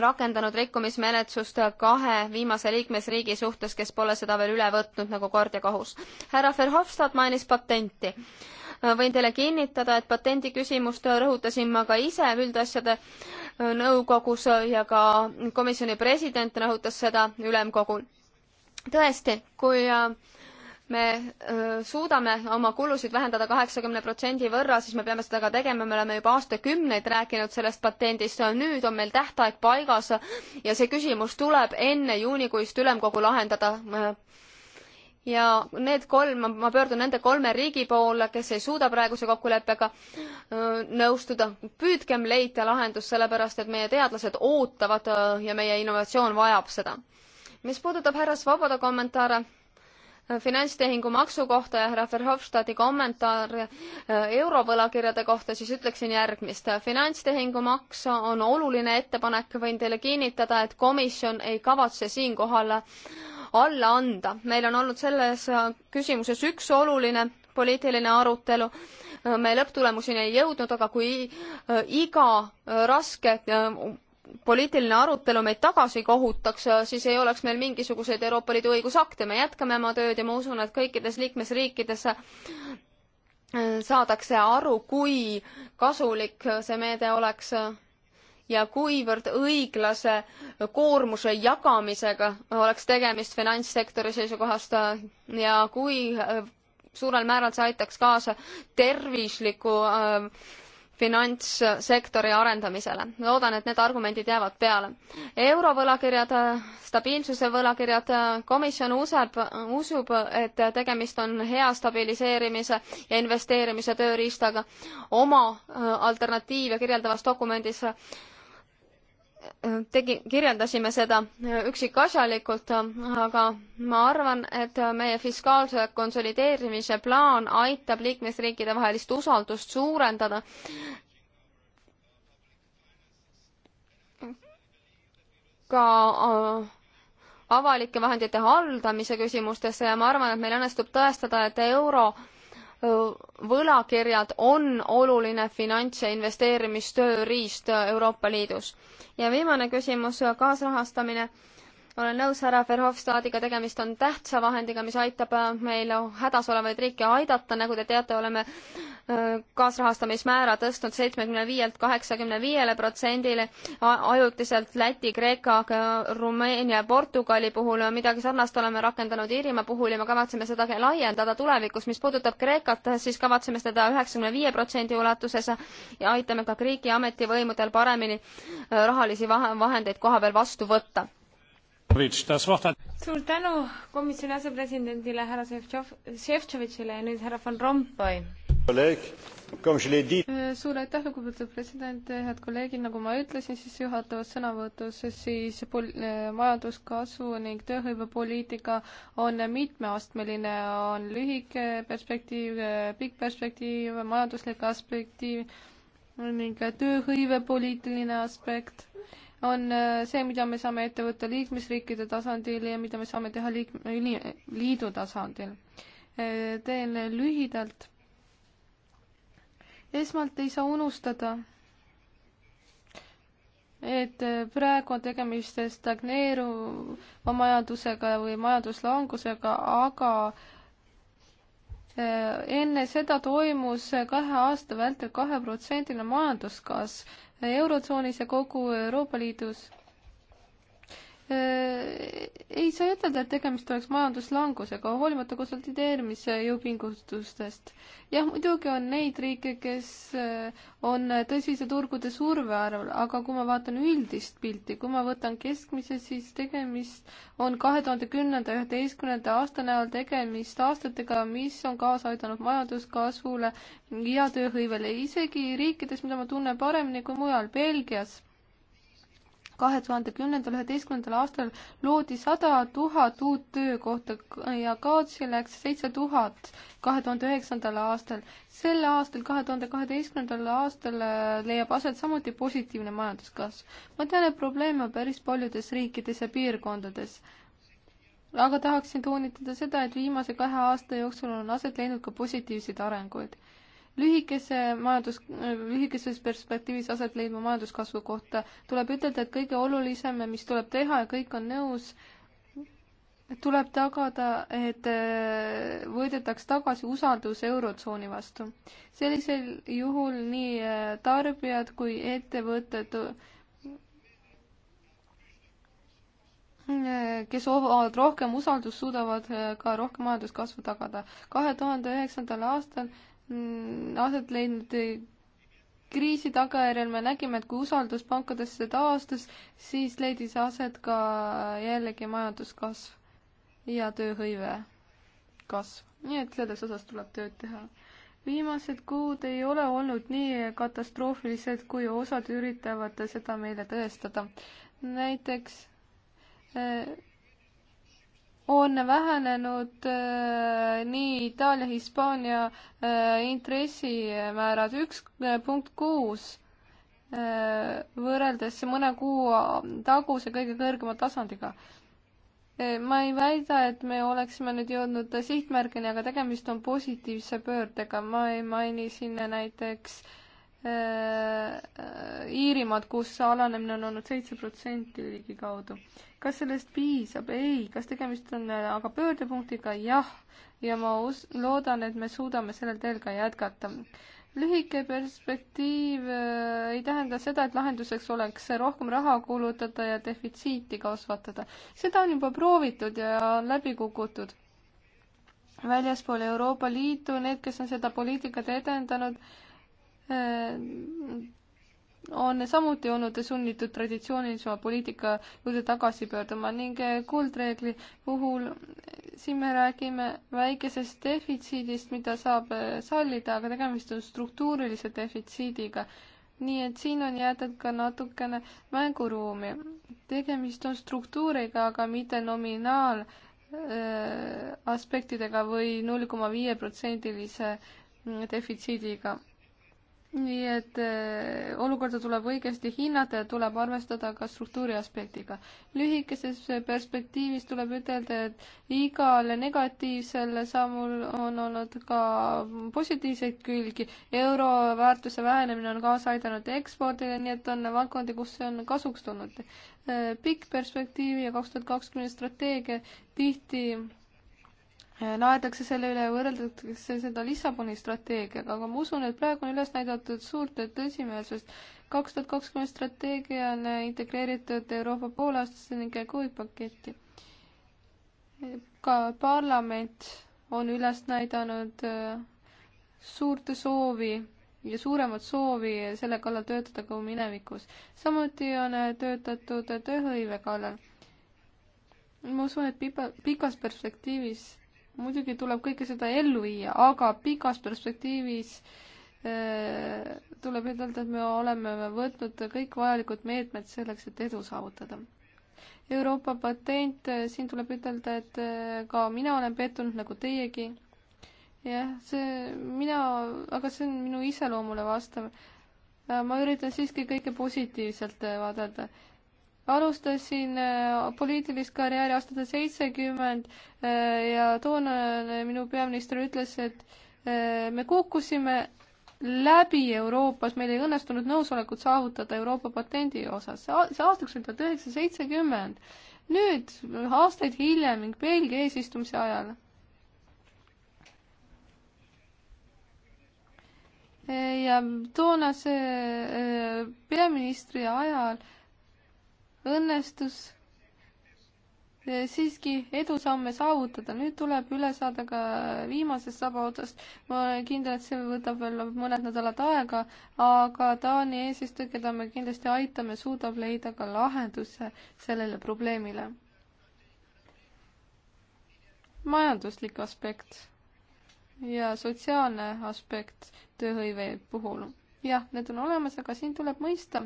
Speaker 2: rakendanud rikkumismenetlust kahe viimase liikmesriigi suhtes, kes pole seda veel üle võtnud nagu kord ja kohus. härra Verhofstadt mainis patenti. võin teile kinnitada, et patendi küsimust rõhutasin ma ka ise üldasjade nõukogus ja ka komisjoni president rõhutas seda ülemkogul. tõesti, kui äh, me suudame oma kulusid vähendada kaheksakümne protsendi võrra, siis me peame seda ka tegema, me oleme juba aastakümneid rääkinud sellest patendist, nüüd on meil tähtaeg paigas ja see küsimus tuleb enne juunikuist ülemkogu lahendada ja need kolm, ma pöördun nende kolme riigi poole, kes ei suuda praeguse kokkuleppega nõustuda, püüdkem leida lahendust, sellepärast et meie teadlased ootavad ja meie innovatsioon vajab seda. mis puudutab härra Svoboda kommentaare finantstehingu maksu kohta ja härra Verhofstadti kommentaar äh, eurovõlakirjade kohta, siis ütleksin järgmist. finantstehingu maks on oluline ettepanek, võin teile kinnitada, et komisjon ei kavatse siinkohal alla anda. meil on olnud selles küsimuses üks oluline poliitiline arutelu. Äh, me lõpptulemuseni ei jõudnud, aga kui äh, iga raske poliitiline arutelu meid tagasi kohutaks, siis ei oleks meil mingisuguseid Euroopa Liidu õigusakte, me jätkame oma tööd ja ma usun, et kõikides liikmesriikides saadakse aru, kui kasulik see meede oleks ja kuivõrd õiglase koormuse jagamisega oleks tegemist finantssektori seisukohast ja kui suurel määral see aitaks kaasa tervisliku äh, finantssektori arendamisele. loodan, et need argumendid jäävad peale. eurovõlakirjad, stabiilsuse võlakirjad, komisjon usub, usub, et tegemist on hea stabiliseerimise ja investeerimise tööriistaga. oma äh, alternatiive kirjeldavas dokumendis Äh, tegi, kirjeldasime seda äh, üksikasjalikult, äh, aga ma arvan, et meie fiskaalse konsolideerimise plaan aitab liikmesriikide vahelist usaldust suurendada. ka avalike vahendite haldamise küsimustes ja ma arvan, et meil õnnestub tõestada, et euro äh, võlakirjad on oluline finants- ja investeerimistööriist Euroopa Liidus. ja viimane küsimus, kaasrahastamine olen nõus härra Verhofstadiga, tegemist on tähtsa vahendiga, mis aitab äh, meil hädas olevaid riike aidata, nagu te teate, oleme äh, kaasrahastamismäära tõstnud seitsmekümne viielt kaheksakümne viiele protsendile, ajutiselt Läti, Kreeka, Rumeenia, Portugali puhul midagi sarnast oleme rakendanud Iirimaa puhul ja me kavatseme seda laiendada tulevikus. mis puudutab Kreekat, siis kavatseme seda üheksakümne viie protsendi ulatuses ja aitame ka Kreeki ametivõimudel paremini
Speaker 1: äh,
Speaker 2: rahalisi vahendeid koha peal vastu võtta
Speaker 3: suur
Speaker 1: tänu komisjoni asepresidendile härra Šefčovitšile ja nüüd härra Van Rompuy.
Speaker 3: Äh,
Speaker 1: suur aitäh, lugupeetud president, head kolleegid, nagu ma ütlesin
Speaker 4: siis juhatavas sõnavõtus, siis pol-, äh, majanduskasvu ning tööhõivepoliitika on mitmeastmeline, on lühike perspektiiv, äh, pikk perspektiiv, majanduslik aspektiiv ning tööhõivepoliitiline aspekt on äh, see, mida me saame ette võtta liikmesriikide tasandil ja mida me saame teha liik-, liidu tasandil. Äh, teen lühidalt. esmalt ei saa unustada, et äh, praegu on tegemist stagneeruva majandusega või majanduslangusega, aga enne seda toimus kahe aasta vältel kaheprotsendine majanduskasv Eurotsoonis ja kogu Euroopa Liidus Äh, ei saa ütelda, et tegemist oleks majanduslangusega, hoolimata konsolideerimise jõupingutustest. jah, muidugi on neid riike, kes äh, on tõsise turgude surve arvel, aga kui ma vaatan üldist pilti, kui ma võtan keskmise, siis tegemist on kahe tuhande kümnenda, üheteistkümnenda aasta näol tegemist aastatega, mis on kaasa aidanud majanduskasvule ja tööhõivele, isegi riikides, mida ma tunnen paremini kui mujal, Belgias kahe tuhande kümnendal, üheteistkümnendal aastal loodi sada tuhat uut töökohta ja kaotsi läks seitse tuhat kahe tuhande üheksandal aastal. sel aastal, kahe tuhande kaheteistkümnendal aastal äh, leiab aset samuti positiivne majanduskasv. ma tean, et probleeme on päris paljudes riikides ja piirkondades aga tahaksin toonitada seda, et viimase kahe aasta jooksul on aset leidnud ka positiivseid arenguid lühikese majandus, lühikeses perspektiivis aset leidma majanduskasvu kohta tuleb ütelda, et kõige olulisem, mis tuleb teha ja kõik on nõus, tuleb tagada, et äh, võidetaks tagasi usaldus Eurotsooni vastu. sellisel juhul nii äh, tarbijad kui ettevõtted äh, kes omavad rohkem usaldust, suudavad ka rohkem majanduskasvu tagada. kahe tuhande üheksandal aastal Mm, aset leidnud kriisi tagajärjel me nägime, et kui usaldus pankadesse taastus, siis leidis aset ka jällegi majanduskasv ja tööhõive kasv, nii et selles osas tuleb tööd teha. viimased kuud ei ole olnud nii katastroofilised, kui osad üritavad seda meile tõestada. näiteks eh, on vähenenud äh, nii Itaalia, Hispaania äh, intressimäärad üks äh, punkt kuus äh, võrreldes mõne kuu taguse kõige kõrgema tasandiga. Äh, ma ei väida, et me oleksime nüüd jõudnud sihtmärgini, aga tegemist on positiivse pöördega, ma ei maini siin näiteks äh, Äh, äh, Iirimaad, kus alanemine on olnud seitse protsenti ligikaudu. kas sellest piisab? ei. kas tegemist on äh, aga pöördepunktiga? jah. ja ma us-, loodan, et me suudame sellel teel ka jätkata. lühike perspektiiv äh, ei tähenda seda, et lahenduseks oleks rohkem raha kulutada ja defitsiiti kasvatada. seda on juba proovitud ja läbi kukutud. väljaspool Euroopa Liitu, need, kes on seda poliitikat edendanud äh,, Äh, on samuti olnud sunnitud traditsioonilisema poliitika juurde tagasi pöörduma ning äh, kuldreegli puhul siin me räägime väikesest defitsiidist, mida saab äh, sallida, aga tegemist on struktuurilise defitsiidiga. nii et siin on jäetud ka natukene mänguruumi. tegemist on struktuuriga, aga mitte nominaal aspektidega või null koma viie protsendilise mm, defitsiidiga nii et äh, olukorda tuleb õigesti hinnata ja tuleb arvestada ka struktuuri aspektiga. lühikeses perspektiivis tuleb ütelda, et igal negatiivsel sammul on olnud ka positiivseid külgi. euro väärtuse vähenemine on kaasa aidanud ekspordile, nii et on valdkondi, kus see on kasuks tulnud. Äh, pikk perspektiiv ja kaks tuhat kakskümmend strateegia tihti naerdakse selle üle ja võrreldakse seda Lissaboni strateegiaga, aga ma usun, et praegu on üles näidatud suurt tõsimeelsust. kaks tuhat kakskümmend strateegia on integreeritud Euroopa poolaastasse ning kuid paketti. ka parlament on üles näidanud äh, suurt soovi ja suuremat soovi selle kallal töötada kui minevikus. samuti on äh, töötatud tööhõive kallal. ma usun, et pika, pikas perspektiivis muidugi tuleb kõike seda ellu viia, aga pikas perspektiivis eh, tuleb ütelda, et me oleme võtnud kõik vajalikud meetmed selleks, et edu saavutada. Euroopa patent, eh, siin tuleb ütelda, et eh, ka mina olen pettunud nagu teiegi. jah, see, mina, aga see on minu iseloomule vastav. ma üritan siiski kõike positiivselt vaadata alustasin äh, poliitilist karjääri aastatel seitsekümmend äh, ja toonane äh, minu peaminister ütles, et me kukkusime läbi Euroopas, meil ei õnnestunud nõusolekut saavutada Euroopa patendi osas, see aastaks oli tuhat üheksasada seitsekümmend. nüüd, aastaid hiljem ning Belgia eesistumise ajal ja toonase peaministri ajal äh, õnnestus eh, siiski edusamme saavutada, nüüd tuleb üle saada ka viimasest saba otsast. ma olen kindel, et see võtab veel mõned nädalad aega, aga Taani eesistuja, keda me kindlasti aitame, suudab leida ka lahenduse sellele probleemile. majanduslik aspekt ja sotsiaalne aspekt tööhõive puhul. jah, need on olemas, aga siin tuleb mõista,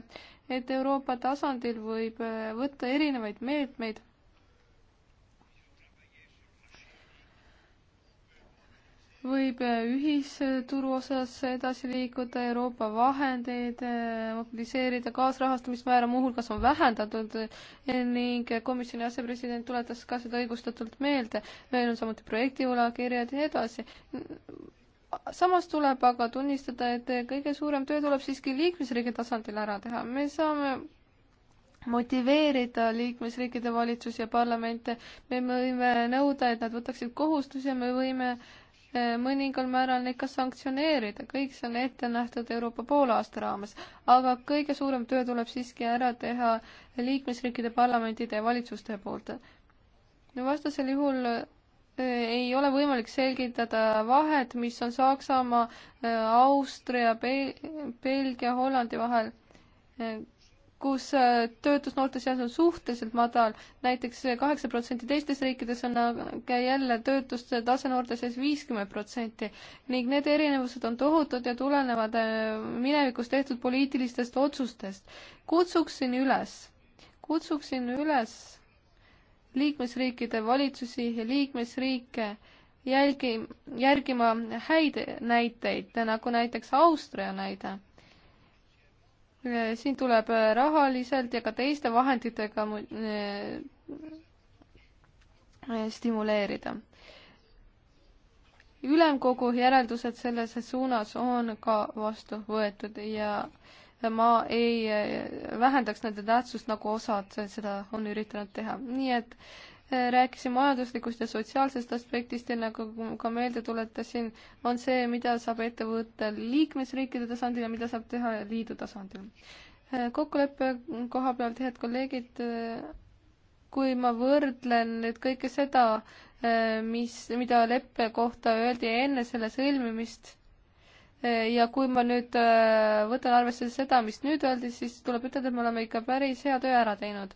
Speaker 4: et Euroopa tasandil võib äh, võtta erinevaid meetmeid võib äh, ühisturu osas edasi liikuda, Euroopa vahendeid äh, mobiliseerida, kaasrahastamismäära muuhulgas on vähendatud ning komisjoni asepresident tuletas ka seda õigustatult meelde. meil on samuti projekti võlakirjad ja nii edasi samas tuleb aga tunnistada, et kõige suurem töö tuleb siiski liikmesriigi tasandil ära teha. me saame motiveerida liikmesriikide valitsusi ja parlamente, me võime nõuda, et nad võtaksid kohustusi ja me võime eh, mõningal määral neid ka sanktsioneerida, kõik see on ette nähtud Euroopa poolaasta raames, aga kõige suurem töö tuleb siiski ära teha liikmesriikide parlamentide ja valitsuste poolt. no vastasel juhul ei ole võimalik selgitada vahet, mis on Saksamaa, äh, Austria Bel, Belgia, Hollandi vahel, äh, kus äh, töötus noorte seas on suhteliselt madal näiteks, näiteks kaheksa protsenti teistes riikides on aga jälle töötuste tase noorte seas viiskümmend protsenti ning need erinevused on tohutud ja tulenevad minevikus tehtud poliitilistest otsustest. kutsuksin üles, kutsuksin üles liikmesriikide valitsusi ja liikmesriike jälgi, järgima häid näiteid, nagu näiteks Austria näide. siin tuleb rahaliselt ja ka teiste vahenditega eh, stimuleerida ülemkogu järeldused selles suunas on ka vastu võetud ja ma ei eh, vähendaks nende tähtsust, nagu osad seda on üritanud teha, nii et eh, rääkisin majanduslikust ja sotsiaalsest aspektist ja nagu ka meelde tuletasin, on see, mida saab ette võtta liikmesriikide tasandil ja mida saab teha liidu tasandil. Eh, kokkuleppe koha pealt, head kolleegid, kui ma võrdlen nüüd kõike seda, mis, mida leppe kohta öeldi enne selle sõlmimist ja kui ma nüüd äh, võtan arvesse seda, mis nüüd öeldi, siis tuleb ütelda, et me oleme ikka päris hea töö ära teinud.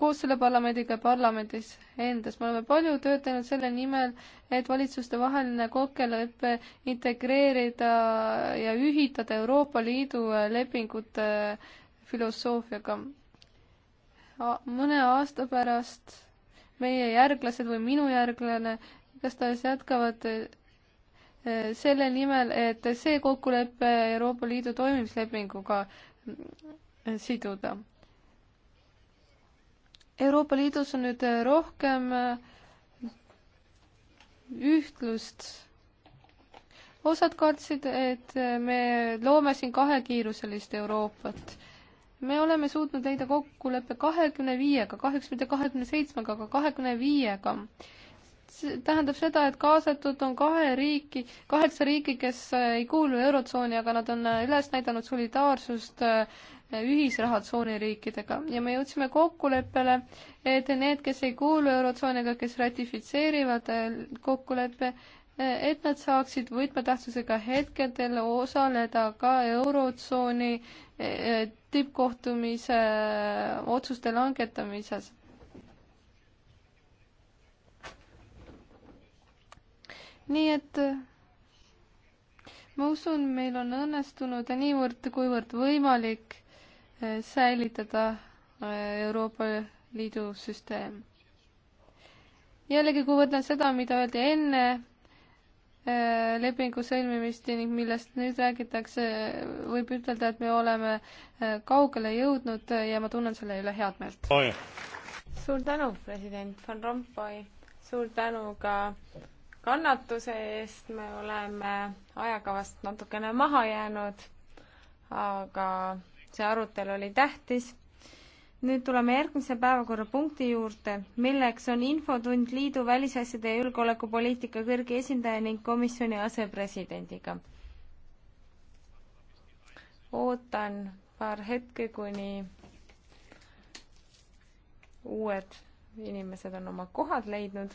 Speaker 4: koos selle parlamendiga ja parlamendis endas me oleme palju tööd teinud selle nimel, et valitsustevaheline kokkulepe integreerida ja ühitada Euroopa Liidu äh, lepingute äh, filosoofiaga. mõne aasta pärast meie järglased või minu järglane igastahes jätkavad selle nimel, et see kokkulepe Euroopa Liidu toimimislepinguga siduda. Euroopa Liidus on nüüd rohkem ühtlust. osad kartsid, et me loome siin kahekiiruselist Euroopat. me oleme suutnud leida kokkuleppe kahekümne viiega, kahjuks mitte kahekümne seitsmega, aga kahekümne viiega tähendab seda, et kaasatud on kahe riiki, kaheksa riiki, kes äh, ei kuulu Eurotsooni, aga nad on äh, üles näidanud solidaarsust äh, ühisrahatsooni riikidega ja me jõudsime kokkuleppele, et need, kes ei kuulu Eurotsooni, aga kes ratifitseerivad kokkuleppe, et nad saaksid võtmetähtsusega hetkedel osaleda ka Eurotsooni tippkohtumise otsuste langetamises nii et ma usun, meil on õnnestunud niivõrd, kuivõrd võimalik eh, säilitada eh, Euroopa Liidu süsteem. jällegi, kui võtan seda, mida öeldi enne eh, lepingu sõlmimist ning millest nüüd räägitakse, võib ütelda, et me oleme kaugele jõudnud ja ma tunnen selle üle head meelt. suur tänu,
Speaker 1: president Van Rompuy, suur tänu ka kannatuse eest, me oleme ajakavast natukene maha jäänud, aga see arutelu oli tähtis. nüüd tuleme järgmise päevakorrapunkti juurde, milleks on infotund liidu välisasjade ja julgeolekupoliitika kõrge esindaja ning komisjoni asepresidendiga. ootan paar hetke, kuni uued inimesed on oma kohad leidnud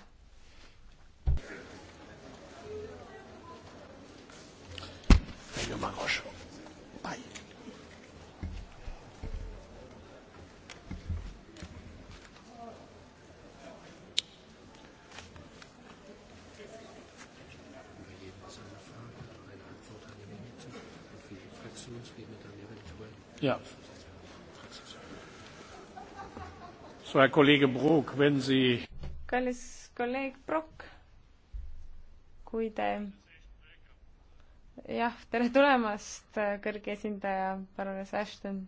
Speaker 3: Monsieur Maroche. Bye. Ja. So, Herr Kollege Brok, wenn Sie.
Speaker 1: Kallis kolleeg Brock, kui te jah, tere tulemast, kõrge esindaja, parunes Ashton.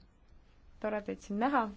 Speaker 1: tore teid siin näha